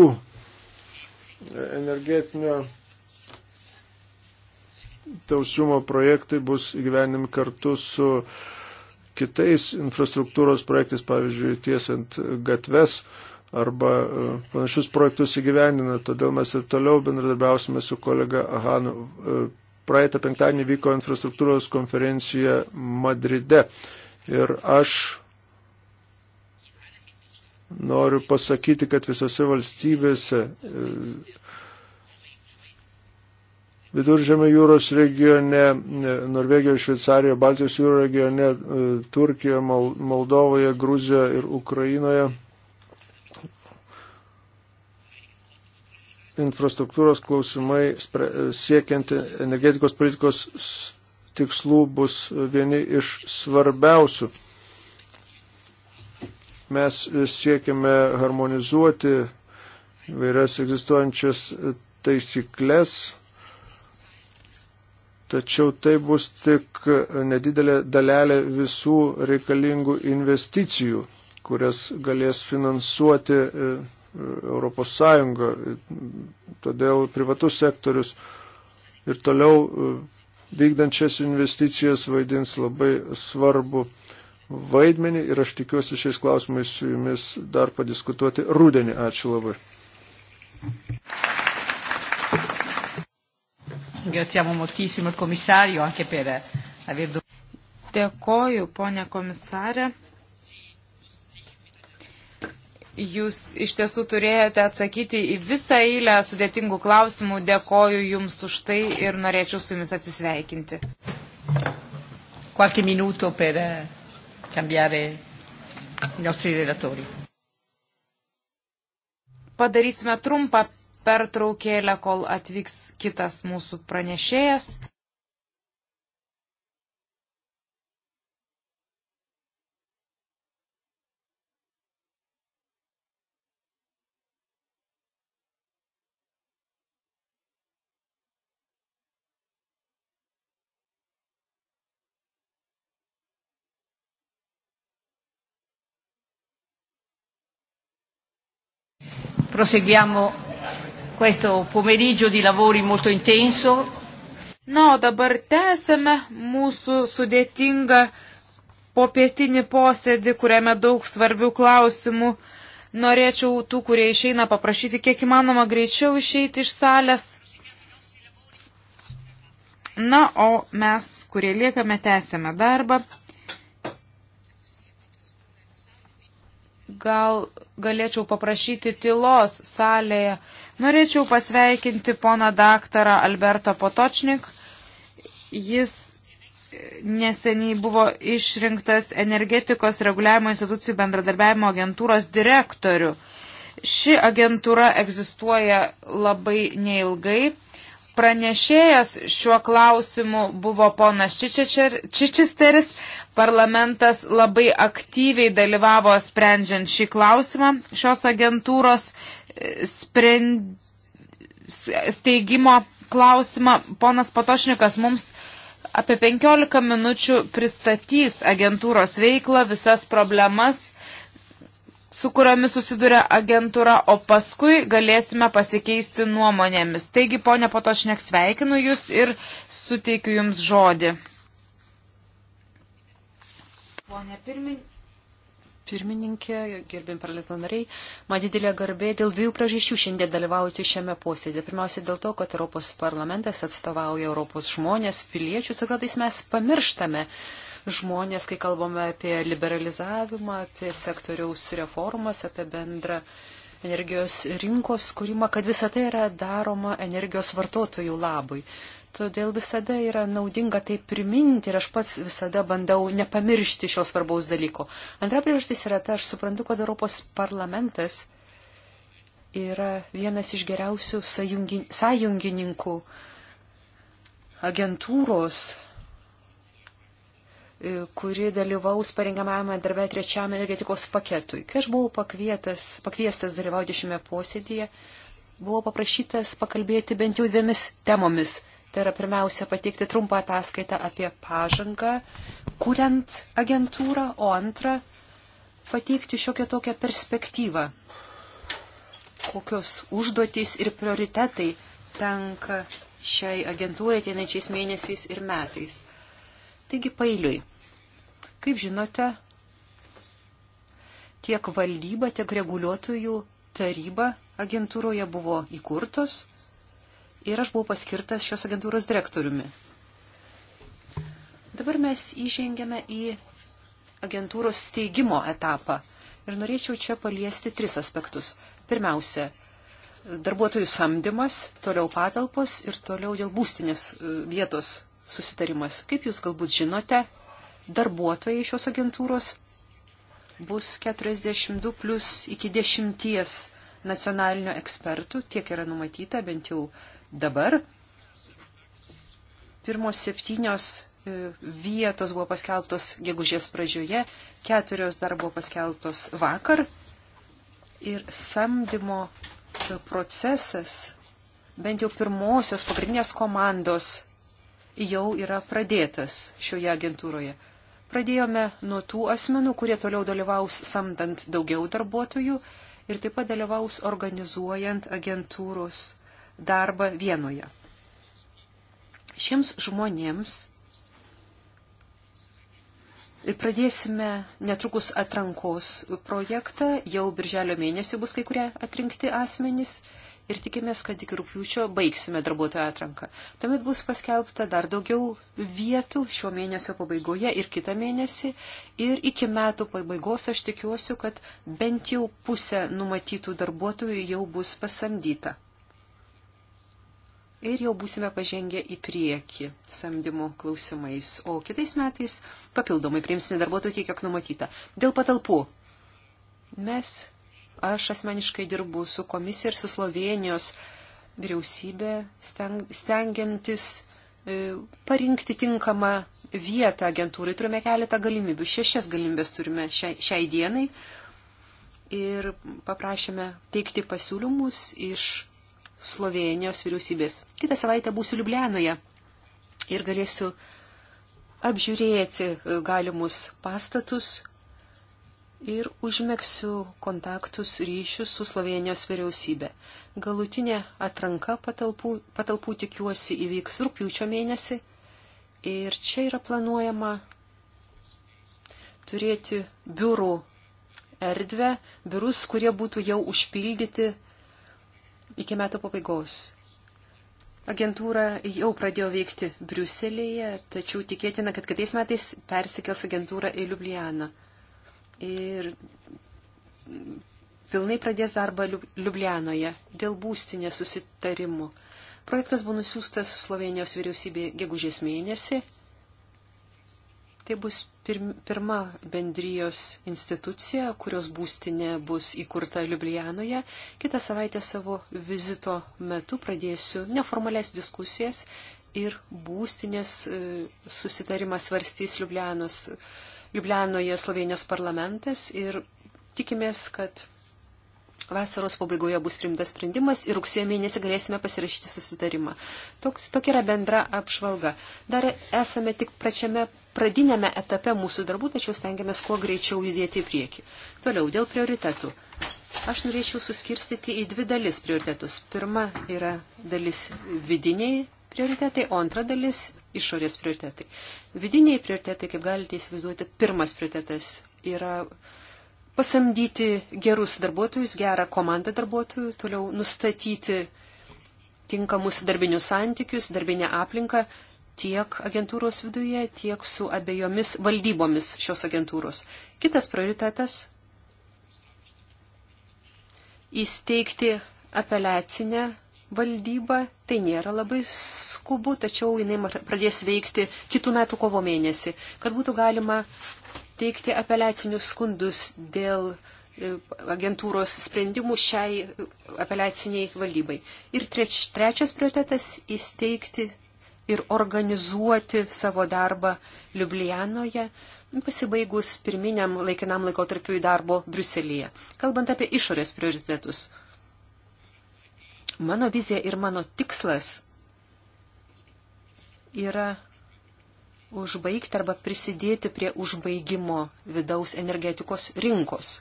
energetinio tausumo projektai bus įgyvenimi kartu su kitais infrastruktūros projektais, pavyzdžiui, tiesiant gatves arba e, panašius projektus įgyvendina. Todėl mes ir toliau bendradarbiausime su kolega Hanu e, praeitą penktadienį vyko infrastruktūros konferencija Madride. Ir aš noriu pasakyti, kad visose valstybėse e, Viduržėmio jūros regione, e, Norvegijoje, Šveicarijoje, Baltijos jūros regione, e, Turkijoje, Moldovoje, Gruzijoje ir Ukrainoje infrastruktūros klausimai siekiant energetikos politikos tikslų bus vieni iš svarbiausių. Mes siekiame harmonizuoti vairias egzistuojančias taisyklės, tačiau tai bus tik nedidelė dalelė visų reikalingų investicijų, kurias galės finansuoti Europos Sąjunga. Todėl privatus sektorius ir toliau e, vykdančias investicijas vaidins labai svarbu vaidmenį ir aš tikiuosi šiais klausimais su jumis dar padiskutuoti rūdienį. Ačiū labai. Graziamo moltissimo il commissario anche per aver... Dėkoju, ponė komisarė jūs iš tiesų turėjote atsakyti į visą eilę sudėtingų klausimų. Dėkoju Jums už tai ir norėčiau su Jumis atsisveikinti. Qualche minuto per eh, cambiare i nostri relatori. Padarysime trumpą pertraukėlę, kol atvyks kitas mūsų pranešėjas. Proseguiamo questo pomeriggio di lavori molto intenso. Na, o dabar tęsėme mūsų sudėtingą popietinį posėdį, kuriame daug svarbių klausimų. Norėčiau tų, kurie išeina, paprašyti kiek įmanoma greičiau išeiti iš salės. Na, o mes, kurie liekame, tęsėme darbą. gal galėčiau paprašyti tylos salėje. Norėčiau pasveikinti poną daktarą Alberto Potočnik. Jis neseniai buvo išrinktas energetikos reguliavimo institucijų bendradarbiavimo agentūros direktorių. Ši agentūra egzistuoja labai neilgai. Pranešėjas šiuo klausimu buvo ponas Čičisteris. Parlamentas labai aktyviai dalyvavo sprendžiant šį klausimą šios agentūros e, sprend... steigimo klausimą. Ponas Patošnikas mums apie 15 minučių pristatys agentūros veiklą, visas problemas, su kuriomis susiduria agentūra, o paskui galėsime pasikeisti nuomonėmis. Taigi, ponė Patošnek, sveikinu Jūs ir suteikiu Jums žodį. Pone pirmin... pirmininkė, gerbim paralizdo nariai, man didelė garbė dėl dviejų priežasčių šiandien dalyvauti šiame posėdė. Pirmiausia, dėl to, kad Europos parlamentas atstovauja Europos žmonės, piliečius, ir kartais mes pamirštame žmonės, kai kalbame apie liberalizavimą, apie sektoriaus reformas, apie bendrą energijos rinkos kūrimą, kad visa tai yra daroma energijos vartotojų labui. Todėl visada yra naudinga tai priminti ir aš pats visada bandau nepamiršti šios svarbaus dalyko. Antra priežastis yra ta, aš suprantu, kad Europos parlamentas yra vienas iš geriausių sąjungin, sąjungininkų agentūros, e, kuri dalyvaus parengiamame darbe trečiam energetikos paketui. Kai aš buvau pakvietas, pakviestas dalyvauti šiame posėdėje, buvau paprašytas pakalbėti bent jau dviemis temomis Tai yra pirmiausia pateikti trumpą ataskaitą apie pažangą, kuriant agentūrą, o antra pateikti šiokią tokią perspektyvą, kokios užduotys ir prioritetai tenka šiai agentūrai ateinančiais mėnesiais ir metais. Taigi pailiui. Kaip žinote, tiek valdyba, tiek reguliuotojų taryba agentūroje buvo įkurtos ir aš buvau paskirtas šios agentūros direktoriumi. Dabar mes įžengėme į agentūros steigimo etapą ir norėčiau čia paliesti tris aspektus. Pirmiausia, darbuotojų samdymas, toliau patalpos ir toliau dėl būstinės e, vietos susitarimas. Kaip jūs galbūt žinote, darbuotojai šios agentūros bus 42 plus iki 10 nacionalinio ekspertų, tiek yra numatyta bent jau Dabar pirmos septynios e, vietos buvo paskelbtos gegužės pradžioje, keturios dar buvo paskelbtos vakar ir samdymo procesas bent jau pirmosios pagrindinės komandos jau yra pradėtas šioje agentūroje. Pradėjome nuo tų asmenų, kurie toliau dalyvaus samdant daugiau darbuotojų ir taip pat dalyvaus organizuojant agentūros darbą vienoje. Šiems žmonėms pradėsime netrukus atrankos projektą, jau birželio mėnesį bus kai kurie atrinkti asmenys ir tikimės, kad iki rūpjūčio baigsime darbuotojo atranką. Tuomet bus paskelbta dar daugiau vietų šio mėnesio pabaigoje ir kitą mėnesį. Ir iki metų pabaigos aš tikiuosi, kad bent jau pusė numatytų darbuotojų jau bus pasamdyta ir jau būsime pažengę į priekį samdymo klausimais, o kitais metais papildomai priimsime darbuotojų tiek, kiek numatyta. Dėl patalpų. Mes, aš asmeniškai dirbu su komisija ir su Slovenijos vyriausybė, stengiantis e, parinkti tinkamą vietą agentūrai. Turime keletą galimybių. Šešias galimybės turime šiai, šiai dienai. Ir paprašėme teikti pasiūlymus iš Slovenijos vyriausybės. Kitą savaitę būsiu Liublianoje ir galėsiu apžiūrėti e, galimus pastatus ir užmėgsiu kontaktus ryšius su Slovenijos vyriausybė. Galutinė atranka patalpų, patalpų tikiuosi įvyks rūpiučio mėnesį ir čia yra planuojama turėti biurų erdvę, biurus, kurie būtų jau užpildyti iki metų pabaigos. Agentūra jau pradėjo veikti Briuselėje, tačiau tikėtina, kad kitais metais persikels agentūra į Liublianą. Ir pilnai pradės darbą Liublianoje dėl būstinės susitarimų. Projektas buvo nusiųstas Slovenijos vyriausybė gegužės mėnesį. Tai bus pirma bendrijos institucija, kurios būstinė bus įkurta Ljubljanoje. Kitą savaitę savo vizito metu pradėsiu neformales diskusijas ir būstinės e, susitarimą svarstys Ljubljanos, Ljubljanoje Slovenijos parlamentas ir tikimės, kad vasaros pabaigoje bus primtas sprendimas ir rugsėjo mėnesį galėsime pasirašyti susitarimą. Toks, tokia yra bendra apžvalga. Dar esame tik pračiame pradinėme etape mūsų darbų, tačiau stengiamės kuo greičiau judėti į priekį. Toliau, dėl prioritetų. Aš norėčiau suskirstyti į dvi dalis prioritetus. Pirma yra dalis vidiniai prioritetai, o antra dalis išorės prioritetai. Vidiniai prioritetai, kaip galite įsivaizduoti, pirmas prioritetas yra pasamdyti gerus darbuotojus, gerą komandą darbuotojų, toliau nustatyti tinkamus darbinius santykius, darbinę aplinką, tiek agentūros viduje, tiek su abiejomis valdybomis šios agentūros. Kitas prioritetas - įsteigti apeliacinę valdybą. Tai nėra labai skubu, tačiau jinai pradės veikti kitų metų kovo mėnesį, kad būtų galima teikti apeliacinius skundus dėl e, agentūros sprendimų šiai e, apeliaciniai valdybai. Ir treč, trečias prioritetas - įsteigti ir organizuoti savo darbą Liublianoje, pasibaigus pirminiam laikinam laikotarpiu į darbo Bruselėje. Kalbant apie išorės prioritetus. Mano vizija ir mano tikslas yra užbaigti arba prisidėti prie užbaigimo vidaus energetikos rinkos,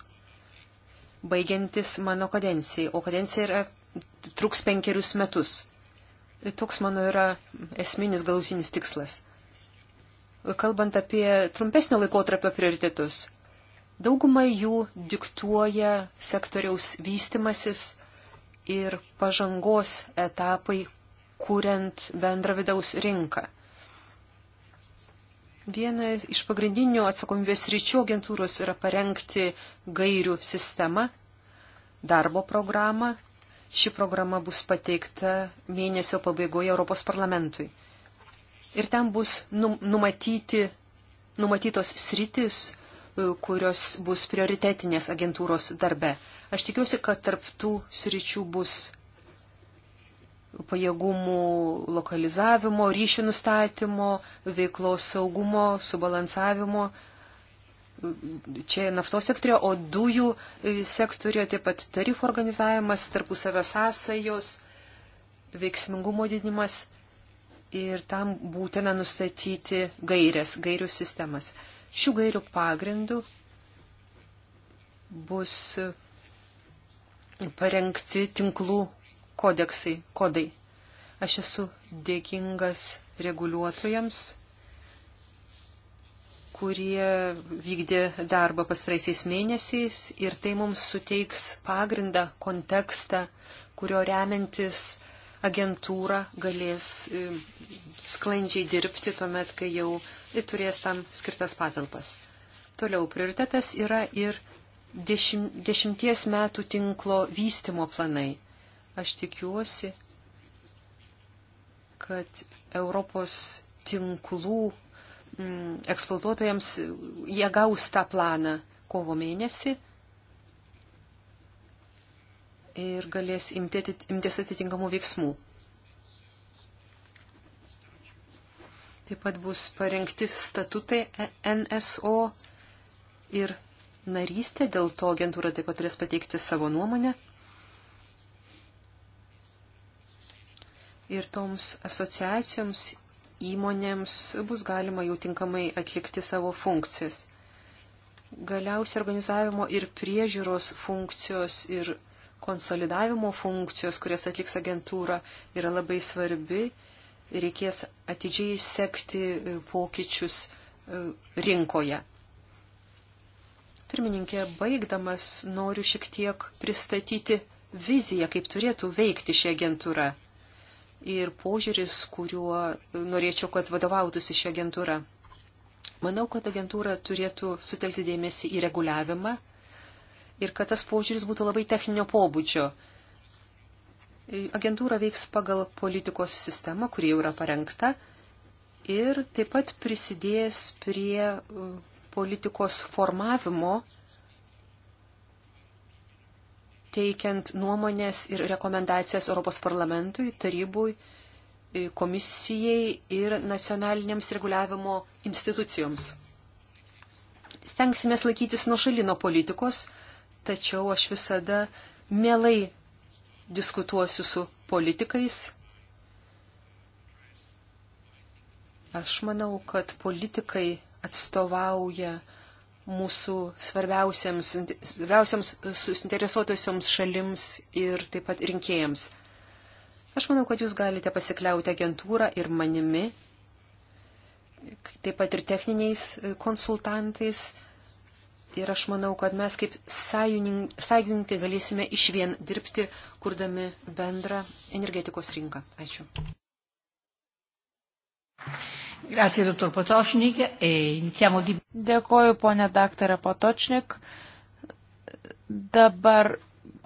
baigiantis mano kadencijai, o kadencija yra, truks penkerius metus. Toks mano yra esminis galutinis tikslas. Kalbant apie trumpesnio laikotarpio prioritetus, daugumą jų diktuoja sektoriaus vystimasis ir pažangos etapai, kuriant bendrą vidaus rinką. Viena iš pagrindinių atsakomybės ryčių agentūros yra parengti gairių sistemą, darbo programą Ši programa bus pateikta mėnesio pabaigoje Europos parlamentui. Ir ten bus numatyti, numatytos sritis, e, kurios bus prioritetinės agentūros darbe. Aš tikiuosi, kad tarptų sričių bus pajėgumų lokalizavimo, ryšių nustatymo, veiklos saugumo, subalansavimo, čia naftos sektorio, o dujų e, sektorio, taip pat tarifų organizavimas, tarpusavio sąsajos, veiksmingumo didinimas ir tam būtina nustatyti gairias, gairių sistemas. Šių gairių pagrindų bus parengti tinklų kodeksai, kodai. Aš esu dėkingas reguliuotojams kurie vykdė darbą pastaraisiais mėnesiais ir tai mums suteiks pagrindą, kontekstą, kurio remiantis agentūra galės e, sklandžiai dirbti tuomet, kai jau turės tam skirtas patalpas. Toliau prioritetas yra ir dešim, dešimties metų tinklo vystimo planai. Aš tikiuosi, kad Europos tinklų Mm, eksploatuotojams, jie gaus tą planą kovo mėnesį ir galės imtis atitinkamų veiksmų. Taip pat bus parengti statutai e, NSO ir narystė, dėl to agentūra taip pat turės pateikti savo nuomonę. Ir toms asociacijoms įmonėms bus galima jau tinkamai atlikti savo funkcijas. Galiausiai organizavimo ir priežiūros funkcijos ir konsolidavimo funkcijos, kurias atliks agentūra, yra labai svarbi. Reikės atidžiai sekti e, pokyčius e, rinkoje. Pirmininkė, baigdamas noriu šiek tiek pristatyti viziją, kaip turėtų veikti ši agentūra ir požiūris, kuriuo norėčiau, kad vadovautųsi ši agentūra. Manau, kad agentūra turėtų sutelkti dėmesį į reguliavimą ir kad tas požiūris būtų labai techninio pobūdžio. Agentūra veiks pagal politikos sistemą, kuri jau yra parengta ir taip pat prisidės prie uh, politikos formavimo teikiant nuomonės ir rekomendacijas Europos parlamentui, tarybui, e, komisijai ir nacionalinėms reguliavimo institucijoms. Stengsimės laikytis nuo šalino politikos, tačiau aš visada mielai diskutuosiu su politikais. Aš manau, kad politikai atstovauja mūsų svarbiausiams, svarbiausiams susinteresuotosioms šalims ir taip pat rinkėjams. Aš manau, kad jūs galite pasikliauti agentūrą ir manimi, taip pat ir techniniais konsultantais. Ir aš manau, kad mes kaip sąjungininkai galėsime iš vien dirbti, kurdami bendrą energetikos rinką. Ačiū. Grazie, dottor Potočnik. E iniziamo di... Dėkoju, ponė daktarė Potočnik. Dabar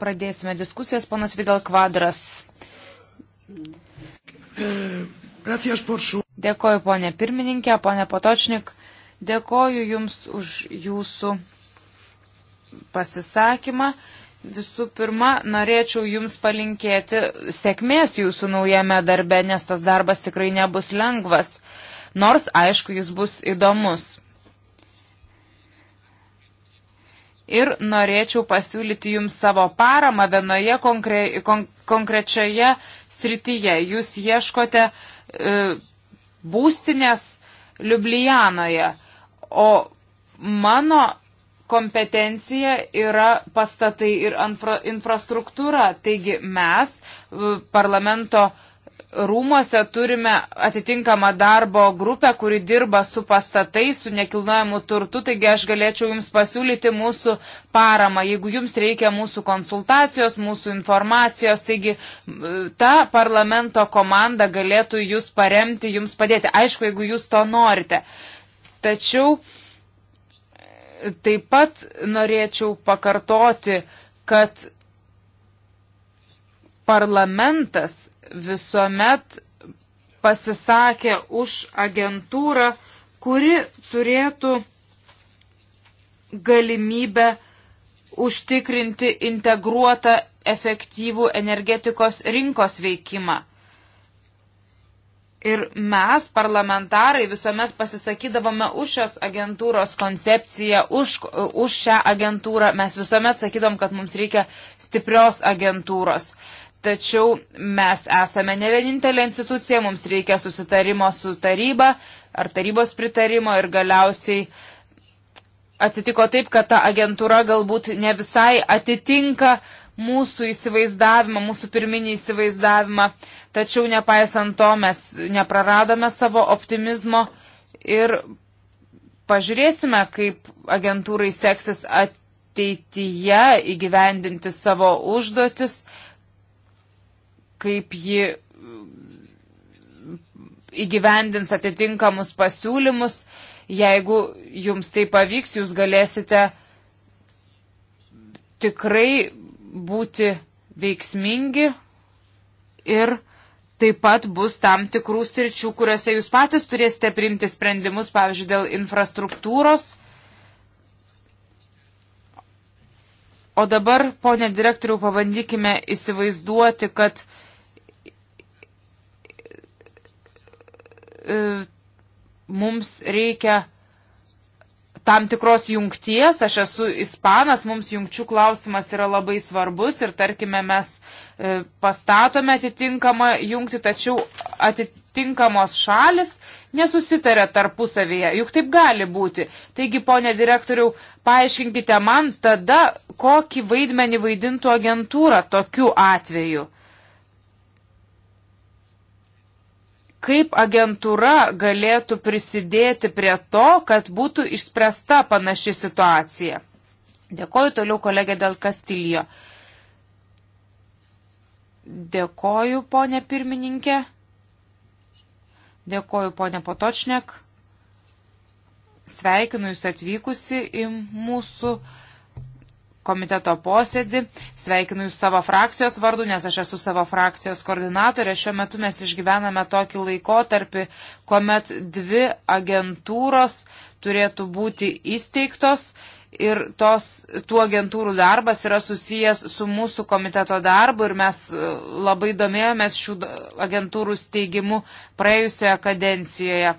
pradėsime diskusijas, ponas Vidal Kvadras. E, Dėkoju, ponė pirmininkė, ponė Potočnik. Dėkoju Jums už Jūsų pasisakymą. Visų pirma, norėčiau Jums palinkėti sėkmės Jūsų naujame darbe, nes tas darbas tikrai nebus lengvas. Uh, nors aišku jis bus įdomus. Ir norėčiau pasiūlyti Jums savo paramą vienoje konkre, kon, konkrečioje srityje. Jūs ieškote e, būstinės Liublijanoje, o mano kompetencija yra pastatai ir infra, infrastruktūra. Taigi mes, e, parlamento rūmose turime atitinkamą darbo grupę, kuri dirba su pastatais, su nekilnojamu turtu, taigi aš galėčiau Jums pasiūlyti mūsų paramą, jeigu Jums reikia mūsų konsultacijos, mūsų informacijos, taigi ta parlamento komanda galėtų Jūs paremti, Jums padėti, aišku, jeigu Jūs to norite. Tačiau e, taip pat norėčiau pakartoti, kad parlamentas visuomet pasisakė už agentūrą, kuri turėtų galimybę užtikrinti integruotą efektyvų energetikos rinkos veikimą. Ir mes, parlamentarai, visuomet pasisakydavome už šios agentūros koncepciją, už, už šią agentūrą. Mes visuomet sakydom, kad mums reikia stiprios agentūros. Uh, Tačiau mes esame ne vienintelė institucija, mums reikia susitarimo su taryba ar tarybos pritarimo ir galiausiai atsitiko taip, kad ta agentūra galbūt ne visai atitinka mūsų įsivaizdavimą, mūsų pirminį įsivaizdavimą, tačiau nepaisant to mes nepraradome savo optimizmo ir pažiūrėsime, kaip agentūrai seksis ateityje įgyvendinti savo užduotis, kaip ji įgyvendins atitinkamus pasiūlymus. Jeigu jums tai pavyks, jūs galėsite tikrai būti veiksmingi ir taip pat bus tam tikrų sričių, kuriuose jūs patys turėsite priimti sprendimus, pavyzdžiui, dėl infrastruktūros. O dabar, ponė direktorių, pabandykime įsivaizduoti, kad uh, E, mums reikia tam tikros jungties, aš esu ispanas, mums jungčių klausimas yra labai svarbus ir tarkime mes e, pastatome atitinkamą jungti, tačiau atitinkamos šalis nesusitarė tarpusavėje. Juk taip gali būti. Taigi, ponė direktoriau, paaiškinkite man tada, kokį vaidmenį vaidintų agentūra tokiu atveju. kaip agentūra galėtų prisidėti prie to, kad būtų išspręsta panaši situacija. Dėkoju toliau kolegė dėl Kastilijo. Dėkoju, ponė pirmininkė. Dėkoju, ponė Potočnek. Sveikinu Jūs atvykusi į mūsų komiteto posėdį. Sveikinu Jūs savo frakcijos vardu, nes aš esu savo frakcijos koordinatorė. Šiuo metu mes išgyvename tokį laikotarpį, kuomet dvi agentūros turėtų būti įsteigtos. Ir tos, tų agentūrų darbas yra susijęs su mūsų komiteto darbu ir mes e, labai domėjomės šių agentūrų steigimu praėjusioje kadencijoje.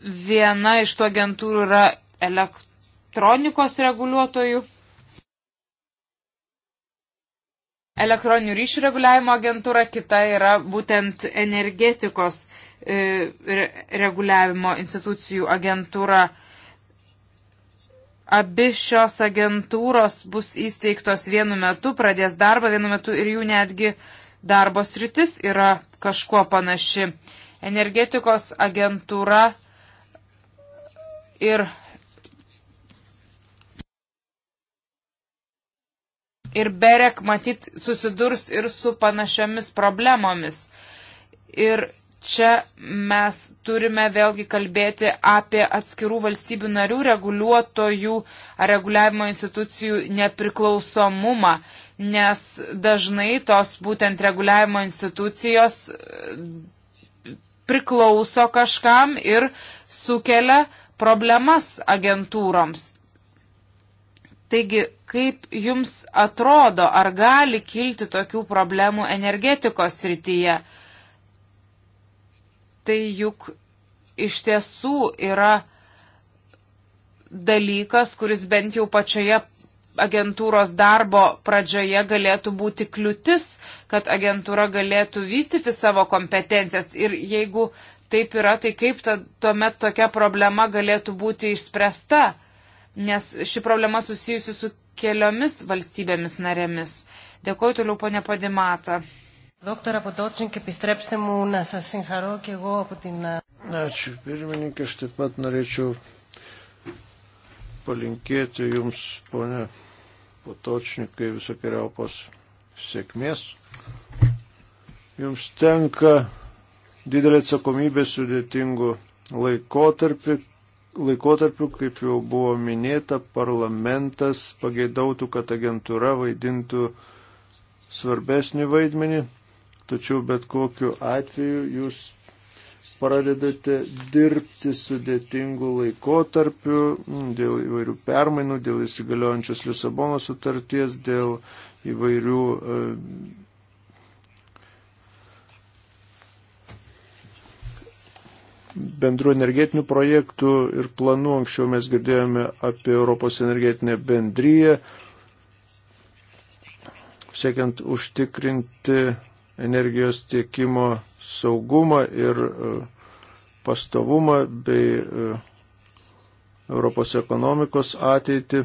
Viena iš tų agentūrų yra elektronikos reguliuotojų. Elektroninių ryšių reguliavimo agentūra, kita yra būtent energetikos e, reguliavimo institucijų agentūra abi šios agentūros bus įsteigtos vienu metu, pradės darbą vienu metu ir jų netgi darbo sritis yra kažkuo panaši. Energetikos agentūra ir, ir Berek matyt susidurs ir su panašiomis problemomis. Ir čia mes turime vėlgi kalbėti apie atskirų valstybių narių reguliuotojų ar reguliavimo institucijų nepriklausomumą, nes dažnai tos būtent reguliavimo institucijos priklauso kažkam ir sukelia uh, problemas agentūroms. Taigi, kaip jums atrodo, ar gali kilti tokių problemų energetikos srityje? Tai juk iš tiesų yra dalykas, kuris bent jau pačioje agentūros darbo pradžioje galėtų būti kliūtis, kad agentūra galėtų vystyti savo kompetencijas. Ir jeigu taip yra, tai kaip ta, tuomet tokia problema galėtų būti išspręsta? Nes ši problema susijusi su keliomis valstybėmis narėmis. Dėkuoju toliau, ponė Padimata. Δόκτωρα Ποτότσιν, επιστρέψτε μου να σας συγχαρώ και εγώ από την... Ačiū, pirmininkė, aš taip pat norėčiau palinkėti Jums, ponė Potočnikai, visokiojopos sėkmės. Jums tenka didelė atsakomybė sudėtingų laikotarpių, laikotarpiu, kaip jau buvo minėta, parlamentas pageidautų, kad agentūra vaidintų svarbesnį vaidmenį, tačiau bet kokiu atveju jūs pradedate dirbti sudėtingų laikotarpių dėl įvairių permainų, dėl įsigaliojančios Lisabono sutarties, dėl įvairių e, bendrų energetinių projektų ir planų. Anksčiau mes girdėjome apie Europos energetinę bendryją, siekiant užtikrinti energijos tiekimo saugumą ir e, pastovumą bei e, Europos ekonomikos ateitį.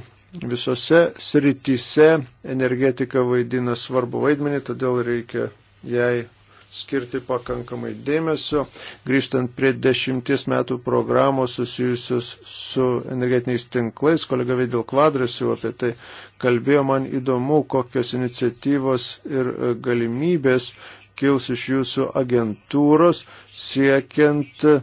Visose srityse energetika vaidina svarbu vaidmenį, todėl reikia jai skirti pakankamai dėmesio, grįžtant prie dešimties metų programos susijusius su energetiniais tinklais. Kolega Vidil Kvadras jau apie tai kalbėjo, man įdomu, kokios iniciatyvos ir e, galimybės kils iš jūsų agentūros siekiant e,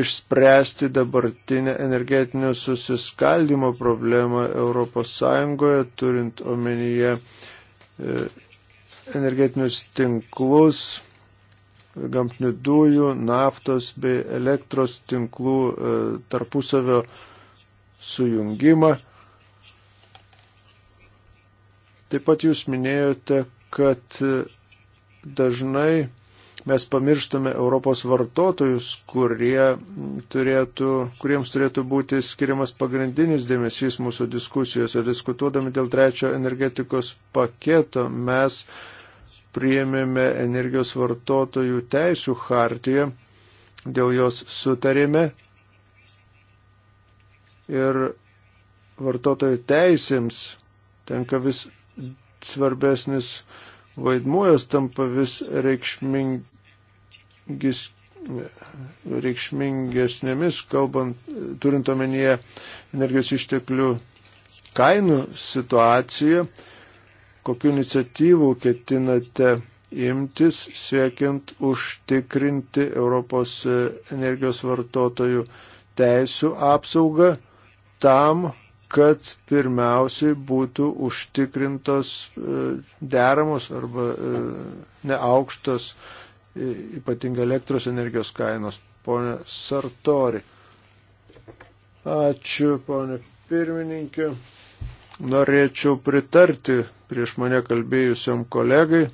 išspręsti dabartinę energetinio susiskaldimo problemą ES, turint omenyje e, energetinius tinklus, gamtinių dujų, naftos bei elektros tinklų e, tarpusavio sujungimą. Taip pat jūs minėjote, kad e, dažnai mes pamirštame Europos vartotojus, kurie turėtų, kuriems turėtų būti skiriamas pagrindinis dėmesys mūsų diskusijose. Diskutuodami dėl trečio energetikos paketo mes uh, priėmėme energijos vartotojų teisų hartiją, dėl jos sutarėme ir vartotojų teisėms tenka vis svarbesnis vaidmuo, jos tampa vis reikšmingis reikšmingesnėmis, kalbant, turint omenyje energijos išteklių kainų situaciją, kokiu iniciatyvu ketinate imtis siekiant užtikrinti Europos energijos vartotojų teisų apsaugą tam, kad pirmiausiai būtų užtikrintos e, deramos arba e, neaukštos e, ypatingai elektros energijos kainos. Pone Sartori. Ačiū, pone pirmininkė. Norėčiau pritarti prieš mane kalbėjusiam kolegai,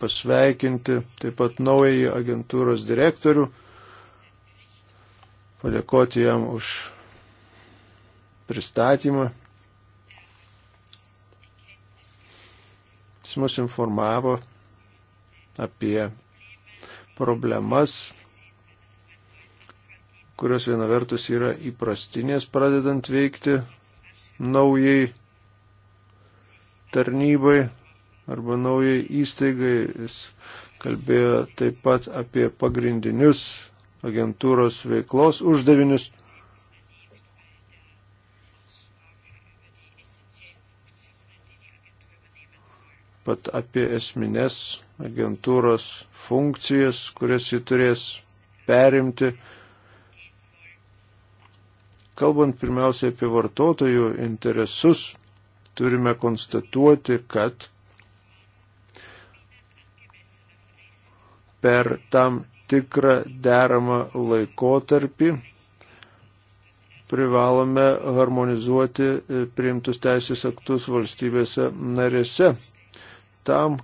pasveikinti taip pat naująjį agentūros direktorių, padėkoti jam už pristatymą. Jis mus informavo apie problemas, kurios viena vertus yra įprastinės pradedant veikti naujai tarnybai arba naujai įstaigai. Jis kalbėjo taip pat apie pagrindinius agentūros veiklos uždavinius. pat apie esminės agentūros funkcijas, kurias jį turės perimti. Kalbant pirmiausiai apie vartotojų interesus, turime konstatuoti, kad per tam tikrą deramą laikotarpį privalome harmonizuoti e, priimtus teisės aktus valstybėse narėse tam,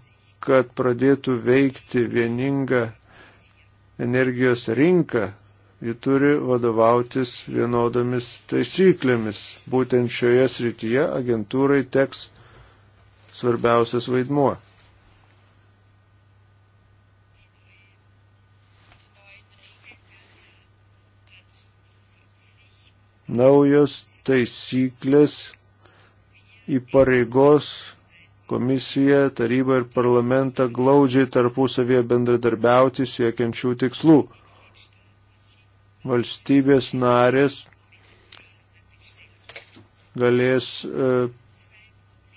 kad pradėtų veikti vieninga energijos rinka, ji turi vadovautis vienodomis taisyklėmis. Būtent šioje srityje agentūrai teks svarbiausias vaidmuo. Naujos taisyklės įpareigos komisiją, tarybą ir parlamentą glaudžiai tarpusavėje bendradarbiauti siekiančių tikslų valstybės narės galės e,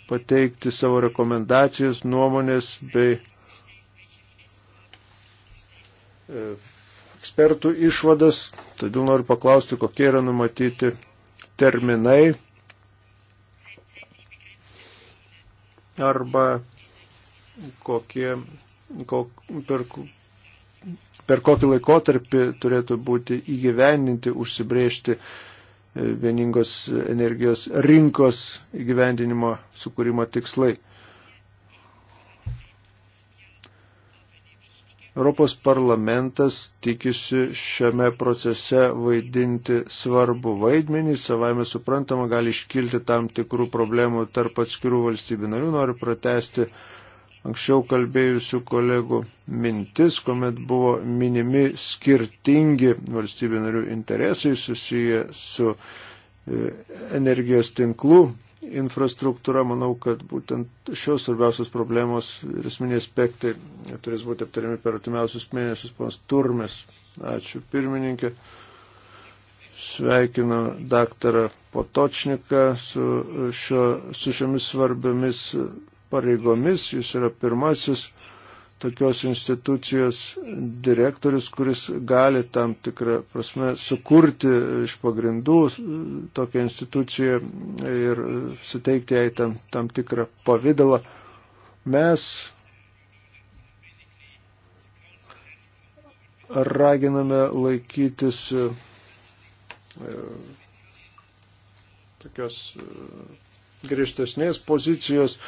pateikti savo rekomendacijas, nuomonės bei e, ekspertų išvadas. Todėl noriu paklausti, kokie yra numatyti terminai arba kokie, kok, per per kokį laikotarpį turėtų būti įgyvendinti, užsibriežti e, vieningos energijos rinkos įgyvendinimo sukūrimo tikslai. Europos parlamentas tikisi šiame procese vaidinti svarbu vaidmenį, savame suprantama gali iškilti tam tikrų problemų tarp atskirų valstybių narių. Noriu pratesti anksčiau kalbėjusių kolegų mintis, kuomet buvo minimi skirtingi valstybių narių interesai susiję su e, energijos tinklų infrastruktūra. Manau, kad būtent šios svarbiausios problemos ir esminiai aspektai turės būti aptariami per artimiausius mėnesius. Pons Turmes, ačiū pirmininkė. Sveikinu daktarą Potočniką su, šio, su šiomis svarbiomis pareigomis. Jis yra pirmasis tokios institucijos direktorius, kuris gali tam tikrą prasme sukurti iš pagrindų tokią instituciją ir suteikti jai tam, tam tikrą pavydalą. Mes raginame laikytis e, tokios e, griežtesnės pozicijos,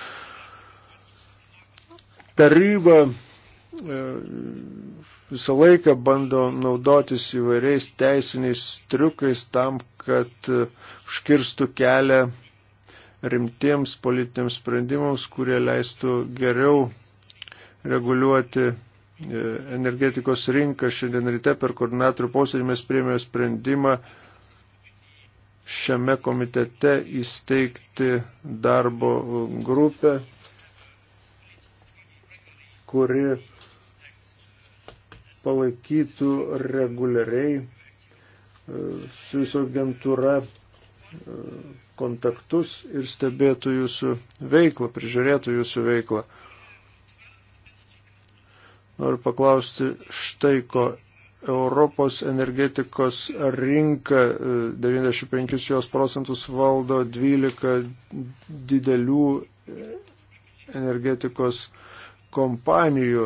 Taryba e, visą laiką bando naudotis įvairiais teisiniais triukais tam, kad e, užkirstų kelią rimtiems politiniams sprendimams, kurie leistų geriau reguliuoti e, energetikos rinką. Šiandien ryte per koordinatorių posėdį mes priėmėme sprendimą šiame komitete įsteigti darbo grupę kuri palaikytų reguliariai e, su jūsų agentūra e, kontaktus ir stebėtų jūsų veiklą, prižiūrėtų jūsų veiklą. Noriu paklausti štai ko. Europos energetikos rinka 95 e, jos procentus valdo 12 didelių energetikos uh, kompanijų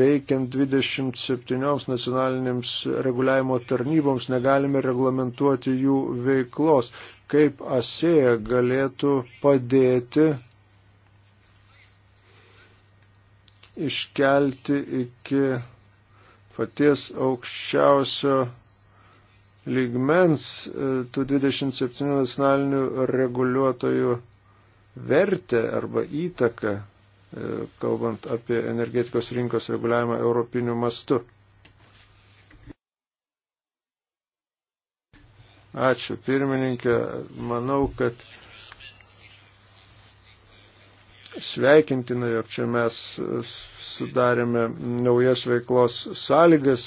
veikiant 27 nacionalinėms reguliavimo tarnyboms negalime reglamentuoti jų veiklos. Kaip ASEA galėtų padėti iškelti iki paties aukščiausio lygmens e, tų 27 nacionalinių reguliuotojų vertę arba įtaką E, kalbant apie energetikos rinkos reguliavimą europiniu mastu. Ačiū pirmininkė. Manau, kad sveikintina, jog čia mes sudarėme naujas veiklos sąlygas,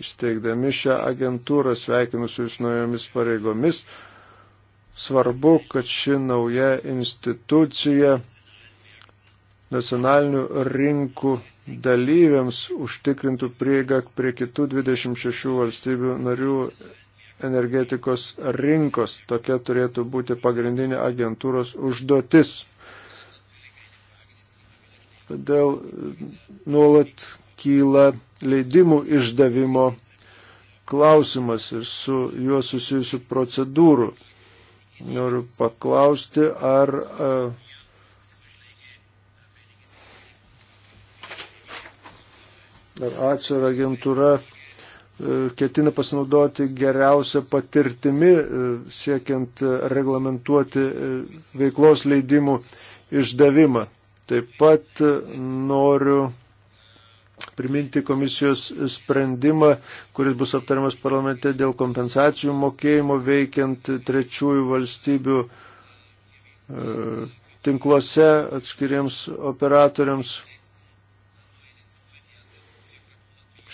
įsteigdami šią agentūrą, sveikinu su jūs naujomis pareigomis. Svarbu, kad ši nauja institucija nacionalinių rinkų dalyviams užtikrintų prieigą prie kitų 26 valstybių narių energetikos rinkos. Tokia turėtų būti pagrindinė agentūros užduotis. Todėl nuolat kyla leidimų išdavimo klausimas ir su juo susijusių procedūrų. Noriu paklausti, ar uh, ar ACER agentūra e, ketina pasinaudoti geriausią patirtimi e, siekiant e, reglamentuoti veiklos leidimų išdavimą. Taip pat noriu priminti komisijos sprendimą, kuris bus aptariamas parlamente dėl kompensacijų mokėjimo veikiant trečiųjų valstybių tinkluose atskiriems operatoriams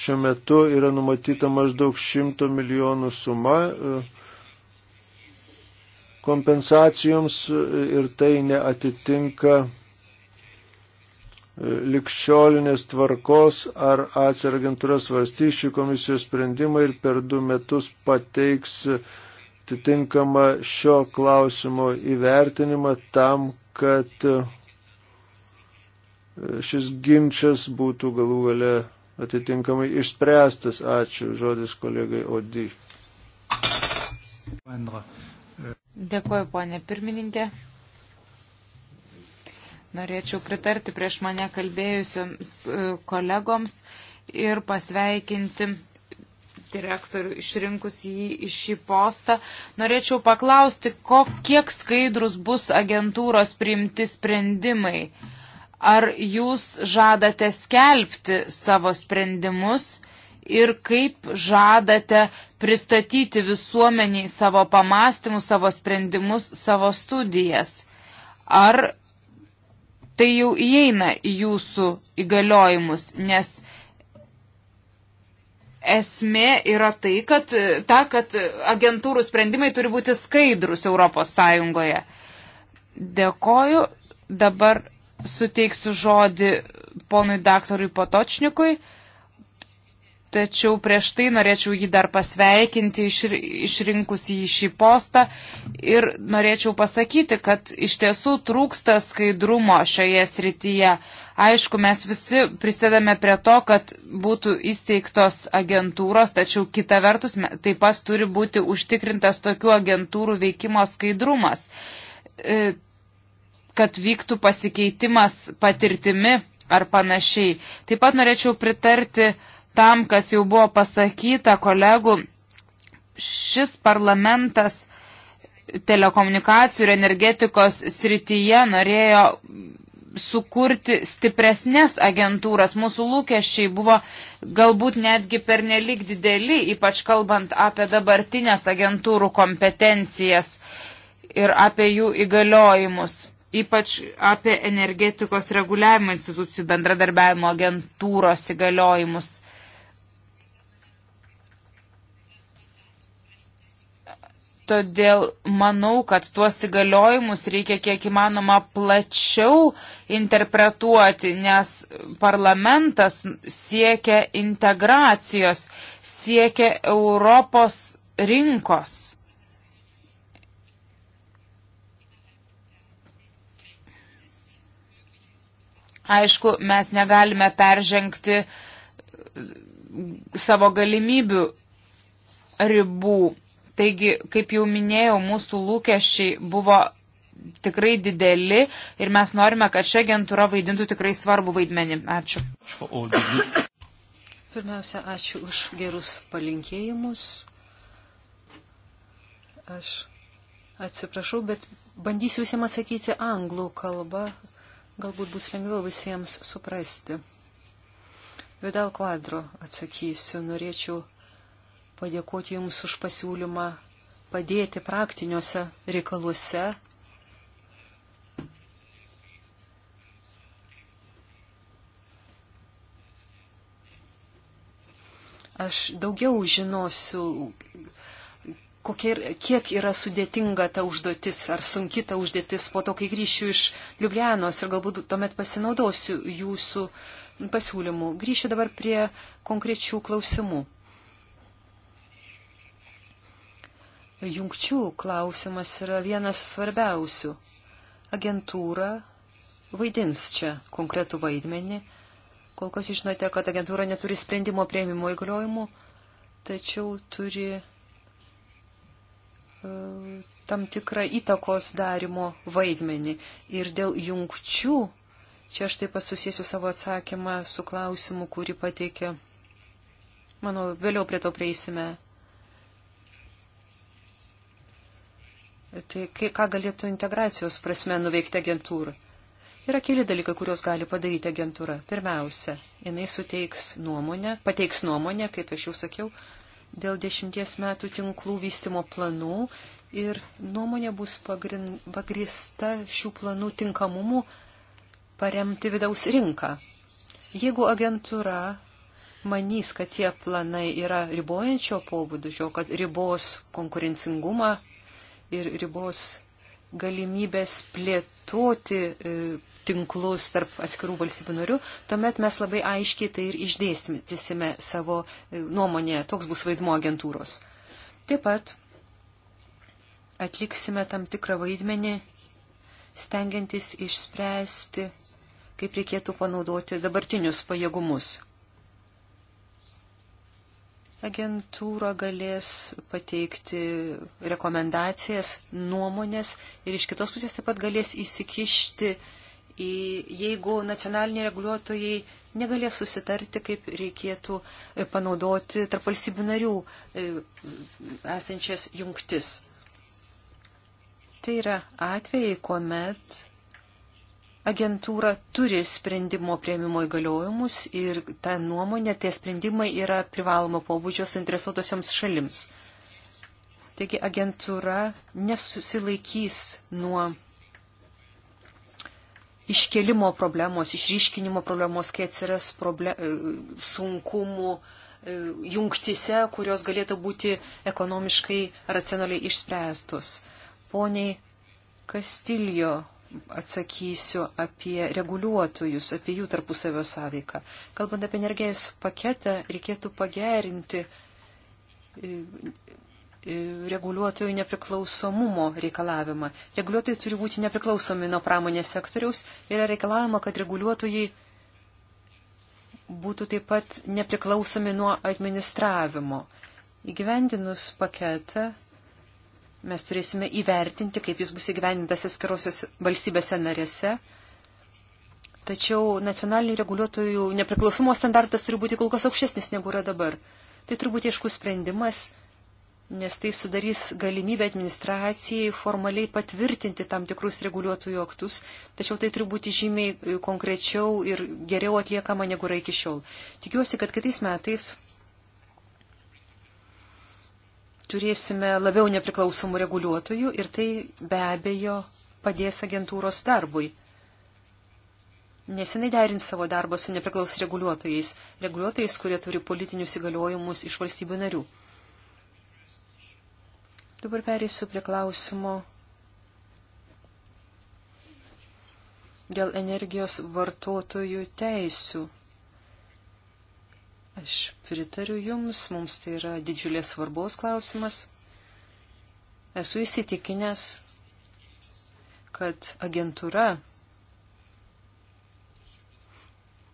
Šiuo metu yra numatyta maždaug 100 milijonų suma e, kompensacijoms e, ir tai neatitinka e, likščiolinės tvarkos ar atsir agentūros varstys šį komisijos sprendimą ir per du metus pateiks atitinkamą šio klausimo įvertinimą tam, kad šis ginčas būtų galų gale atitinkamai išspręstas. Ačiū. Žodis kolegai Odi. Dėkuoju, ponė pirmininkė. Norėčiau pritarti prieš mane kalbėjusiams e, kolegoms ir pasveikinti direktorių išrinkus jį iš šį postą. Norėčiau paklausti, ko, kiek skaidrus bus agentūros priimti sprendimai. Uh, Ar jūs žadate skelbti savo sprendimus ir kaip žadate pristatyti visuomeniai savo pamastymus, savo sprendimus, savo studijas? Ar tai jau įeina į jūsų įgaliojimus, nes esmė yra tai, kad, ta, kad agentūrų sprendimai turi būti skaidrus Europos Sąjungoje. Dėkoju. Dabar suteiksiu žodį ponui daktarui Potočnikui, tačiau prieš tai norėčiau jį dar pasveikinti išrinkus į šį postą ir norėčiau pasakyti, kad iš tiesų trūksta skaidrumo šioje srityje. Aišku, mes visi prisidame prie to, kad būtų įsteigtos agentūros, tačiau kita vertus taip pat turi būti užtikrintas tokių agentūrų veikimo skaidrumas e, kad vyktų pasikeitimas patirtimi ar panašiai. Taip pat norėčiau pritarti tam, kas jau buvo pasakyta kolegų. Šis parlamentas telekomunikacijų ir energetikos srityje norėjo sukurti stipresnės agentūras. Mūsų lūkesčiai buvo galbūt netgi pernelik dideli, ypač kalbant apie dabartinės agentūrų kompetencijas ir apie jų įgaliojimus ypač apie energetikos reguliavimo institucijų bendradarbiavimo agentūros įgaliojimus. Todėl manau, kad tuos įgaliojimus reikia kiek įmanoma plačiau interpretuoti, nes parlamentas siekia integracijos, siekia Europos rinkos. Aišku, mes negalime peržengti savo galimybių ribų. Taigi, kaip jau minėjau, mūsų lūkesčiai buvo tikrai dideli ir mes norime, kad ši agentūra vaidintų tikrai svarbų vaidmenį. Ačiū. Pirmiausia, ačiū už gerus palinkėjimus. Aš atsiprašau, bet bandysiu visiems atsakyti anglų kalbą, Galbūt bus lengviau visiems suprasti. Vidal Quadro atsakysiu. Norėčiau padėkoti Jums už pasiūlymą padėti praktiniuose reikaluose. Aš daugiau žinosiu kokie, kiek yra sudėtinga ta užduotis, ar sunki ta užduotis po to, kai grįšiu iš Liublianos ir galbūt tuomet pasinaudosiu jūsų pasiūlymų. Grįšiu dabar prie konkrečių klausimų. Jungčių klausimas yra vienas svarbiausių. Agentūra vaidins čia konkretų vaidmenį. Kol kas žinote, kad agentūra neturi sprendimo prieimimo įgaliojimų, tačiau turi tam tikrą įtakos darimo vaidmenį. Ir dėl jungčių, čia aš taip pasusiesiu savo atsakymą su klausimu, kurį pateikė. Manau, vėliau prie to prieisime. Tai kai, ką galėtų integracijos prasme nuveikti agentūra? Yra keli dalykai, kuriuos gali padaryti agentūra. Pirmiausia, jinai suteiks nuomonę, pateiks nuomonę, kaip aš jau sakiau, dėl dešimties metų tinklų vystimo planų ir nuomonė bus pagrin, pagrista šių planų tinkamumu paremti vidaus rinką. Jeigu agentūra manys, kad tie planai yra ribojančio pobūdžio, kad ribos konkurencingumą ir ribos galimybės plėtoti e, tinklus tarp atskirų valstybių norių, tuomet mes labai aiškiai tai ir išdėstysime savo e, nuomonę. Toks bus vaidmo agentūros. Taip pat atliksime tam tikrą vaidmenį, stengiantis išspręsti, kaip reikėtų panaudoti dabartinius pajėgumus agentūra galės pateikti rekomendacijas, nuomonės ir iš kitos pusės taip pat galės įsikišti, į, jeigu nacionaliniai reguliuotojai negalės susitarti, kaip reikėtų e, panaudoti tarp valstybių narių e, esančias jungtis. Tai yra atvejai, kuomet agentūra turi sprendimo prieimimo įgaliojimus ir ta nuomonė, tie sprendimai yra privaloma pobūdžio suinteresuotosioms šalims. Taigi agentūra nesusilaikys nuo iškelimo problemos, išryškinimo problemos, kai atsiras problem, e, sunkumų e, jungtise, kurios galėtų būti ekonomiškai racionaliai išspręstos. Poniai Kastiljo atsakysiu apie reguliuotojus, apie jų tarpusavio sąveiką. Kalbant apie energijos paketą, reikėtų pagerinti e, e, reguliuotojų nepriklausomumo reikalavimą. Reguliuotojai turi būti nepriklausomi nuo pramonės sektoriaus ir reikalavimą, kad reguliuotojai būtų taip pat nepriklausomi nuo administravimo. Įgyvendinus paketą Mes turėsime įvertinti, kaip jis bus įgyvenintas atskirosios valstybėse narėse. Tačiau nacionalinių reguliuotojų nepriklausomo standartas turi būti kol kas aukštesnis negu yra dabar. Tai turbūt aiškus sprendimas, nes tai sudarys galimybę administracijai formaliai patvirtinti tam tikrus reguliuotojų aktus, tačiau tai turi būti žymiai konkrečiau ir geriau atliekama negu yra iki šiol. Tikiuosi, kad kitais metais turėsime labiau nepriklausomų reguliuotojų ir tai be abejo padės agentūros darbui. Nesenai derint savo darbą su nepriklaus reguliuotojais, reguliuotojais, kurie turi politinius įgaliojimus iš valstybių narių. Dabar perėsiu prie klausimo dėl energijos vartotojų teisių Aš pritariu Jums, mums tai yra didžiulės svarbos klausimas. Esu įsitikinęs, kad agentūra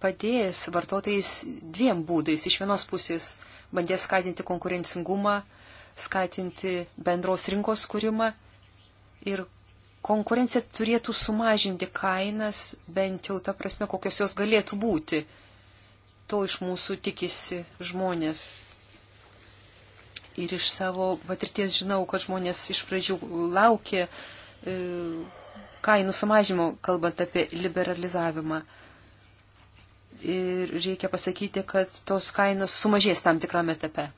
padės vartotojais dviem būdais. Iš vienos pusės bandės skatinti konkurencingumą, skatinti bendros rinkos kūrimą ir konkurencija turėtų sumažinti kainas, bent jau ta prasme, kokios jos galėtų būti to iš mūsų tikisi žmonės. Ir iš savo patirties žinau, kad žmonės iš pradžių laukė e, kainų sumažimo, kalbant apie liberalizavimą. Ir reikia pasakyti, kad tos kainos sumažės tam tikrame etape.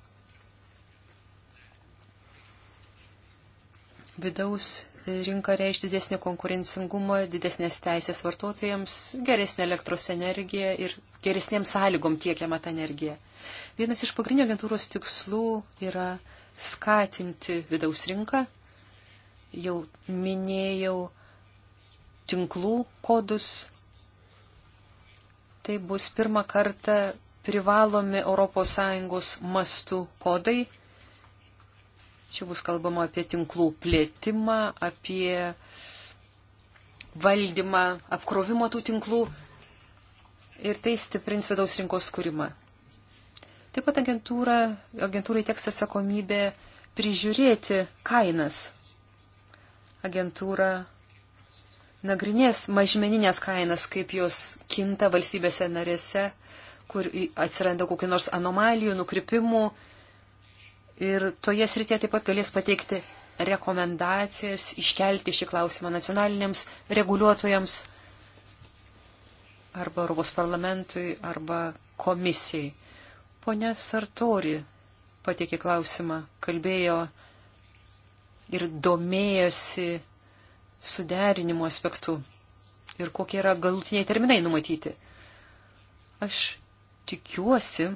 Vidaus rinka reiš didesnį konkurencingumą, didesnės teisės vartotojams, geresnė elektros energija ir geresnėm sąlygom tiekiama ta energija. Vienas iš pagrindinių agentūros tikslų yra skatinti vidaus rinką. Jau minėjau tinklų kodus. Tai bus pirmą kartą privalomi ES mastų kodai. Čia bus kalbama apie tinklų plėtimą, apie valdymą, apkrovimo tų tinklų ir tai stiprins vidaus rinkos skūrimą. Taip pat agentūra, agentūrai teks atsakomybė prižiūrėti kainas. Agentūra nagrinės mažmeninės kainas, kaip jos kinta valstybėse narėse, kur atsiranda kokiu nors anomalijų, nukrypimų. Ir toje srityje taip pat galės pateikti rekomendacijas, iškelti šį klausimą nacionaliniams reguliuotojams arba Europos parlamentui, arba komisijai. Pone Sartori pateikė klausimą, kalbėjo ir domėjosi suderinimo aspektu ir kokie yra galutiniai terminai numatyti. Aš tikiuosi,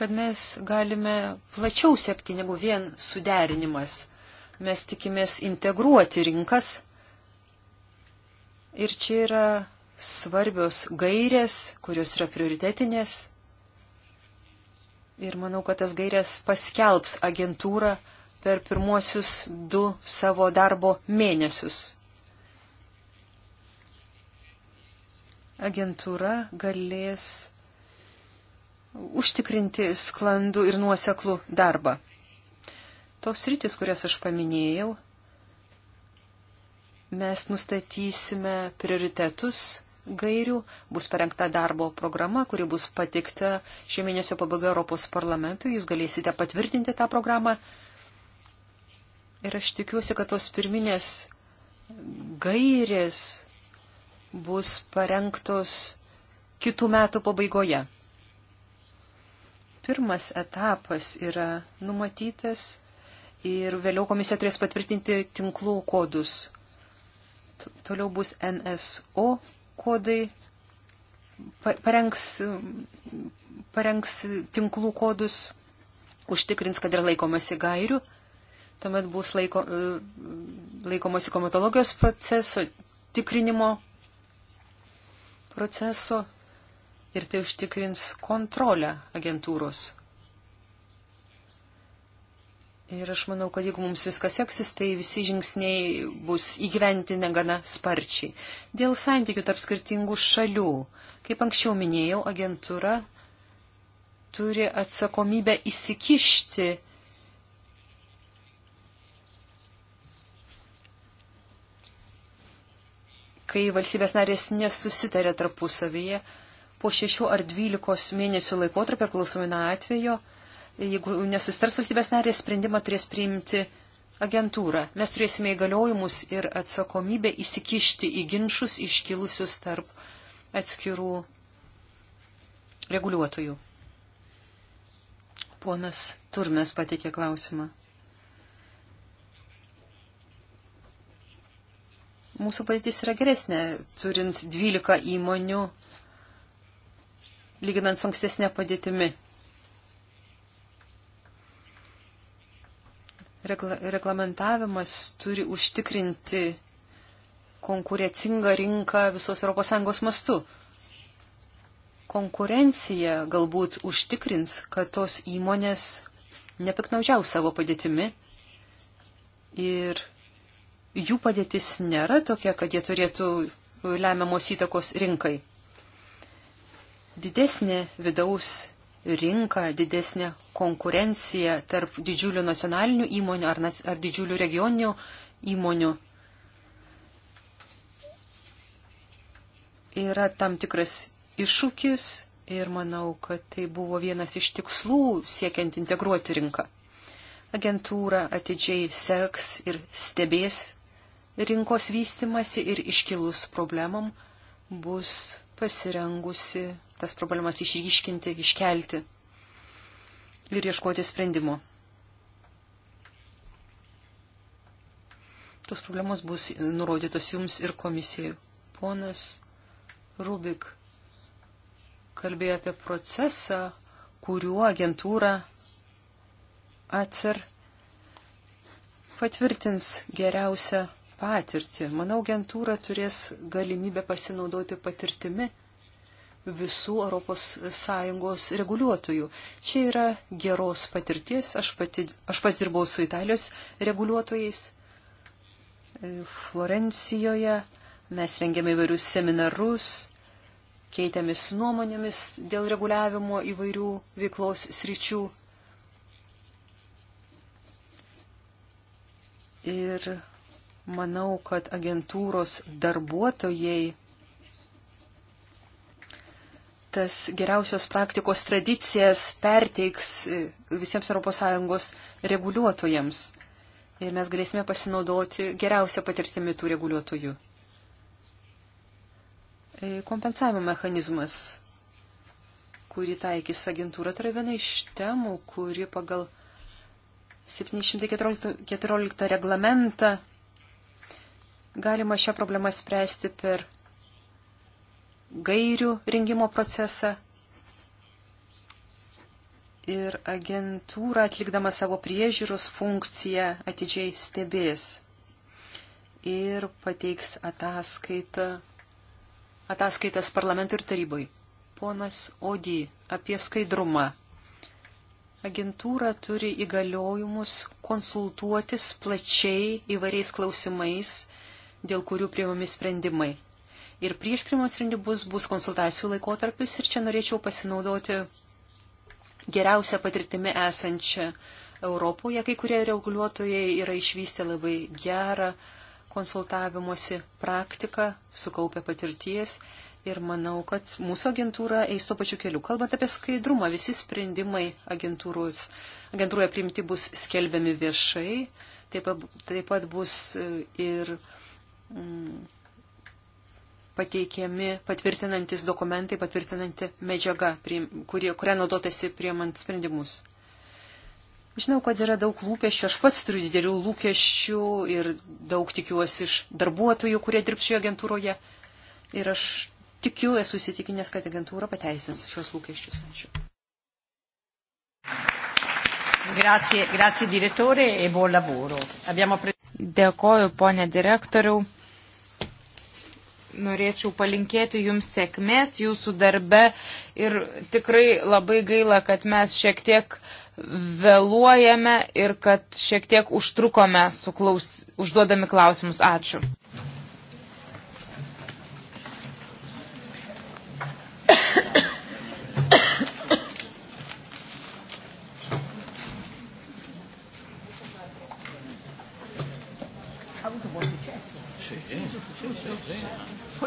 kad mes galime plačiau sekti negu vien suderinimas. Mes tikimės integruoti rinkas Ir čia yra svarbios gairės, kurios yra prioritetinės. Ir manau, kad tas gairės paskelbs agentūra per pirmuosius du savo darbo mėnesius. Agentūra galės užtikrinti sklandų ir nuoseklų darbą. Tos rytis, kurias aš paminėjau, mes nustatysime prioritetus gairių, bus parengta darbo programa, kuri bus patikta šio mėnesio pabaiga Europos parlamentui, jūs galėsite patvirtinti tą programą. Ir aš tikiuosi, kad tos pirminės gairės bus parengtos kitų metų pabaigoje. Pirmas etapas yra numatytas ir vėliau komisija turės patvirtinti tinklų kodus, toliau bus NSO kodai, parengs, parengs tinklų kodus, užtikrins, kad yra laikomasi gairių, tuomet bus laiko, e, laikomasi komatologijos proceso, tikrinimo proceso ir tai užtikrins kontrolę agentūros. Ir aš manau, kad jeigu mums viskas seksis, tai visi žingsniai bus įgyventinę gana sparčiai. Dėl santykių tarp skirtingų šalių, kaip anksčiau minėjau, agentūra turi atsakomybę įsikišti kai valstybės narės nesusitarė tarpusavyje po 6 ar 12 mėnesių laikotarpio, priklausomai nuo atvejo, Jeigu nesustars valstybės narės, sprendimą turės priimti agentūra. Mes turėsime įgaliojimus ir atsakomybę įsikišti į ginčius iškilusius tarp atskirų reguliuotojų. Ponas Turmes pateikė klausimą. Mūsų padėtis yra geresnė, turint 12 įmonių, lyginant su ankstesnė padėtimi. regla, reglamentavimas turi užtikrinti konkurencingą rinką visos ES mastu. Konkurencija galbūt užtikrins, kad tos įmonės nepiknaudžiau savo padėtimi ir jų padėtis nėra tokia, kad jie turėtų lemiamos įtakos rinkai. Didesnė vidaus rinką, didesnę konkurenciją tarp didžiulių nacionalinių įmonių ar, ar didžiulių regioninių įmonių. Yra tam tikras iššūkis ir manau, kad tai buvo vienas iš tikslų siekiant integruoti rinką. Agentūra atidžiai seks ir stebės rinkos vystimasi ir iškilus problemam bus pasirengusi tas problemas išryškinti, iškelti ir ieškoti sprendimo. Tos problemos bus nurodytos jums ir komisijai. Ponas Rubik kalbėjo apie procesą, kuriuo agentūra atsir patvirtins geriausią patirtį. Manau, agentūra turės galimybę pasinaudoti patirtimi visų ES reguliuotojų. Čia yra geros patirties, aš, pati, aš pasidirbau su Italijos reguliuotojais. E, Florencijoje mes rengiame įvairius seminarus, keitėmis nuomonėmis dėl reguliavimo įvairių veiklos sričių. Ir manau, kad agentūros darbuotojai tas geriausios praktikos tradicijas perteiks e, visiems ES reguliuotojams. Ir mes galėsime pasinaudoti geriausią patirtimį tų reguliuotojų. E, kompensavimo mechanizmas, kurį taikys agentūra, tai yra viena iš temų, kuri pagal 714 reglamentą galima šią problemą spręsti per gairių rengimo procesą. Ir agentūra atlikdama savo priežiūros funkciją atidžiai stebės ir pateiks ataskaitą, ataskaitas parlamentui ir tarybai. Ponas Odį apie skaidrumą. Agentūra turi įgaliojimus konsultuotis plačiai įvairiais klausimais, dėl kurių priimami sprendimai ir prieš primos sprendimus bus konsultacijų laikotarpis ir čia norėčiau pasinaudoti geriausią patirtimi esančią Europoje. Kai kurie reguliuotojai yra išvystę labai gerą konsultavimuose praktiką, sukaupę patirties ir manau, kad mūsų agentūra eis to pačiu keliu. Kalbant apie skaidrumą, visi sprendimai agentūroje priimti bus skelbiami viešai, taip pat, taip pat bus e, ir. Mm, pateikiami patvirtinantis dokumentai, patvirtinanti medžiaga, prie, kurie, kurią naudotasi priemant sprendimus. Žinau, kad yra daug lūkesčių, aš pats turiu didelių lūkesčių ir daug tikiuosi iš darbuotojų, kurie dirbs šioje agentūroje. Ir aš tikiu, esu įsitikinęs, kad agentūra pateisins šios lūkesčius. Ačiū. Grazie, grazie direttore e buon lavoro. Abbiamo pre... Dėkoju, ponė direktoriau norėčiau palinkėti jums sėkmės jūsų darbe ir tikrai labai gaila, kad mes šiek tiek vėluojame ir kad šiek tiek užtrukome klaus, užduodami klausimus. Ačiū.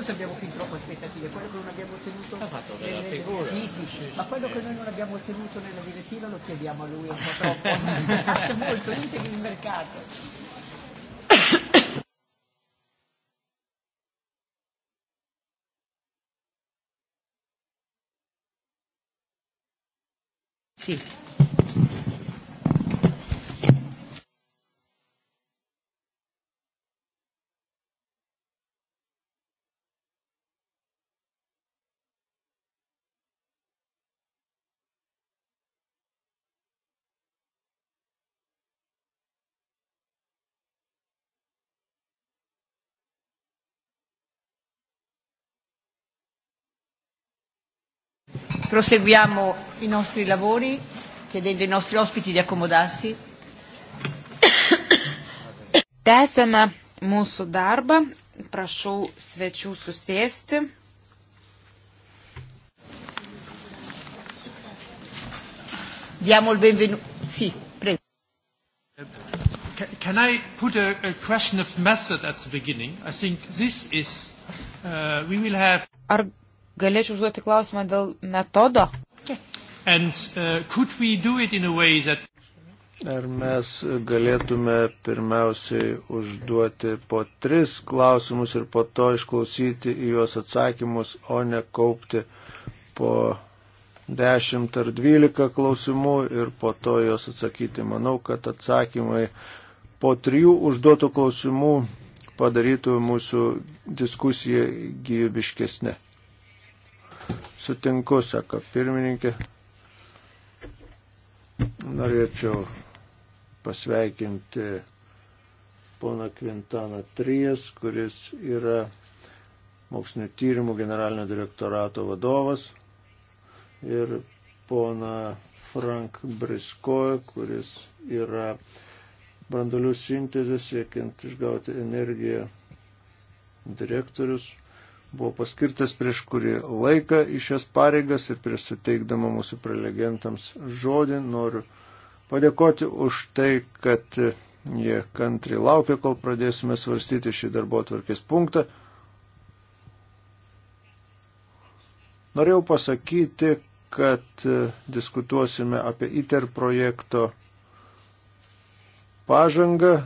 forse abbiamo fin troppe aspettative, quello che non abbiamo ottenuto esatto, nelle, figura, sì, sì, sì, ma quello che noi non abbiamo ottenuto nella direttiva lo chiediamo a lui un po' (laughs) troppo, è molto integri il mercato. Sì. Proseguiamo i nostri lavori chiedendo ai nostri ospiti di accomodarsi. Tęsėme mūsų darbą. Prašau svečių susėsti. Diamo il benvenuto. Sì, prego. Can I put a, a question of method at the beginning? I think this is, uh, we will have... Ar Galėčiau užduoti klausimą dėl metodo. And, uh, that... Ar mes galėtume pirmiausiai užduoti po tris klausimus ir po to išklausyti į juos atsakymus, o ne kaupti po 10 ar 12 klausimų ir po to jos atsakyti. Manau, kad atsakymai po trijų užduotų klausimų padarytų mūsų diskusiją gyvybiškesnė. Sutinku, sako pirmininkė. Norėčiau pasveikinti poną Kvintaną Trijas, kuris yra mokslinio tyrimų generalinio direktorato vadovas ir pona Frank Briskoje, kuris yra brandolių sintezės siekiant išgauti energiją direktorius buvo paskirtas prieš kurį laiką iš šias pareigas ir prieš suteikdama mūsų prelegentams žodį noriu padėkoti už tai, kad jie kantriai laukia, kol pradėsime svarstyti šį darbo atvarkės punktą. Norėjau pasakyti, kad diskutuosime apie ITER projekto pažangą,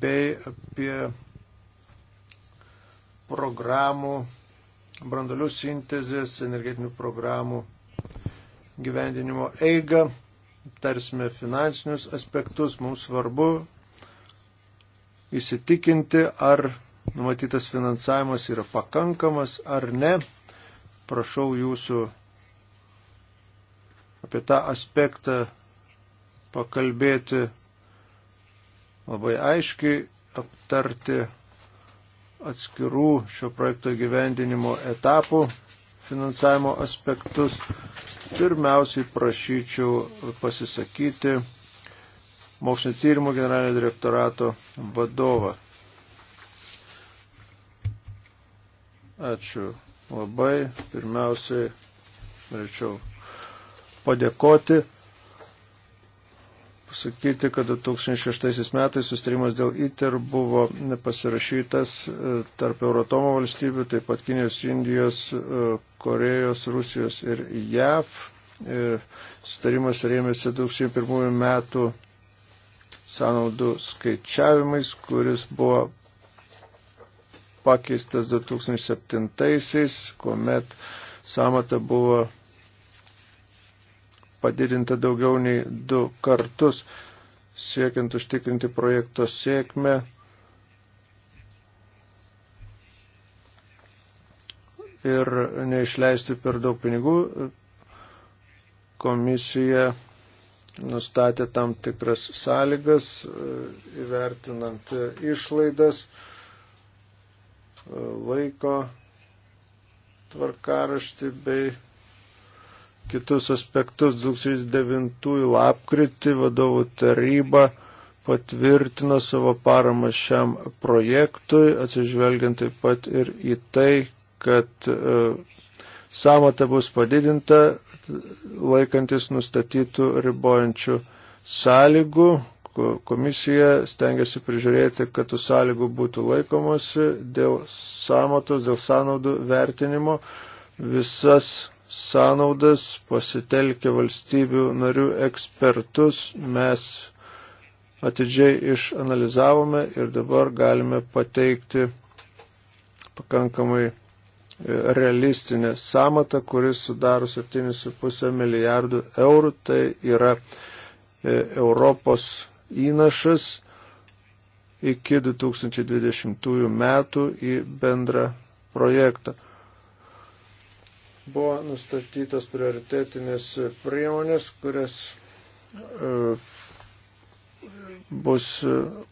bei apie programų, brandolių sintezės, energetinių programų gyvendinimo eigą, tarsime finansinius aspektus, mums svarbu įsitikinti, ar numatytas finansavimas yra pakankamas ar ne. Prašau jūsų apie tą aspektą pakalbėti labai aiškiai aptarti atskirų šio projekto gyvendinimo etapų finansavimo aspektus. Pirmiausiai prašyčiau pasisakyti mokslinio tyrimo generalinio direktorato vadovą. Ačiū labai. Pirmiausiai norėčiau padėkoti pasakyti, kad 2006 metais sustarimas dėl ITER buvo pasirašytas e, tarp Euratomo valstybių, taip pat Kinijos, Indijos, e, Korejos, Rusijos ir JAV. E, sustarimas rėmėsi 2001 metų sąnaudų skaičiavimais, kuris buvo pakeistas 2007-aisiais, kuomet samata buvo padidinta daugiau nei du kartus, siekiant užtikrinti projekto sėkmę. Ir neišleisti per daug pinigų, komisija nustatė tam tikras sąlygas, įvertinant išlaidas, laiko tvarkaraštį bei kitus aspektus. 2009 lapkritį vadovų taryba patvirtino savo paramą šiam projektui, atsižvelgiant taip pat ir į tai, kad e, samata bus padidinta laikantis nustatytų ribojančių sąlygų. Komisija stengiasi prižiūrėti, kad tų sąlygų būtų laikomasi dėl samatos, dėl sąnaudų vertinimo. Visas sąnaudas, pasitelkę valstybių narių ekspertus, mes atidžiai išanalizavome ir dabar galime pateikti pakankamai e, realistinę samatą, kuris sudaro 7,5 milijardų eurų. Tai yra e, Europos įnašas iki 2020 metų į bendrą projektą. Buvo nustatytos prioritetinės priemonės, kurias e, bus,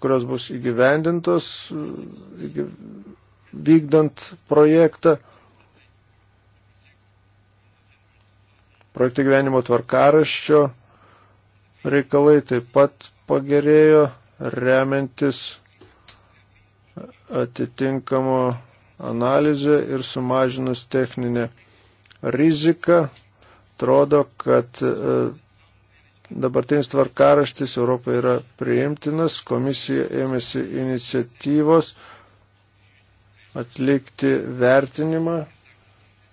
kurios bus įgyvendintos e, vykdant projektą. Projekto gyvenimo tvarkaraščio reikalai taip pat pagerėjo remiantis atitinkamo analizę ir sumažinus techninę riziką. Atrodo, kad e, dabartinis tvarkaraštis Europoje yra priimtinas, komisija ėmėsi iniciatyvos atlikti vertinimą,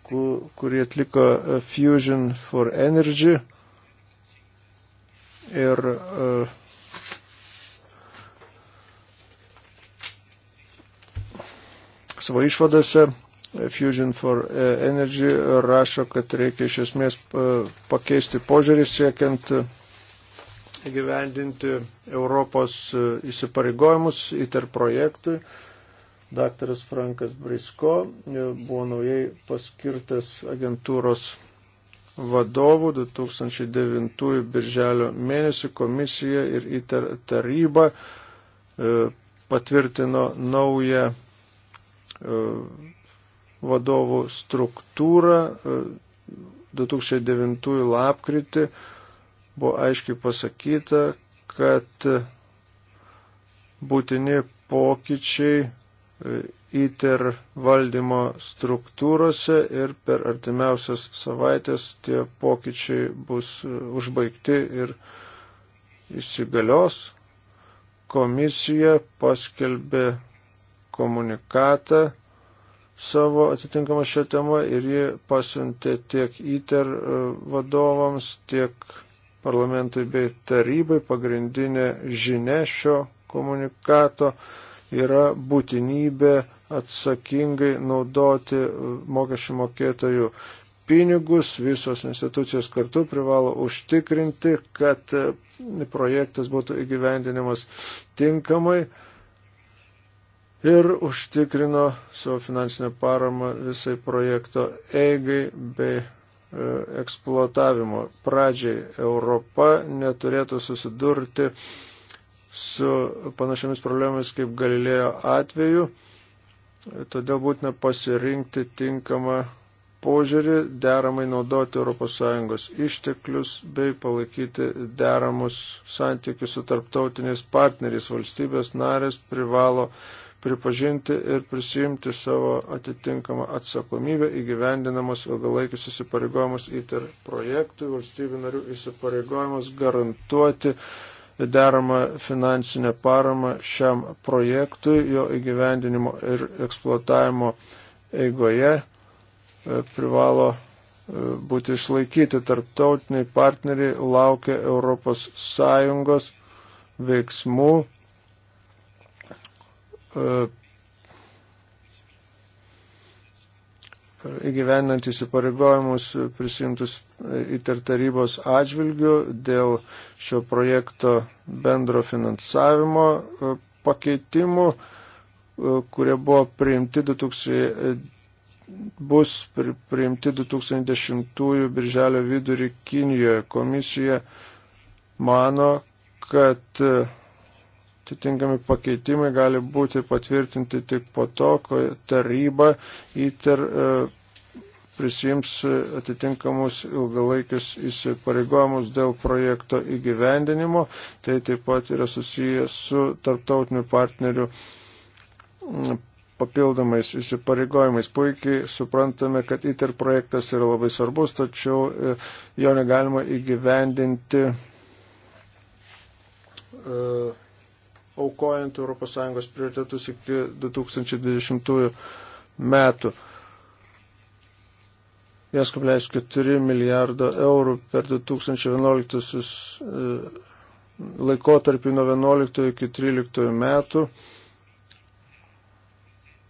kurį atliko e, Fusion for Energy ir uh, savo išvadose E, Fusion for e, Energy rašo, kad reikia iš esmės e, pakeisti požiūrį siekiant įgyvendinti Europos įsipareigojimus ITER projektui. Daktaras Frankas Brisko buvo naujai paskirtas agentūros vadovų 2009 birželio mėnesį komisija ir ITER taryba patvirtino naują vadovų struktūrą. 2009 e, lapkritį buvo aiškiai pasakyta, kad būtini pokyčiai įter e, valdymo struktūrose ir per artimiausias savaitės tie pokyčiai bus e, užbaigti ir įsigalios. Komisija paskelbė komunikatą savo atitinkamą šią temą ir ji pasiuntė tiek ITER e, vadovams, tiek parlamentui bei tarybai. Pagrindinė žinia šio komunikato yra būtinybė atsakingai naudoti mokesčių mokėtojų pinigus. Visos institucijos kartu privalo užtikrinti, kad projektas būtų įgyvendinimas tinkamai ir užtikrino savo finansinę paramą visai projekto eigai bei e, eksploatavimo pradžiai. Europa neturėtų susidurti su panašiamis problemomis kaip Galilėjo atveju, todėl būtina pasirinkti tinkamą požiūrį, deramai naudoti ES išteklius bei palaikyti deramus santykius su tarptautiniais partneriais. Valstybės narės privalo pripažinti ir prisijimti savo atitinkamą atsakomybę įgyvendinamos ilgalaikius įsipareigojimus įter projektui, valstybių narių įsipareigojimus garantuoti deramą finansinę paramą šiam projektui, jo įgyvendinimo ir eksploatavimo eigoje e, privalo e, būti išlaikyti. Tarptautiniai partneriai laukia ES veiksmų E, įgyvenant įsipareigojimus prisimtus įtartarybos atžvilgių dėl šio projekto bendro finansavimo e, pakeitimų, e, kurie buvo priimti 2000, bus priimti 2010 birželio vidurį Kinijoje. Komisija mano, kad atitinkami pakeitimai gali būti patvirtinti tik po to, kai taryba įter e, prisijims atitinkamus ilgalaikius įsipareigojimus dėl projekto įgyvendinimo. Tai taip pat yra susijęs su tarptautiniu partneriu papildomais įsipareigojimais. Puikiai suprantame, kad ITER projektas yra labai svarbus, tačiau e, jo negalima įgyvendinti e, aukojant ES prioritetus iki 2020 metų. 1,4 milijardo eurų per 2011 e, laikotarpį nuo 11 iki 13 metų.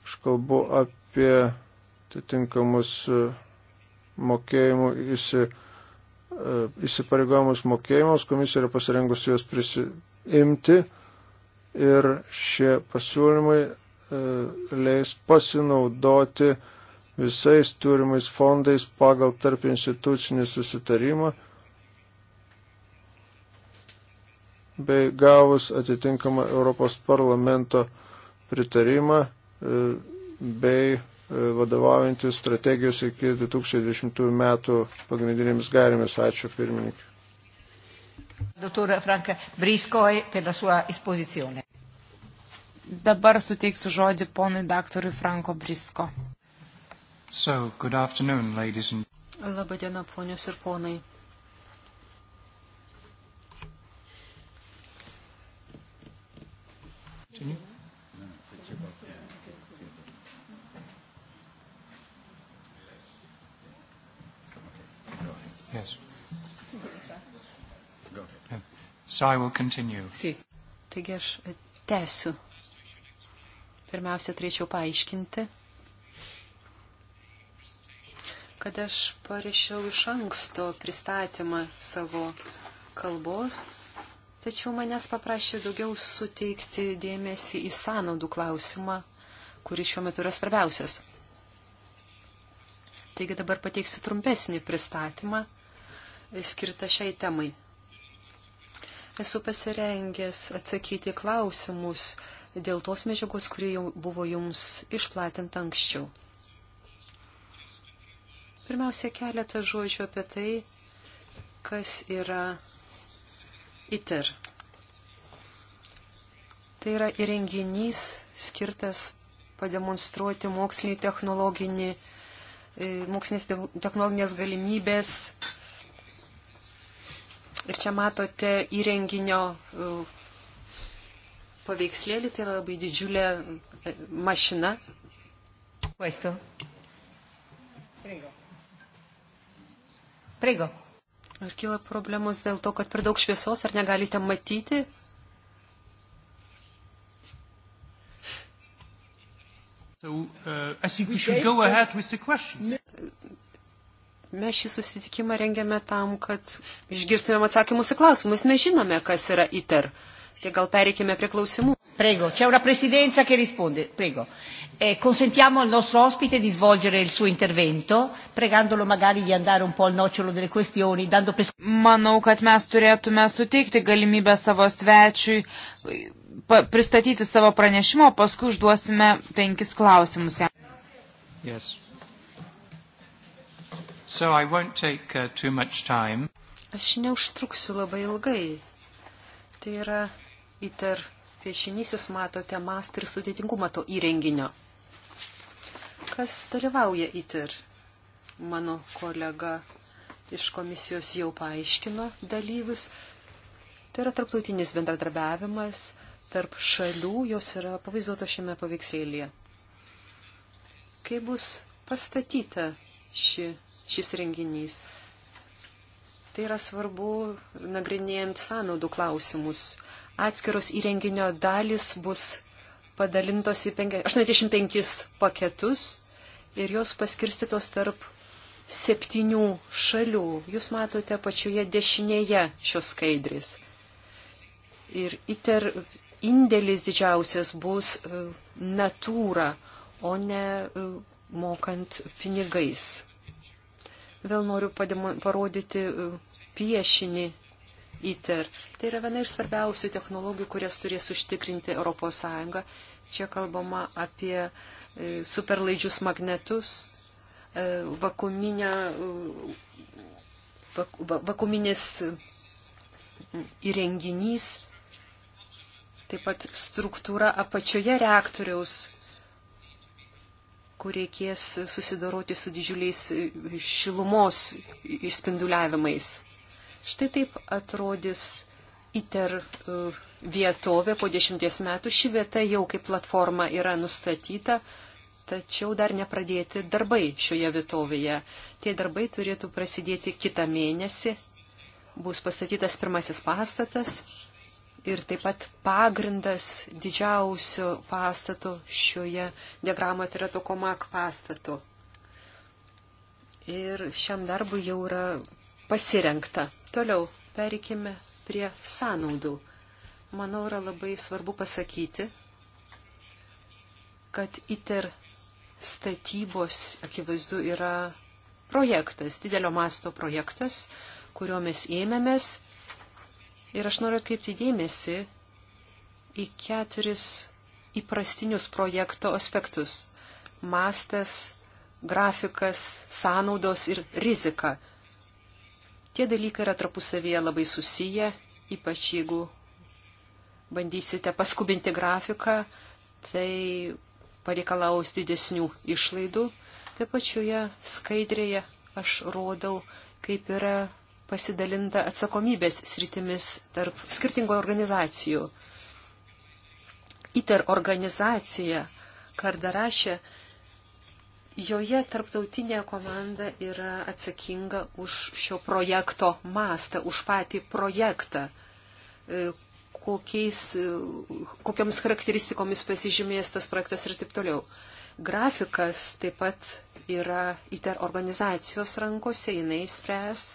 Aš kalbu apie atitinkamus e, mokėjimų e, įsipareigojimus mokėjimus. Komisija yra pasirengusi juos prisimti ir šie pasiūlymai e, leis pasinaudoti visais turimais fondais pagal tarp institucinį susitarimą bei gavus atitinkamą Europos parlamento pritarimą e, bei e, vadovaujantis strategijos iki 2020 metų pagrindinėmis gairėmis. Ačiū pirmininkai. Dottor Frank Briskoj, per la sua esposizione. Dabar suteiksiu žodį ponui daktarui Franko Brisko. So, good afternoon, ladies and... Labadiena, ponios ir ponai. Continue. Yes. So I will continue. Sí. Taigi aš tęsiu. Pirmiausia, turėčiau paaiškinti, kad aš parašiau iš anksto pristatymą savo kalbos, tačiau manęs paprašė daugiau suteikti dėmesį į sąnaudų klausimą, kuris šiuo metu yra svarbiausias. Taigi dabar pateiksiu trumpesnį pristatymą skirtą šiai temai. Esu pasirengęs atsakyti klausimus dėl tos medžiagos, kuri jau buvo jums išplatinta anksčiau. Pirmiausia, keletą žodžių apie tai, kas yra ITER. Tai yra įrenginys skirtas pademonstruoti mokslinį technologinį, e, mokslinės technologinės galimybės Ir čia matote įrenginio e, paveikslėlį, tai yra labai didžiulė e, mašina. Questo. Prego. Prego. Ar kyla problemos dėl to, kad per daug šviesos, ar negalite matyti? So, uh, I think we should go ahead with the questions. Mes šį susitikimą rengiame tam, kad išgirstumėm atsakymus į klausimus. Mes žinome, kas yra ITER. Tai gal pereikime prie klausimų. Prego, c'è una presidenza che risponde. Prego. Eh, consentiamo al nostro ospite di svolgere il suo intervento, pregandolo magari di andare un po' al nocciolo delle questioni, dando pres- Manau, kad mes turėtume suteikti galimybę savo svečiui pristatyti savo pranešimą, o paskui užduosime penkis klausimus jam. Yes. So I won't take uh, too much time. Aš neužtruksiu labai ilgai. Tai yra įter piešinys, jūs matote mastą ir sudėtingumą to įrenginio. Kas dalyvauja įter? Mano kolega iš komisijos jau paaiškino dalyvius. Tai yra tarptautinis bendradarbiavimas tarp šalių, jos yra pavaizduoto šiame paveikslėlėje. Kai bus pastatyta ši šis renginys. Tai yra svarbu nagrinėjant sąnaudų klausimus. Atskiros įrenginio dalis bus padalintos į 85 paketus ir jos paskirstytos tarp septynių šalių. Jūs matote pačioje dešinėje šios skaidrės. Ir iter indėlis didžiausias bus e, natūra, o ne e, mokant pinigais vėl noriu parodyti e, piešinį ITER. Tai yra viena iš svarbiausių technologijų, kurias turės užtikrinti ES. Čia kalbama apie e, superlaidžius magnetus, e, vakuminę, vakuminis įrenginys, taip pat struktūra apačioje reaktoriaus kur reikės susidoroti su didžiuliais e, šilumos išspinduliavimais. Štai taip atrodys ITER e, vietovė po dešimties metų. Ši vieta jau kaip platforma yra nustatyta, tačiau dar nepradėti darbai šioje vietovėje. Tie darbai turėtų prasidėti kitą mėnesį. Bus pastatytas pirmasis pastatas, ir taip pat pagrindas didžiausio pastato šioje diagramoje, tai yra Tokomak pastato. Ir šiam darbui jau yra pasirenkta. Toliau perikime prie sąnaudų. Manau, yra labai svarbu pasakyti, kad ITER statybos akivaizdu yra projektas, didelio masto projektas, kuriuo mes ėmėmės Ir aš noriu atkreipti dėmesį į keturis įprastinius projekto aspektus - mastas, grafikas, sąnaudos ir rizika. Tie dalykai yra trapusavėje labai susiję, ypač jeigu bandysite paskubinti grafiką, tai pareikalaus didesnių išlaidų. Taip pačioje skaidrėje aš rodau, kaip yra pasidalinta atsakomybės sritimis tarp skirtingų organizacijų. ITER organizacija Kardarašė, joje tarptautinė komanda yra atsakinga už šio projekto mastą, už patį projektą, e, kokiais, e, kokiams charakteristikomis pasižymės tas projektas ir taip toliau. Grafikas taip pat yra ITER organizacijos rankose, jinai spręs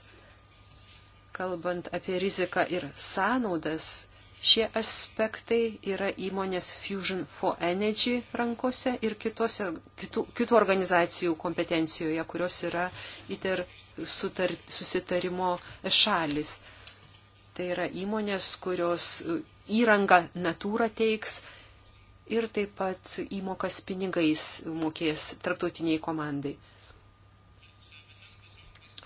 Kalbant apie riziką ir sąnaudas, šie aspektai yra įmonės Fusion for Energy rankose ir kitose, kitų, kitų organizacijų kompetencijoje, kurios yra ITER sutar, susitarimo šalis. Tai yra įmonės, kurios įrangą natūra teiks ir taip pat įmokas pinigais mokės tarptautiniai komandai.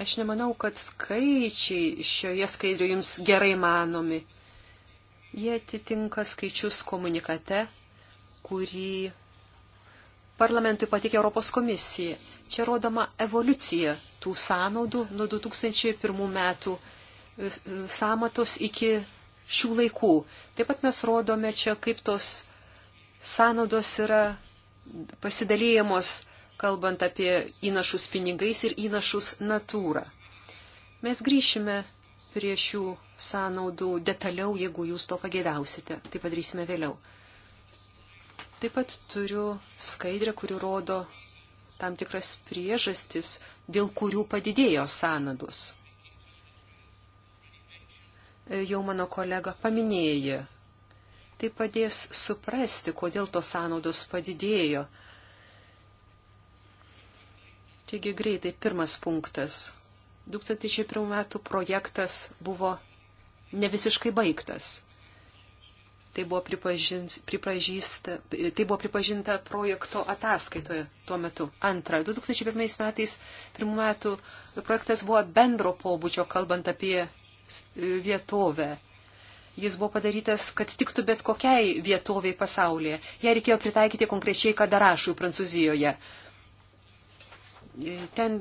Aš nemanau, kad skaičiai šioje skaidrėje jums gerai manomi. Jie atitinka skaičius komunikate, kurį parlamentui patikė Europos komisija. Čia rodoma evoliucija tų sąnaudų nuo 2001 metų e, e, samatos iki šių laikų. Taip pat mes rodome čia, kaip tos sąnaudos yra pasidalėjamos kalbant apie įnašus pinigais ir įnašus natūrą. Mes grįšime prie šių sąnaudų detaliau, jeigu jūs to pagėdausite. Tai padarysime vėliau. Taip pat turiu skaidrę, kuri rodo tam tikras priežastis, dėl kurių padidėjo sąnados. Jau mano kolega paminėjo. Tai padės suprasti, kodėl tos sąnaudos padidėjo Taigi greitai pirmas punktas. 2001 metų projektas buvo ne visiškai baigtas. Tai buvo, tai buvo pripažinta projekto ataskaitoje tuo metu. Antra, 2001 metais pirmų metų projektas buvo bendro pobūdžio, kalbant apie vietovę. Jis buvo padarytas, kad tiktų bet kokiai vietoviai pasaulyje. Ją reikėjo pritaikyti konkrečiai Kadarašui Prancūzijoje ten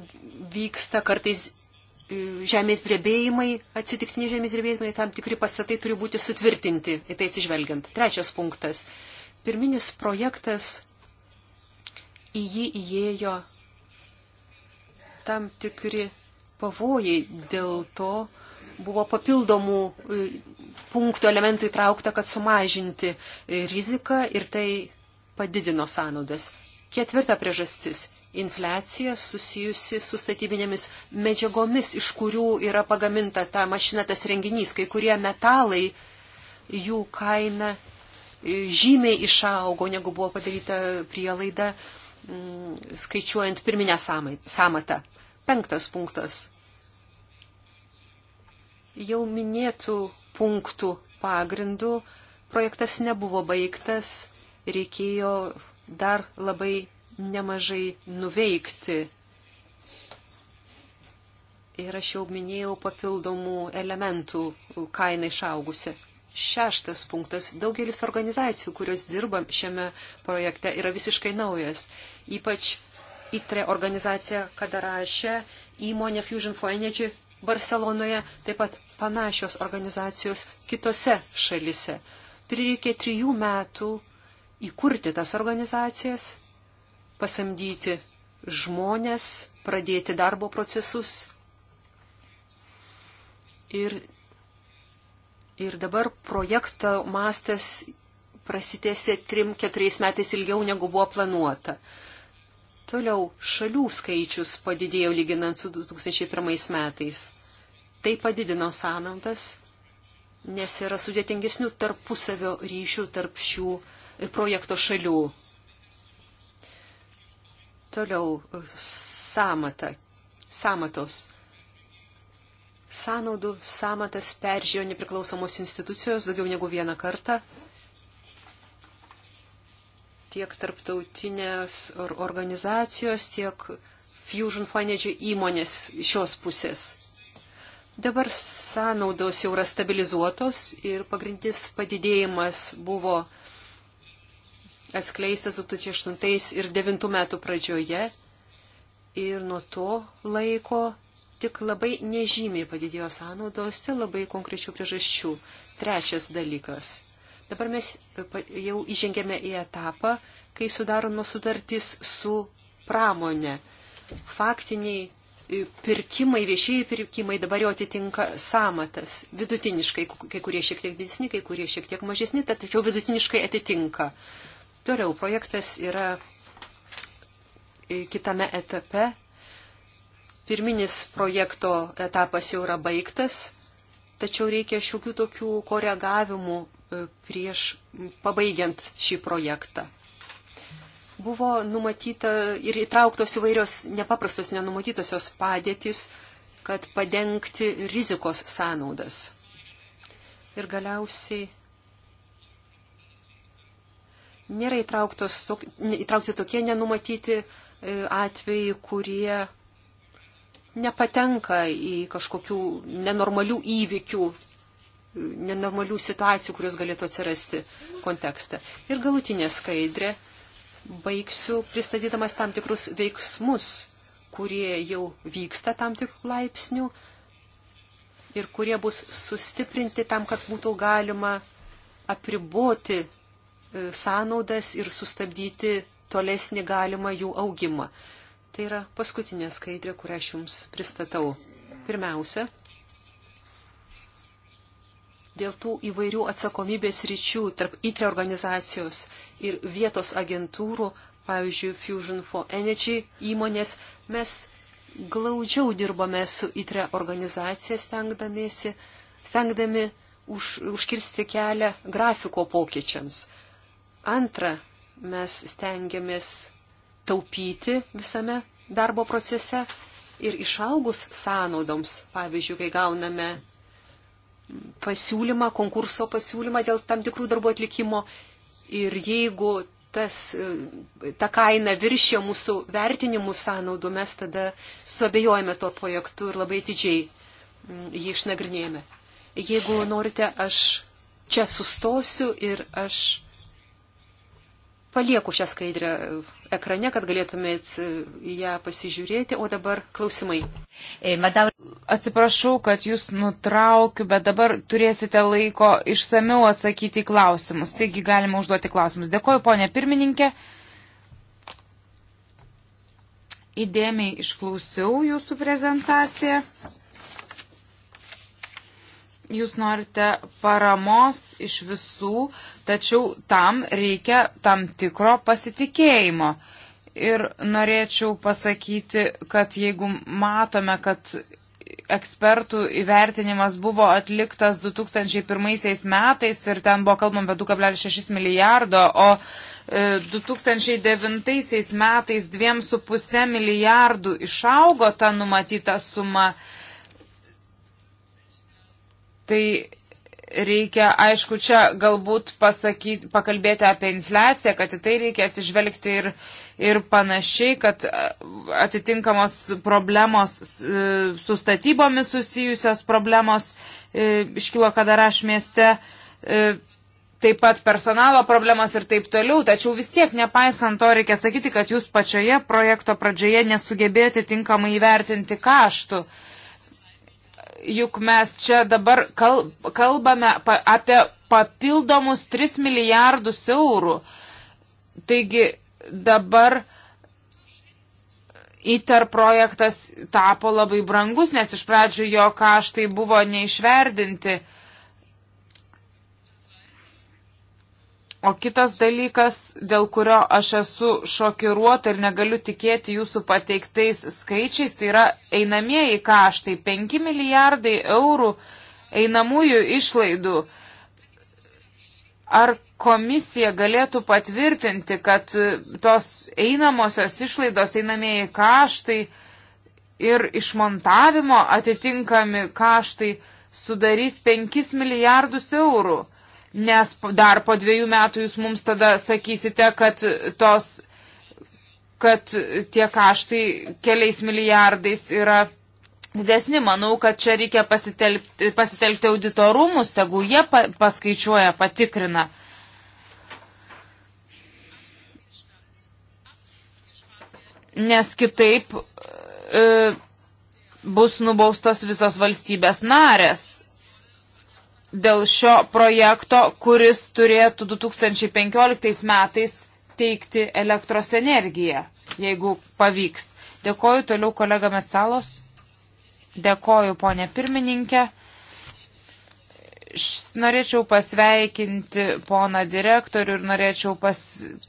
vyksta kartais e, žemės drebėjimai, atsitiktiniai žemės drebėjimai, tam tikri pastatai turi būti sutvirtinti, į tai atsižvelgiant. Trečias punktas. Pirminis projektas į jį įėjo tam tikri pavojai, dėl to buvo papildomų e, punktų elementų įtraukta, kad sumažinti e, riziką ir tai padidino sąnaudas. Ketvirta priežastis infliacija susijusi su statybinėmis medžiagomis, iš kurių yra pagaminta ta mašina, tas renginys. Kai kurie metalai, jų kaina e, žymiai išaugo, negu buvo padaryta prielaida, mm, skaičiuojant pirminę samatą. Penktas punktas. Jau minėtų punktų pagrindų projektas nebuvo baigtas, reikėjo dar labai nemažai nuveikti. Ir aš jau minėjau papildomų elementų kainą išaugusi. Šeštas punktas. Daugelis organizacijų, kurios dirba šiame projekte, yra visiškai naujas. Ypač ITRE organizacija Kadarašė, įmonė Fusion for Energy Barcelonoje, taip pat panašios organizacijos kitose šalise. Prireikė trijų metų įkurti tas organizacijas pasamdyti žmonės, pradėti darbo procesus. Ir, ir dabar projekto mastas prasitėsi 3-4 metais ilgiau negu buvo planuota. Toliau šalių skaičius padidėjo lyginant su 2001 metais. Tai padidino sąnaudas, nes yra sudėtingesnių tarpusavio ryšių tarp šių projekto šalių. Toliau samata, samatos. Sąnaudų samatas peržiūrėjo nepriklausomos institucijos daugiau negu vieną kartą. Tiek tarptautinės organizacijos, tiek Fusion Financial įmonės šios pusės. Dabar sąnaudos jau yra stabilizuotos ir pagrindinis padidėjimas buvo atskleistas 2008 ir 2009 metų pradžioje ir nuo to laiko tik labai nežymiai padidėjo sąnaudos dėl tai labai konkrečių priežasčių. Trečias dalykas. Dabar mes e, jau įžengėme į etapą, kai sudaroma sutartis su pramonė. Faktiniai e, pirkimai, viešieji pirkimai dabar jau atitinka samatas. Vidutiniškai, kai kurie šiek tiek didesni, kai kurie šiek tiek mažesni, tačiau vidutiniškai atitinka. Uh, Toliau projektas yra e, kitame etape. Pirminis projekto etapas jau yra baigtas, tačiau reikia šiokių tokių koregavimų e, prieš pabaigiant šį projektą. Buvo numatyta ir įtrauktos įvairios nepaprastos nenumatytosios padėtis, kad padengti rizikos sąnaudas. Ir galiausiai nėra įtraukti tokie nenumatyti e, atvejai, kurie nepatenka į kažkokių nenormalių įvykių, e, nenormalių situacijų, kurios galėtų atsirasti kontekste. Ir galutinė skaidrė baigsiu pristatydamas tam tikrus veiksmus, kurie jau vyksta tam tikrų laipsnių ir kurie bus sustiprinti tam, kad būtų galima apriboti sąnaudas ir sustabdyti tolesnį galimą jų augimą. Tai yra paskutinė skaidrė, kurią aš Jums pristatau. Pirmiausia, dėl tų įvairių atsakomybės ryčių tarp ITRE organizacijos ir vietos agentūrų, pavyzdžiui, Fusion for Energy įmonės, mes glaudžiau dirbame su ITRE organizacija, stengdami už, užkirsti kelią grafiko pokyčiams. Antra, mes stengiamės taupyti visame darbo procese ir išaugus sąnaudoms, pavyzdžiui, kai gauname pasiūlymą, konkurso pasiūlymą dėl tam tikrų darbų atlikimo ir jeigu tas, e, ta kaina viršė mūsų vertinimų sąnaudų, mes tada suabejojame tuo projektu ir labai didžiai mm, jį išnagrinėjame. Jeigu norite, aš čia sustosiu ir aš Palieku šią skaidrę e, ekrane, kad galėtumėt e, ją pasižiūrėti, o dabar klausimai. E, Atsiprašau, kad jūs nutraukiu, bet dabar turėsite laiko išsameu atsakyti į klausimus. Taigi galima užduoti klausimus. Dėkoju, ponė pirmininkė. Įdėmiai išklausiau jūsų prezentaciją jūs norite paramos iš visų, tačiau tam reikia tam tikro pasitikėjimo. Ir norėčiau pasakyti, kad jeigu matome, kad ekspertų įvertinimas buvo atliktas 2001 metais ir ten buvo kalbama apie 2,6 milijardo, o 2009 e, metais 2,5 milijardų išaugo ta numatyta suma. Tai reikia, aišku, čia galbūt pasakyti, pakalbėti apie infliaciją, kad į tai reikia atsižvelgti ir, ir panašiai, kad e, atitinkamos problemos e, su statybomis susijusios problemos e, iškilo Kadaraš mieste, taip pat personalo problemos ir taip toliau, tačiau vis tiek nepaisant to reikia sakyti, kad jūs pačioje projekto pradžioje nesugebėjote tinkamai įvertinti kaštų juk mes čia dabar kalbame apie papildomus 3 milijardus eurų. Taigi dabar ITER projektas tapo labai brangus, nes iš pradžių jo kaštai buvo neišverdinti. O kitas dalykas, dėl kurio aš esu šokiruota ir negaliu tikėti jūsų pateiktais skaičiais, tai yra einamieji kaštai - 5 milijardai eurų einamųjų išlaidų. Ar komisija galėtų patvirtinti, kad tos einamosios išlaidos, einamieji kaštai ir išmontavimo atitinkami kaštai sudarys 5 milijardus eurų? nes dar po dviejų metų jūs mums tada sakysite, kad tos kad tie kaštai keliais milijardais yra didesni. Manau, kad čia reikia pasitelkti, pasitelkti auditorumus, tegu jie pa, paskaičiuoja, patikrina. Nes kitaip e, bus nubaustos visos valstybės narės dėl šio projekto, kuris turėtų 2015 metais teikti elektros energiją, jeigu pavyks. Dėkoju toliau kolega Metsalos. Dėkoju, ponė pirmininkė. Norėčiau pasveikinti poną direktorių ir norėčiau pas,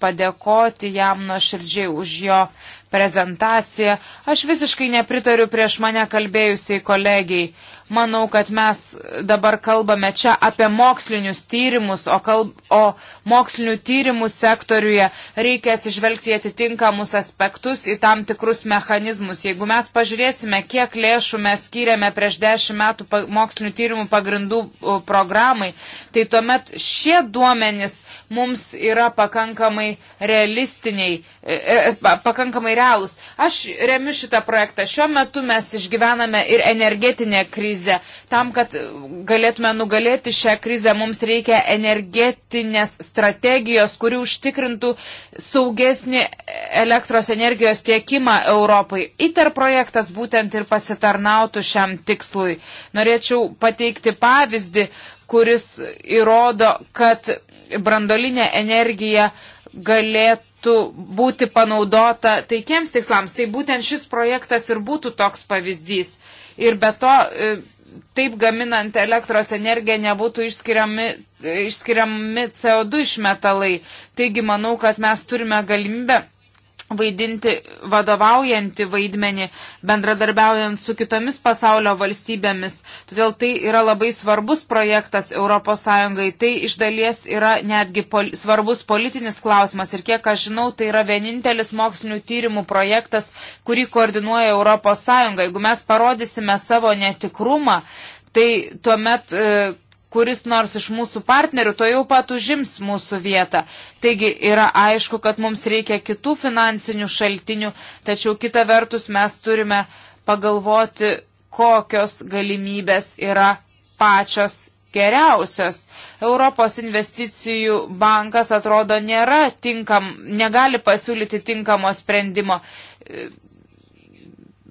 padėkoti jam nuoširdžiai už jo prezentaciją. Aš visiškai nepritariu prieš mane kalbėjusiai kolegiai. Manau, kad mes dabar kalbame čia apie mokslinius tyrimus, o, kalb, o mokslinių tyrimų sektoriuje reikia atsižvelgti atitinkamus aspektus į tam tikrus mechanizmus. Jeigu mes pažiūrėsime, kiek lėšų mes skiriame prieš dešimt metų mokslinių tyrimų pagrindų programai, tai tuomet šie duomenys mums yra pakankamai realistiniai E, e, pakankamai realūs. Aš remiu šitą projektą. Šiuo metu mes išgyvename ir energetinę krizę. Tam, kad galėtume nugalėti šią krizę, mums reikia energetinės strategijos, kuri užtikrintų saugesnį elektros energijos tiekimą Europai. ITER projektas būtent ir pasitarnautų šiam tikslui. Norėčiau pateikti pavyzdį, kuris įrodo, kad brandolinė energija galėtų galėtų būti panaudota taikiems tikslams. Tai būtent šis projektas ir būtų toks pavyzdys. Ir be to, e, taip gaminant elektros energiją nebūtų išskiriami, e, išskiriami CO2 išmetalai. Taigi manau, kad mes turime galimybę vaidinti vadovaujantį vaidmenį, bendradarbiaujant su kitomis pasaulio valstybėmis. Todėl tai yra labai svarbus projektas ES. Tai iš dalies yra netgi pol svarbus politinis klausimas. Ir kiek aš žinau, tai yra vienintelis mokslinių tyrimų projektas, kurį koordinuoja ES. Jeigu mes parodysime savo netikrumą, tai tuomet. E, kuris nors iš mūsų partnerių to jau pat užims mūsų vietą. Taigi yra aišku, kad mums reikia kitų finansinių šaltinių, tačiau kita vertus mes turime pagalvoti, kokios galimybės yra pačios geriausios. Europos investicijų bankas atrodo nėra tinkam, negali pasiūlyti tinkamo sprendimo.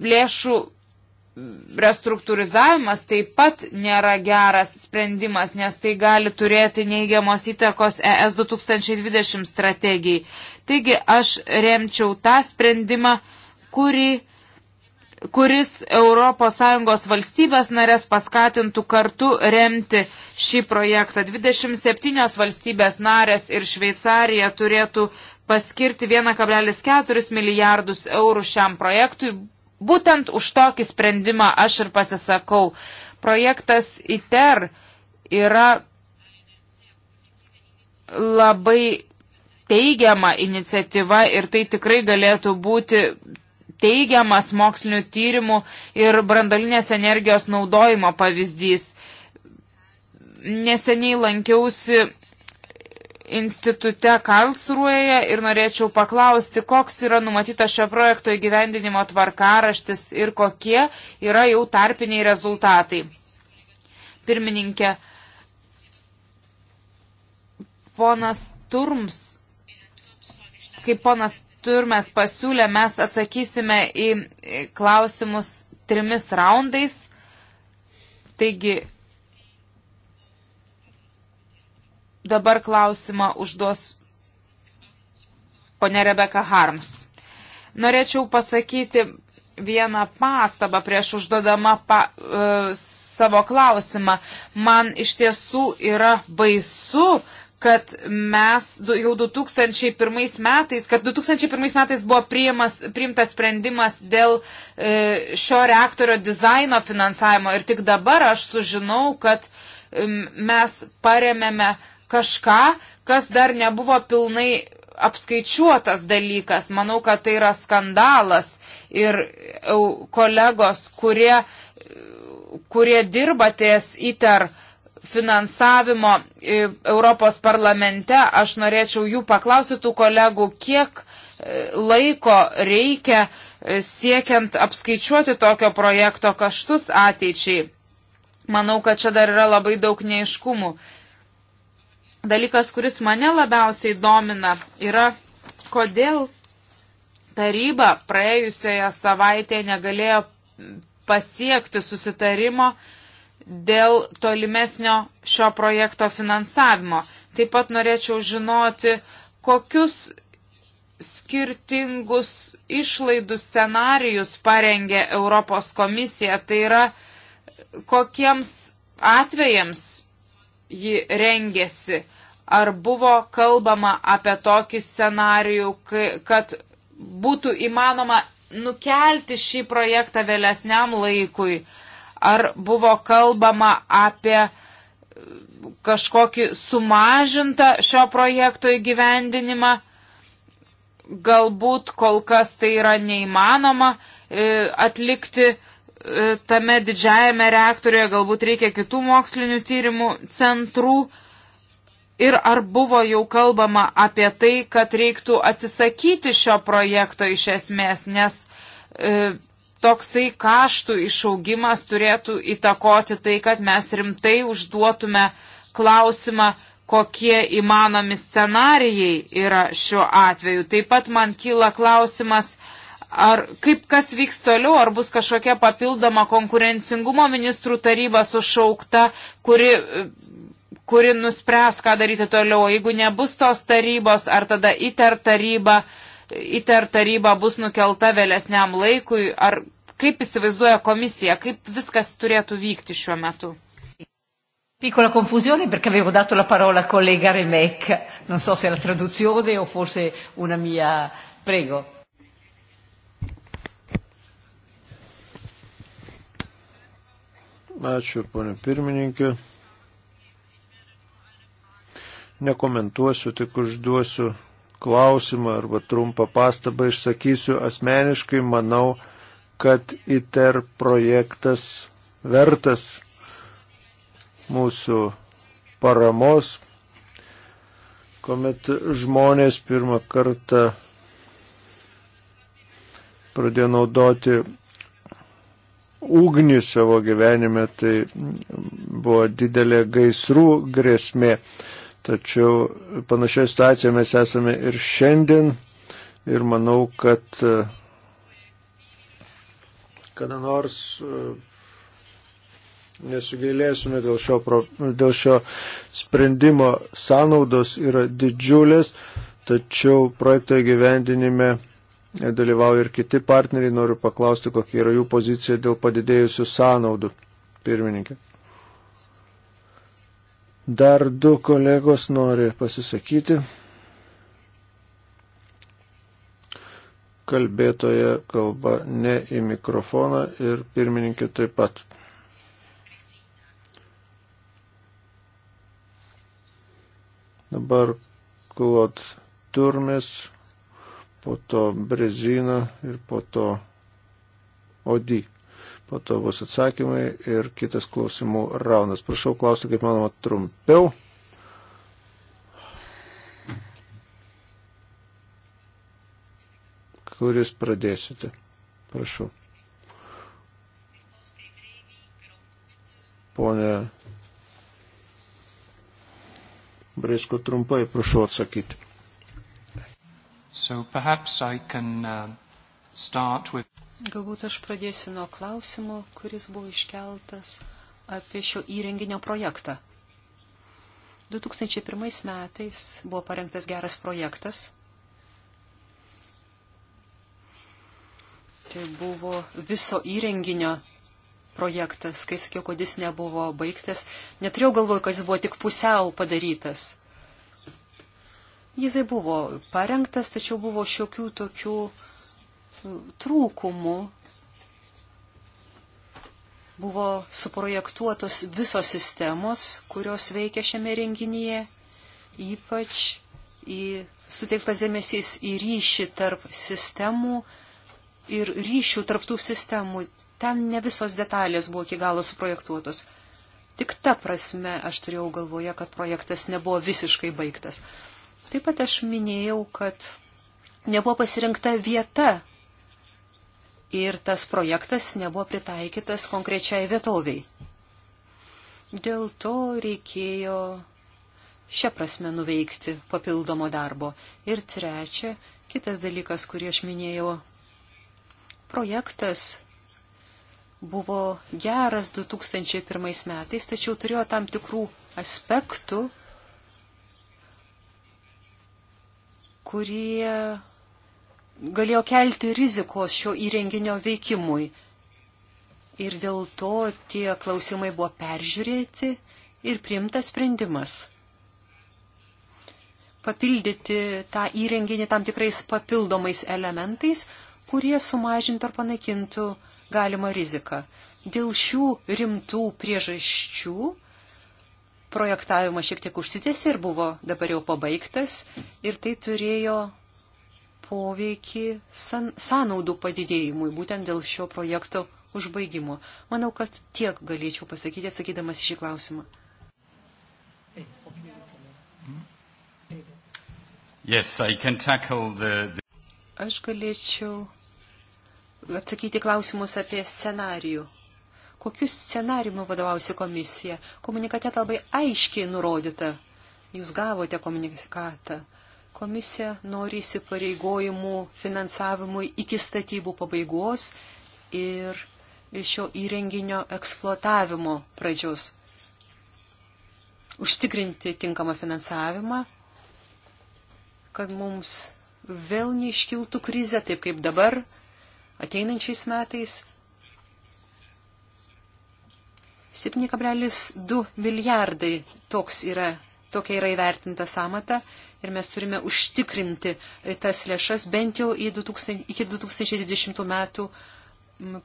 Lėšų restruktūrizavimas taip pat nėra geras sprendimas, nes tai gali turėti neigiamos įtakos ES 2020 strategijai. Taigi aš remčiau tą sprendimą, kuri, kuris ES valstybės narės paskatintų kartu remti šį projektą. 27 valstybės narės ir Šveicarija turėtų paskirti 1,4 milijardus eurų šiam projektui Būtent už tokį sprendimą aš ir pasisakau. Projektas ITER yra labai teigiama iniciatyva ir tai tikrai galėtų būti teigiamas mokslinių tyrimų ir brandolinės energijos naudojimo pavyzdys. Neseniai lankiausi institute Karlsruoje ir norėčiau paklausti, koks yra numatytas šio projekto įgyvendinimo tvarkaraštis ir kokie yra jau tarpiniai rezultatai. Pirmininkė, ponas Turms, kaip ponas Turmes pasiūlė, mes atsakysime į klausimus trimis raundais. Taigi, Dabar klausimą užduos ponė Rebeka Harms. Norėčiau pasakyti vieną pastabą prieš užduodama pa, e, savo klausimą. Man iš tiesų yra baisu, kad mes jau 2001 metais, kad 2001 metais buvo priimas, priimtas sprendimas dėl e, šio reaktorio dizaino finansavimo ir tik dabar aš sužinau, kad e, mes paremėme kažką, kas dar nebuvo pilnai apskaičiuotas dalykas. Manau, kad tai yra skandalas ir kolegos, kurie, kurie dirba ties įter finansavimo Europos parlamente, aš norėčiau jų paklausyti tų kolegų, kiek e, laiko reikia e, siekiant apskaičiuoti tokio projekto kaštus ateičiai. Manau, kad čia dar yra labai daug neiškumų dalykas, kuris mane labiausiai domina, yra kodėl taryba praėjusioje savaitėje negalėjo pasiekti susitarimo dėl tolimesnio šio projekto finansavimo. Taip pat norėčiau žinoti, kokius skirtingus išlaidų scenarius parengė Europos komisija, tai yra kokiems atvejams ji rengėsi. Ar buvo kalbama apie tokį scenarijų, kad būtų įmanoma nukelti šį projektą vėlesniam laikui? Ar buvo kalbama apie kažkokį sumažintą šio projekto įgyvendinimą? Galbūt kol kas tai yra neįmanoma e, atlikti E, tame didžiajame reaktoriuje, galbūt reikia kitų mokslinių tyrimų centrų. Ir ar buvo jau kalbama apie tai, kad reiktų atsisakyti šio projekto iš esmės, nes e, toksai kaštų išaugimas turėtų įtakoti tai, kad mes rimtai užduotume klausimą, kokie įmanomi scenarijai yra šiuo atveju. Taip pat man kyla klausimas, e, Ar kaip kas vyks toliau, ar bus kažkokia papildoma konkurencingumo ministrų taryba sušaukta, kuri kuri nuspręs, ką daryti toliau. Jeigu nebus tos tarybos, ar tada ITER taryba, ITER taryba bus nukelta vėlesniam laikui, ar kaip įsivaizduoja komisija, kaip viskas turėtų vykti šiuo metu. Piccola confusione perché avevo dato la parola al collega Remec, non so se la traduzione o forse una mia... Prego. Ačiū, ponė pirmininkė. Nekomentuosiu, tik užduosiu klausimą arba trumpą pastabą išsakysiu asmeniškai. Manau, kad ITER projektas vertas mūsų paramos, kuomet žmonės pirmą kartą pradėjo naudoti ugnį savo gyvenime, tai buvo didelė gaisrų grėsmė. Tačiau panašioje situacijoje mes esame ir šiandien ir manau, kad kada nors nesugailėsime dėl šio, dėl šio sprendimo sąnaudos yra didžiulės, tačiau projekto įgyvendinime dalyvauja ir kiti partneriai. Noriu paklausti, kokia yra jų pozicija dėl padidėjusių sąnaudų. Pirmininkė. Dar du kolegos nori pasisakyti. Kalbėtoje kalba ne į mikrofoną ir pirmininkė taip pat. Dabar Klot Turmes po to Brezina ir po to Odi. Po to bus atsakymai ir kitas klausimų raunas. Prašau klausti, kaip manoma, trumpiau. Kuris pradėsite? Prašau. Pone Breisko, trumpai prašau atsakyti. So perhaps I can uh, start with. Galbūt aš pradėsiu nuo klausimo, kuris buvo iškeltas apie šio įrenginio projektą. 2001 metais buvo parengtas geras projektas. Tai buvo viso įrenginio projektas, kai sakiau, kad jis nebuvo baigtas. Neturėjau galvoj, kad jis buvo tik pusiau padarytas. Jisai buvo parengtas, tačiau buvo šiokių tokių e, trūkumų. Buvo suprojektuotos visos sistemos, kurios veikia šiame renginyje, ypač į, suteiktas dėmesys į ryšį tarp sistemų ir ryšių tarptų sistemų. Ten ne visos detalės buvo iki galo suprojektuotos. Tik ta prasme aš turėjau galvoje, kad projektas nebuvo visiškai baigtas. Taip pat aš minėjau, kad nebuvo pasirinkta vieta ir tas projektas nebuvo pritaikytas konkrečiai vietoviai. Dėl to reikėjo šią prasme nuveikti papildomo darbo. Ir trečia, kitas dalykas, kurį aš minėjau, projektas buvo geras 2001 metais, tačiau turėjo tam tikrų aspektų, kurie galėjo kelti rizikos šio įrenginio veikimui. Ir dėl to tie klausimai buvo peržiūrėti ir priimtas sprendimas. Papildyti tą įrenginį tam tikrais papildomais elementais, kurie sumažintų ar panaikintų galimą riziką. Dėl šių rimtų priežasčių projektavimas šiek tiek užsitėsi ir buvo dabar jau pabaigtas ir tai turėjo poveikį san, sąnaudų padidėjimui būtent dėl šio projekto užbaigimo. Manau, kad tiek galėčiau pasakyti atsakydamas į šį klausimą. Yes, the, the... Aš galėčiau atsakyti klausimus apie scenarijų kokius scenariumu vadovausi komisija. Komunikate labai aiškiai nurodyta. Jūs gavote komunikatą. Komisija nori įsipareigojimų finansavimui iki statybų pabaigos ir šio įrenginio eksploatavimo pradžios. Užtikrinti tinkamą finansavimą, kad mums vėl neiškiltų krizė, taip kaip dabar, ateinančiais metais 7,2 milijardai toks yra, tokia yra įvertinta samata ir mes turime užtikrinti tas lėšas bent jau 2000, iki 2020 metų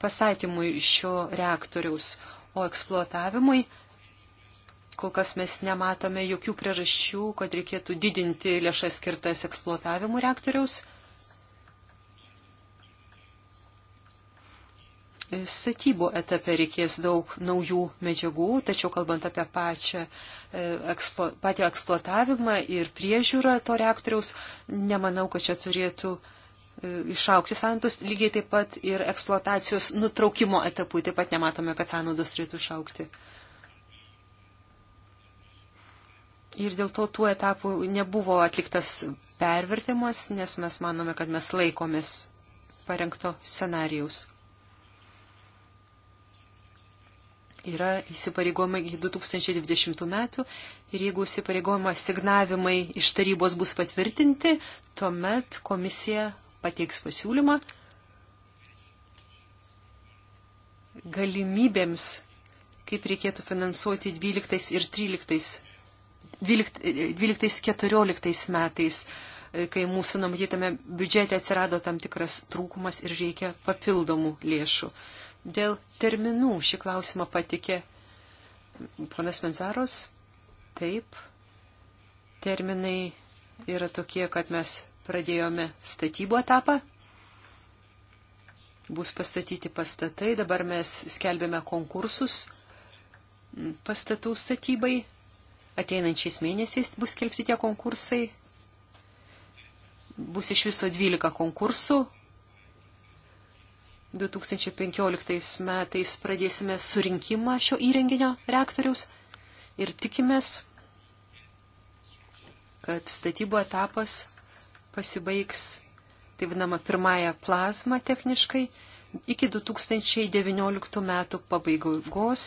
pastatymui šio reaktoriaus, o eksploatavimui kol kas mes nematome jokių priežasčių, kad reikėtų didinti lėšas skirtas eksploatavimų reaktoriaus. statybų etape reikės daug naujų medžiagų, tačiau kalbant apie pačią, e, eksplo, patį eksploatavimą ir priežiūrą to reaktoriaus, nemanau, kad čia turėtų e, išaukti sąnaudos, lygiai taip pat ir eksploatacijos nutraukimo etapui taip pat nematome, kad sąnaudos turėtų išaukti. Ir dėl to tuo etapu nebuvo atliktas pervertimas, nes mes manome, kad mes laikomės parengto scenarijaus. yra įsipareigojimai iki 2020 metų ir jeigu įsipareigojimo signavimai iš tarybos bus patvirtinti, tuomet komisija pateiks pasiūlymą galimybėms, kaip reikėtų finansuoti 12 ir 13, 12-14 metais, kai mūsų numatytame biudžete atsirado tam tikras trūkumas ir reikia papildomų lėšų. Dėl terminų šį klausimą patikė ponas Menzaros. Taip, terminai yra tokie, kad mes pradėjome statybų etapą. Bus pastatyti pastatai, dabar mes skelbėme konkursus pastatų statybai. Ateinančiais mėnesiais bus skelbti tie konkursai. Bus iš viso 12 konkursų, 2015 metais pradėsime surinkimą šio įrenginio reaktoriaus ir tikimės, kad statybų etapas pasibaigs, tai vadinama, pirmąją plazmą techniškai iki 2019 metų pabaigos,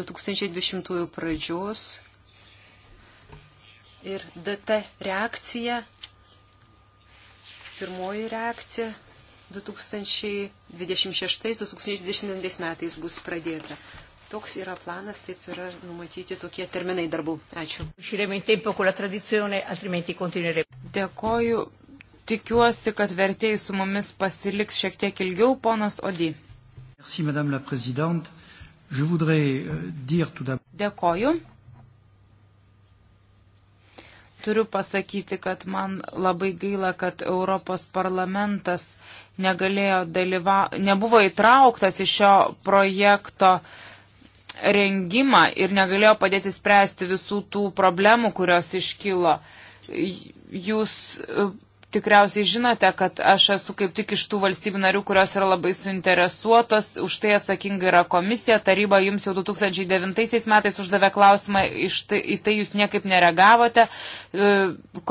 2020 pradžios. Ir DT reakcija, pirmoji reakcija 2000. 26-2020 metais bus pradėta. Toks yra planas, taip yra numatyti tokie terminai darbų. Ačiū. Dėkoju. Tikiuosi, kad vertėjai su mumis pasiliks šiek tiek ilgiau, ponas Odi. Merci, euh, Dėkoju. Turiu pasakyti, kad man labai gaila, kad Europos parlamentas negalėjo dalyva, nebuvo įtrauktas į šio projekto rengimą ir negalėjo padėti spręsti visų tų problemų, kurios iškilo. Jūs tikriausiai žinote, kad aš esu kaip tik iš tų valstybių narių, kurios yra labai suinteresuotos, už tai atsakinga yra komisija, taryba jums jau 2009 metais uždavė klausimą, tai, į tai jūs niekaip neregavote, e,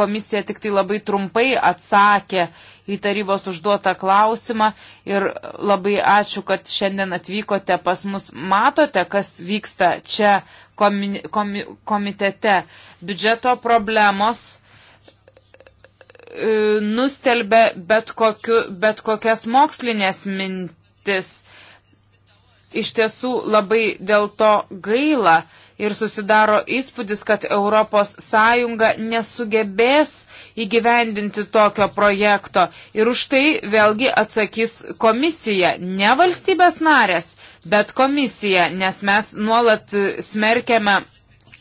komisija tik tai labai trumpai atsakė į tarybos užduotą klausimą ir labai ačiū, kad šiandien atvykote pas mus. Matote, kas vyksta čia komi, komi, komitete. Biudžeto problemos E, nustelbė bet, kokiu, bet kokias mokslinės mintis. Iš tiesų labai dėl to gaila ir susidaro įspūdis, kad ES nesugebės įgyvendinti tokio projekto. Ir už tai vėlgi atsakys komisija, ne valstybės narės, bet komisija, nes mes nuolat smerkiame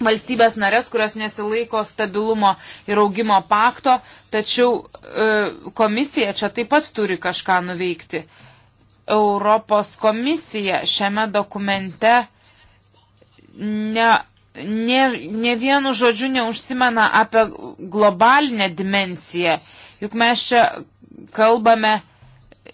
valstybės narės, kurios nesilaiko stabilumo ir augimo pakto, tačiau e, komisija čia taip pat turi kažką nuveikti. Europos komisija šiame dokumente ne, ne, ne vienu žodžiu neužsimena apie globalinę dimenciją. Juk mes čia kalbame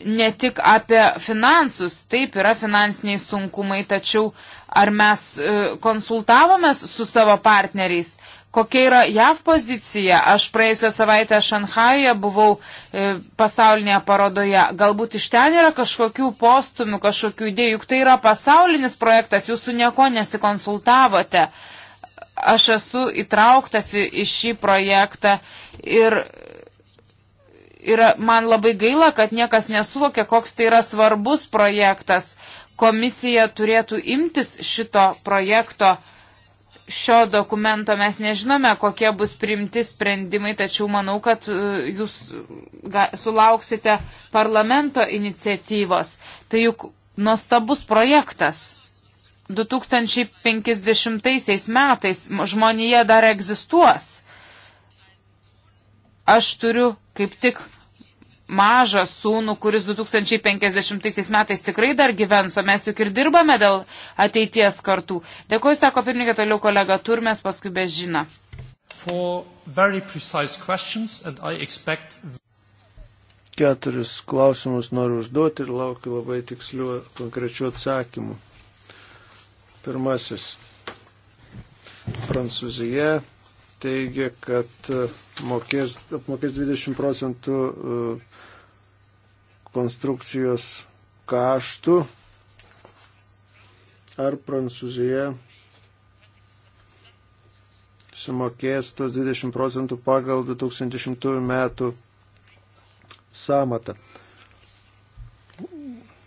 ne tik apie finansus, taip yra finansiniai sunkumai, tačiau Ar mes e, konsultavomės su savo partneriais? Kokia yra JAV pozicija? Aš praėjusią savaitę Šanhajuje buvau e, pasaulinėje parodoje. Galbūt iš ten yra kažkokių postumių, kažkokių idėjų. Juk tai yra pasaulinis projektas, jūs su nieko nesikonsultavote. Aš esu įtrauktas į, į šį projektą ir ir man labai gaila, kad niekas nesuvokė, koks tai yra svarbus projektas komisija turėtų imtis šito projekto, šio dokumento. Mes nežinome, kokie bus priimti sprendimai, tačiau manau, kad e, jūs sulauksite parlamento iniciatyvos. Tai juk nuostabus projektas. 2050 metais žmonija dar egzistuos. Aš turiu kaip tik mažą sūnų, kuris 2050 metais tikrai dar gyvens, o mes juk ir dirbame dėl ateities kartų. Dėkuoju, sako pirmininkė toliau kolega Turmės, paskui bežina. Expect... Keturis klausimus noriu užduoti ir laukiu labai tikslių konkrečių atsakymų. Pirmasis. Prancūzija teigia, kad uh, mokės, apmokės 20 procentų e, konstrukcijos kaštų. Ar Prancūzija sumokės tos 20 procentų pagal 2010 metų samatą.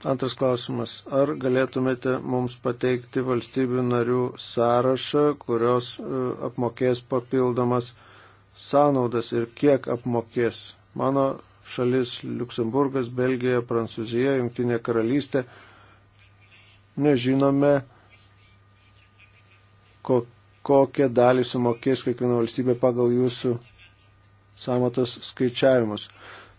Antras klausimas. Ar galėtumėte mums pateikti valstybių narių sąrašą, kurios e, apmokės papildomas sąnaudas ir kiek apmokės. Mano šalis Luksemburgas, Belgija, Prancūzija, Junktinė karalystė. Nežinome, ko, kokią dalį sumokės kiekviena valstybė pagal jūsų samatos skaičiavimus.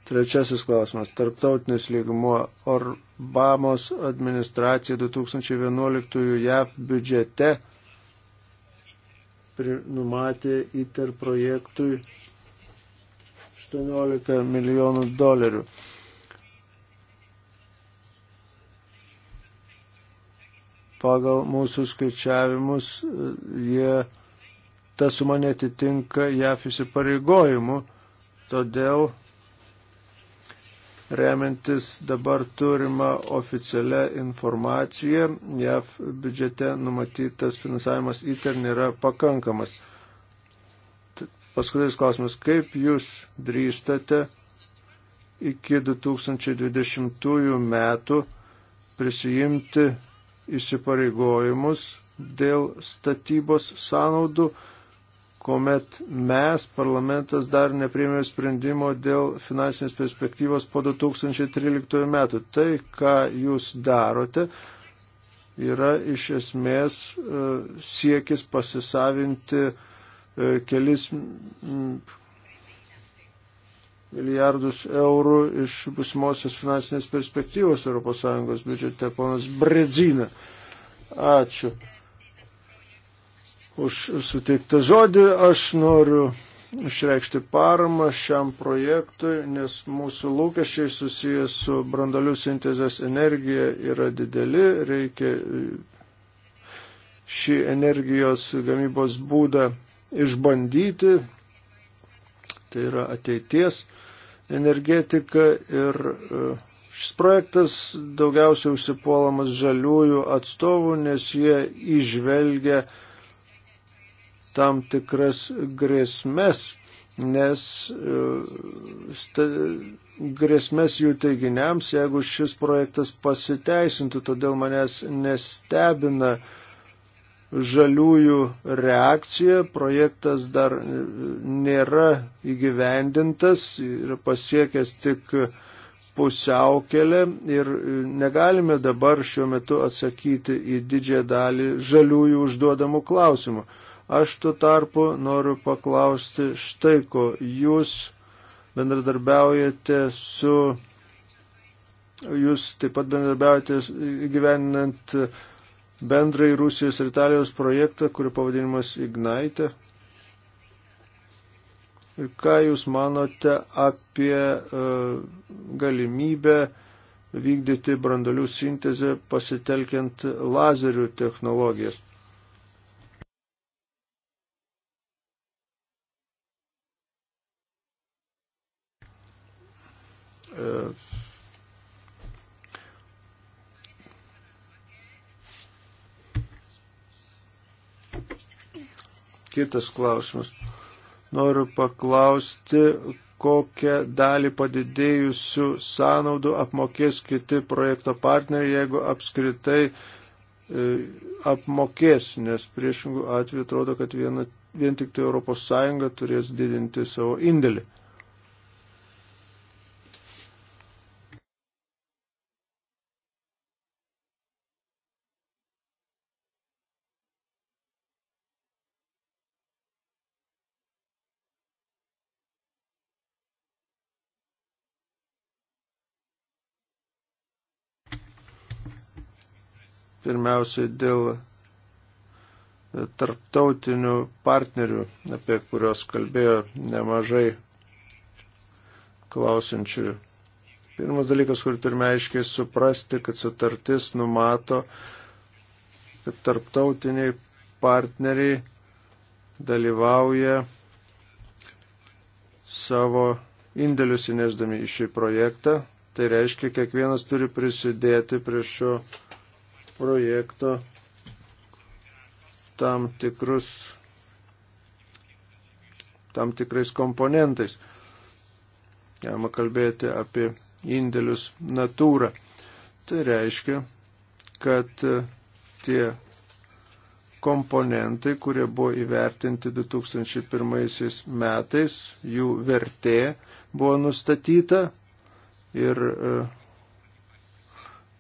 Trečiasis klausimas. Tarptautinis lygmuo Orbamos administracija 2011 JAV biudžete numatė ITER projektui 18 milijonų dolerių. Pagal mūsų skaičiavimus e, jie ta suma netitinka JAF įsipareigojimu, todėl remiantis dabar turima oficialia informacija, JAV biudžete numatytas finansavimas įter nėra pakankamas. Paskutinis klausimas, kaip jūs drįstate iki 2020 metų prisijimti įsipareigojimus dėl statybos sąnaudų kuomet mes, parlamentas, dar neprieimė sprendimo dėl finansinės perspektyvos po 2013 metų. Tai, ką jūs darote, yra iš esmės e, siekis pasisavinti e, kelis milijardus eurų iš busimosios finansinės perspektyvos ES biudžete, ponas Bredzina. Ačiū už suteiktą žodį. Aš noriu išreikšti paramą šiam projektui, nes mūsų lūkesčiai susijęs su brandolių sintezės energija yra dideli, reikia e, šį energijos gamybos būdą išbandyti, tai yra ateities energetika ir e, šis projektas daugiausiai užsipuolamas žaliųjų atstovų, nes jie išvelgia uh, tam tikras grėsmes, nes e, grėsmės jų teiginiams, jeigu šis projektas pasiteisintų, todėl manęs nestebina žaliųjų reakcija, projektas dar nėra įgyvendintas, yra pasiekęs tik pusiaukelę ir negalime dabar šiuo metu atsakyti į didžiąją dalį žaliųjų užduodamų klausimų. Aš tuo tarpu noriu paklausti štai ko. Jūs bendradarbiaujate su, jūs taip pat bendradarbiaujate gyveninant bendrai Rusijos ir Italijos projektą, kurio pavadinimas Ignaite. Ir ką Jūs manote apie uh, galimybę vykdyti brandolių sintezę pasitelkiant lazerių technologijas? Kitas klausimas. Noriu paklausti, kokią dalį padidėjusių sąnaudų apmokės kiti projekto partneriai, jeigu apskritai e, apmokės, nes priešingų atveju atrodo, kad viena, vien tik tai ES turės didinti savo indėlį. Pirmiausiai dėl e, tarptautinių partnerių, apie kuriuos kalbėjo nemažai klausinčių. Pirmas dalykas, kurį turime aiškiai suprasti, kad sutartis numato, kad tarptautiniai partneriai dalyvauja savo indėlius įnešdami į šį projektą. Tai reiškia, kiekvienas turi prisidėti prie šio projekto projekto tam tikrus tam tikrais komponentais. Galima kalbėti apie indėlius natūrą. Tai reiškia, kad e, tie komponentai, kurie buvo įvertinti 2001 metais, jų vertė buvo nustatyta ir e,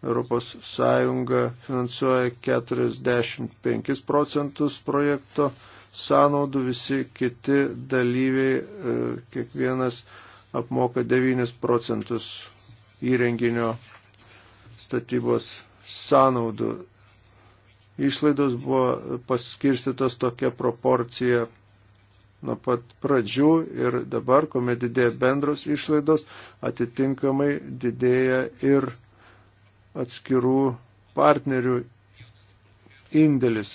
Europos Sąjunga finansuoja 45 procentus projekto sąnaudų, visi kiti dalyviai e, kiekvienas apmoka 9 procentus įrenginio statybos sąnaudų. Išlaidos buvo paskirstytos tokia proporcija nuo pat pradžių ir dabar, kuomet didėja bendros išlaidos, atitinkamai didėja ir atskirų partnerių indėlis.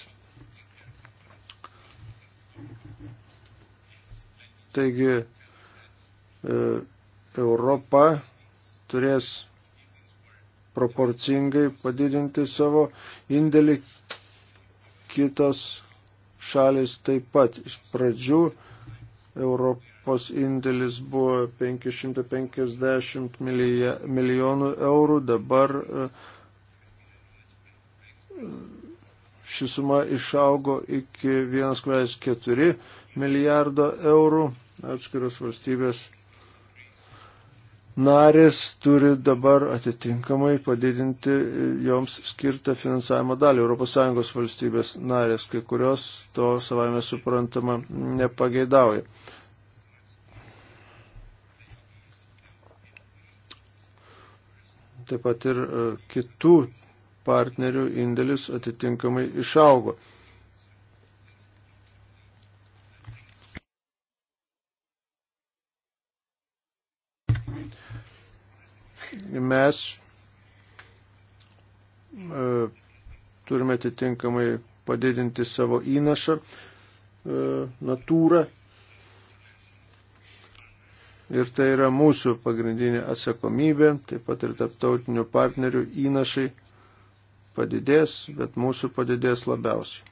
Taigi e, Europa turės proporcingai padidinti savo indėlį, kitos šalis taip pat. Iš pradžių Europa Europos indėlis buvo 550 milijonų eurų, dabar e, ši suma išaugo iki 1,4 milijardo eurų. Atskiros valstybės narės turi dabar atitinkamai padidinti joms skirtą finansavimo dalį. ES valstybės narės, kai kurios to savame suprantama nepageidauja. taip pat ir e, kitų partnerių indėlis atitinkamai išaugo. Mes e, turime atitinkamai padidinti savo įnašą e, natūrą Ir tai yra mūsų pagrindinė atsakomybė, taip pat ir taptautinių partnerių įnašai padidės, bet mūsų padidės labiausiai.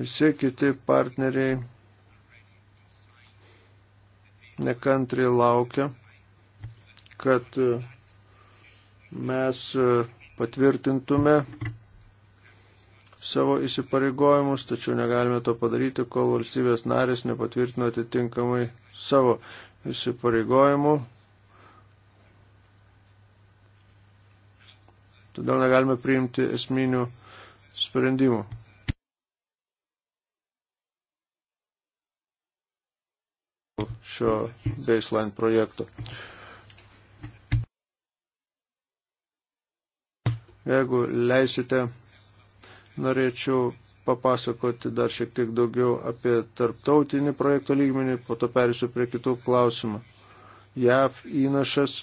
Visi kiti partneriai nekantriai laukia, kad e, mes e, patvirtintume savo įsipareigojimus, tačiau negalime to padaryti, kol valstybės narės nepatvirtino atitinkamai savo įsipareigojimų. Todėl negalime priimti esminių sprendimų. šio baseline projekto. Jeigu leisite, norėčiau papasakoti dar šiek tiek daugiau apie tarptautinį projekto lygmenį, po to perėsiu prie kitų klausimų. JAV įnašas.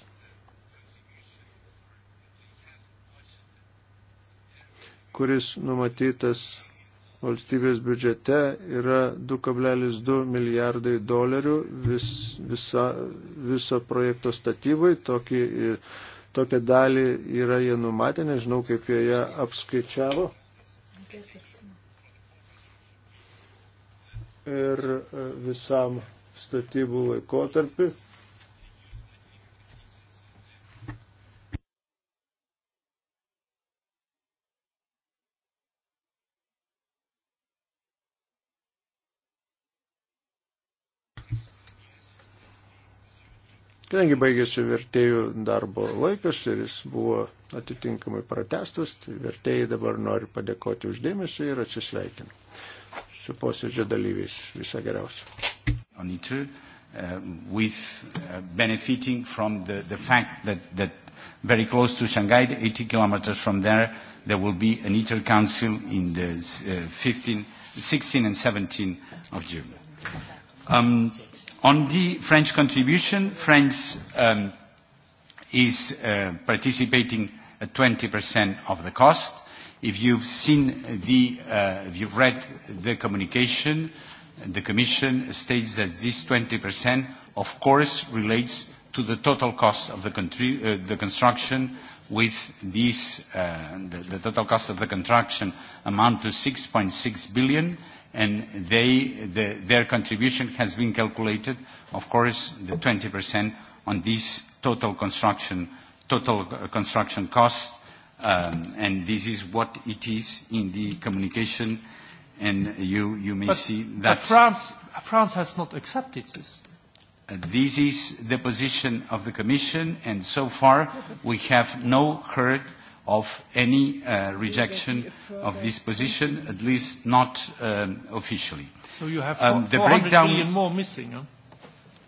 kuris numatytas valstybės biudžete yra 2,2 milijardai dolerių vis, visa, viso projekto statybai. Tokį, tokią dalį yra jie numatę, nežinau kaip jie ją apskaičiavo. ir e, visam statybų laikotarpiu. Kadangi baigėsi vertėjų darbo laikas ir jis buvo atitinkamai pratestas, tai vertėjai dabar nori padėkoti uždėmesį ir atsisveikinu su posėdžio dalyviais. Visą geriausią. Uh, with uh, benefiting from the, the fact that, that very close to Shanghai, 80 kilometers from there, there will be an ITER Council in the uh, 15, 16 and 17 of June. Um, on the French contribution, France um, is uh, participating at 20% of the cost. If you've seen the, uh, if you've read the communication, the Commission states that this 20% of course relates to the total cost of the, country, uh, the construction with these, uh, the, the total cost of the construction amount to 6.6 billion and they, the, their contribution has been calculated, of course, the 20% on this total construction, total uh, construction cost Um, and this is what it is in the communication, and you, you may but, see that... But France, France has not accepted this. Uh, this is the position of the Commission, and so far we have no heard of any uh, rejection of this position, at least not um, officially. So you have 400 um, the breakdown, million more missing, huh?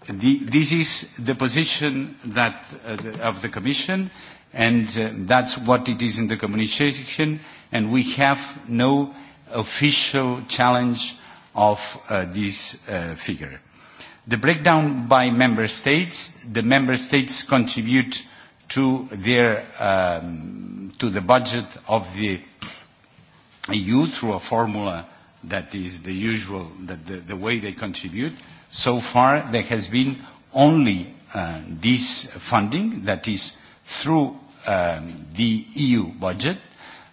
The, this is the position that, uh, the, of the Commission. Uh, and uh, that's what it is in the communication, and we have no official challenge of uh, this uh, figure. The breakdown by member states, the member states contribute to their um, to the budget of the EU through a formula that is the usual, that the, the way they contribute. So far, there has been only uh, this funding, that is through um, the EU budget.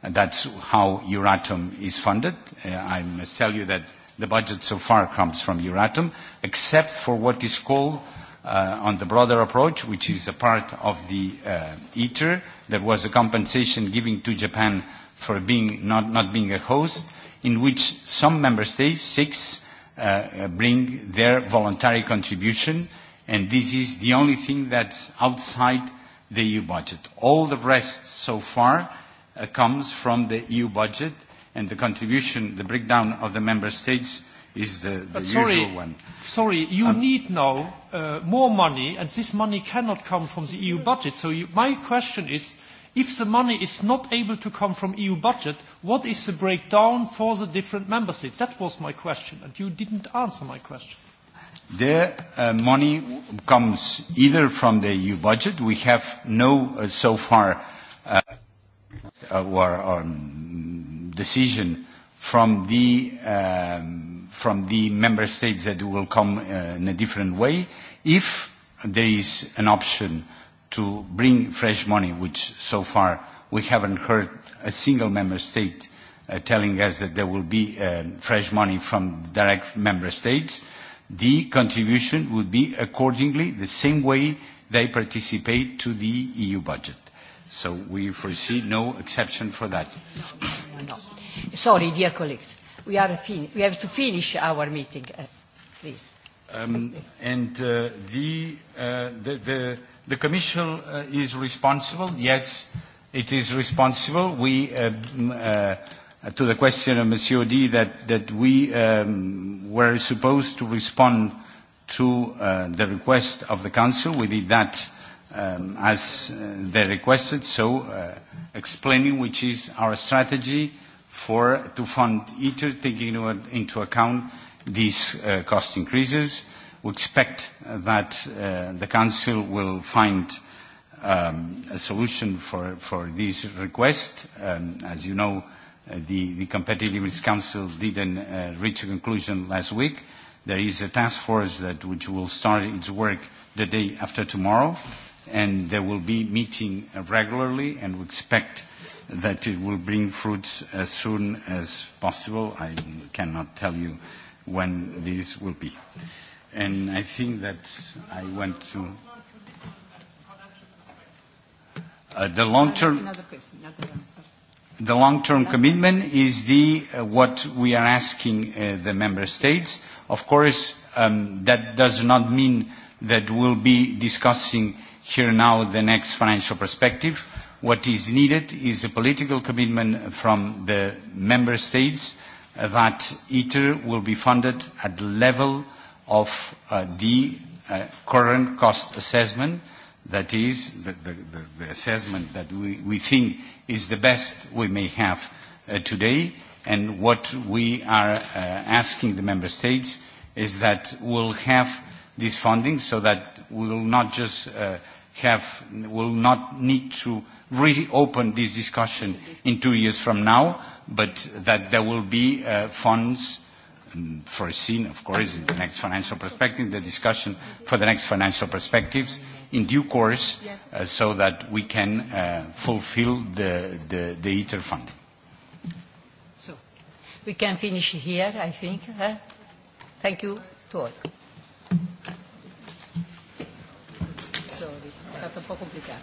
And that's how Euratom is funded. Uh, I must tell you that the budget so far comes from Euratom, except for what is called uh, on the broader approach, which is a part of the uh, ITER. There was a compensation given to Japan for being not, not being a host, in which some member states, six, uh, bring their voluntary contribution, and this is the only thing that's outside the EU budget. All the rest so far uh, comes from the EU budget, and the contribution, the breakdown of the member states is the, the but sorry, usual one. Sorry, you um, need now uh, more money, and this money cannot come from the EU budget. So you, my question is, if the money is not able to come from EU budget, what is the breakdown for the different member states? That was my question, and you didn't answer my question. Their uh, money comes either from the EU budget. We have no, uh, so far, uh, uh or, or um, decision from the, um, from the member states that will come uh, in a different way. If there is an option to bring fresh money, which so far we haven't heard a single member state uh, telling us that there will be uh, fresh money from direct member states, uh, The contribution would be accordingly the same way they participate to the EU budget. So we foresee no exception for that. No, no, no. Sorry, dear colleagues. We, are fin we have to finish our meeting, uh, please. Um, and uh, the, uh, the, the, the Commission uh, is responsible. Yes, it is responsible. We uh, uh, uh, to the question of Monsieur Di that, that we um, were supposed to respond to uh, the request of the Council. We did that um, as uh, they requested, so uh, explaining which is our strategy for to fund ITER, taking into account these uh, cost increases. We expect that uh, the Council will find um, a solution for, for this request. Um, as you know, the, the Competitiveness Council didn't uh, reach a conclusion last week. There is a task force that, which will start its work the day after tomorrow, and they will be meeting regularly, and we expect that it will bring fruits as soon as possible. I cannot tell you when this will be. And I think that I want to... Uh, the long term... Another question. Another one the long-term commitment is the uh, what we are asking uh, the member states. Of course, um, that does not mean that we'll be discussing here now the next financial perspective. What is needed is a political commitment from the member states uh, that ITER will be funded at the level of uh, the uh, current cost assessment, that is the, the, the assessment that we, we think is the best we may have uh, today, and what we are uh, asking the member states is that we'll have this funding so that we will not just uh, have, will not need to reopen this discussion in two years from now, but that there will be uh, funds foreseen, of course, in the next financial perspective, the discussion for the next financial perspectives in due course uh, so that we can uh, fulfill the, the, the ITER funding. So, we can finish here, I think. Huh? Thank you to all. Sorry, è stato un po' complicato.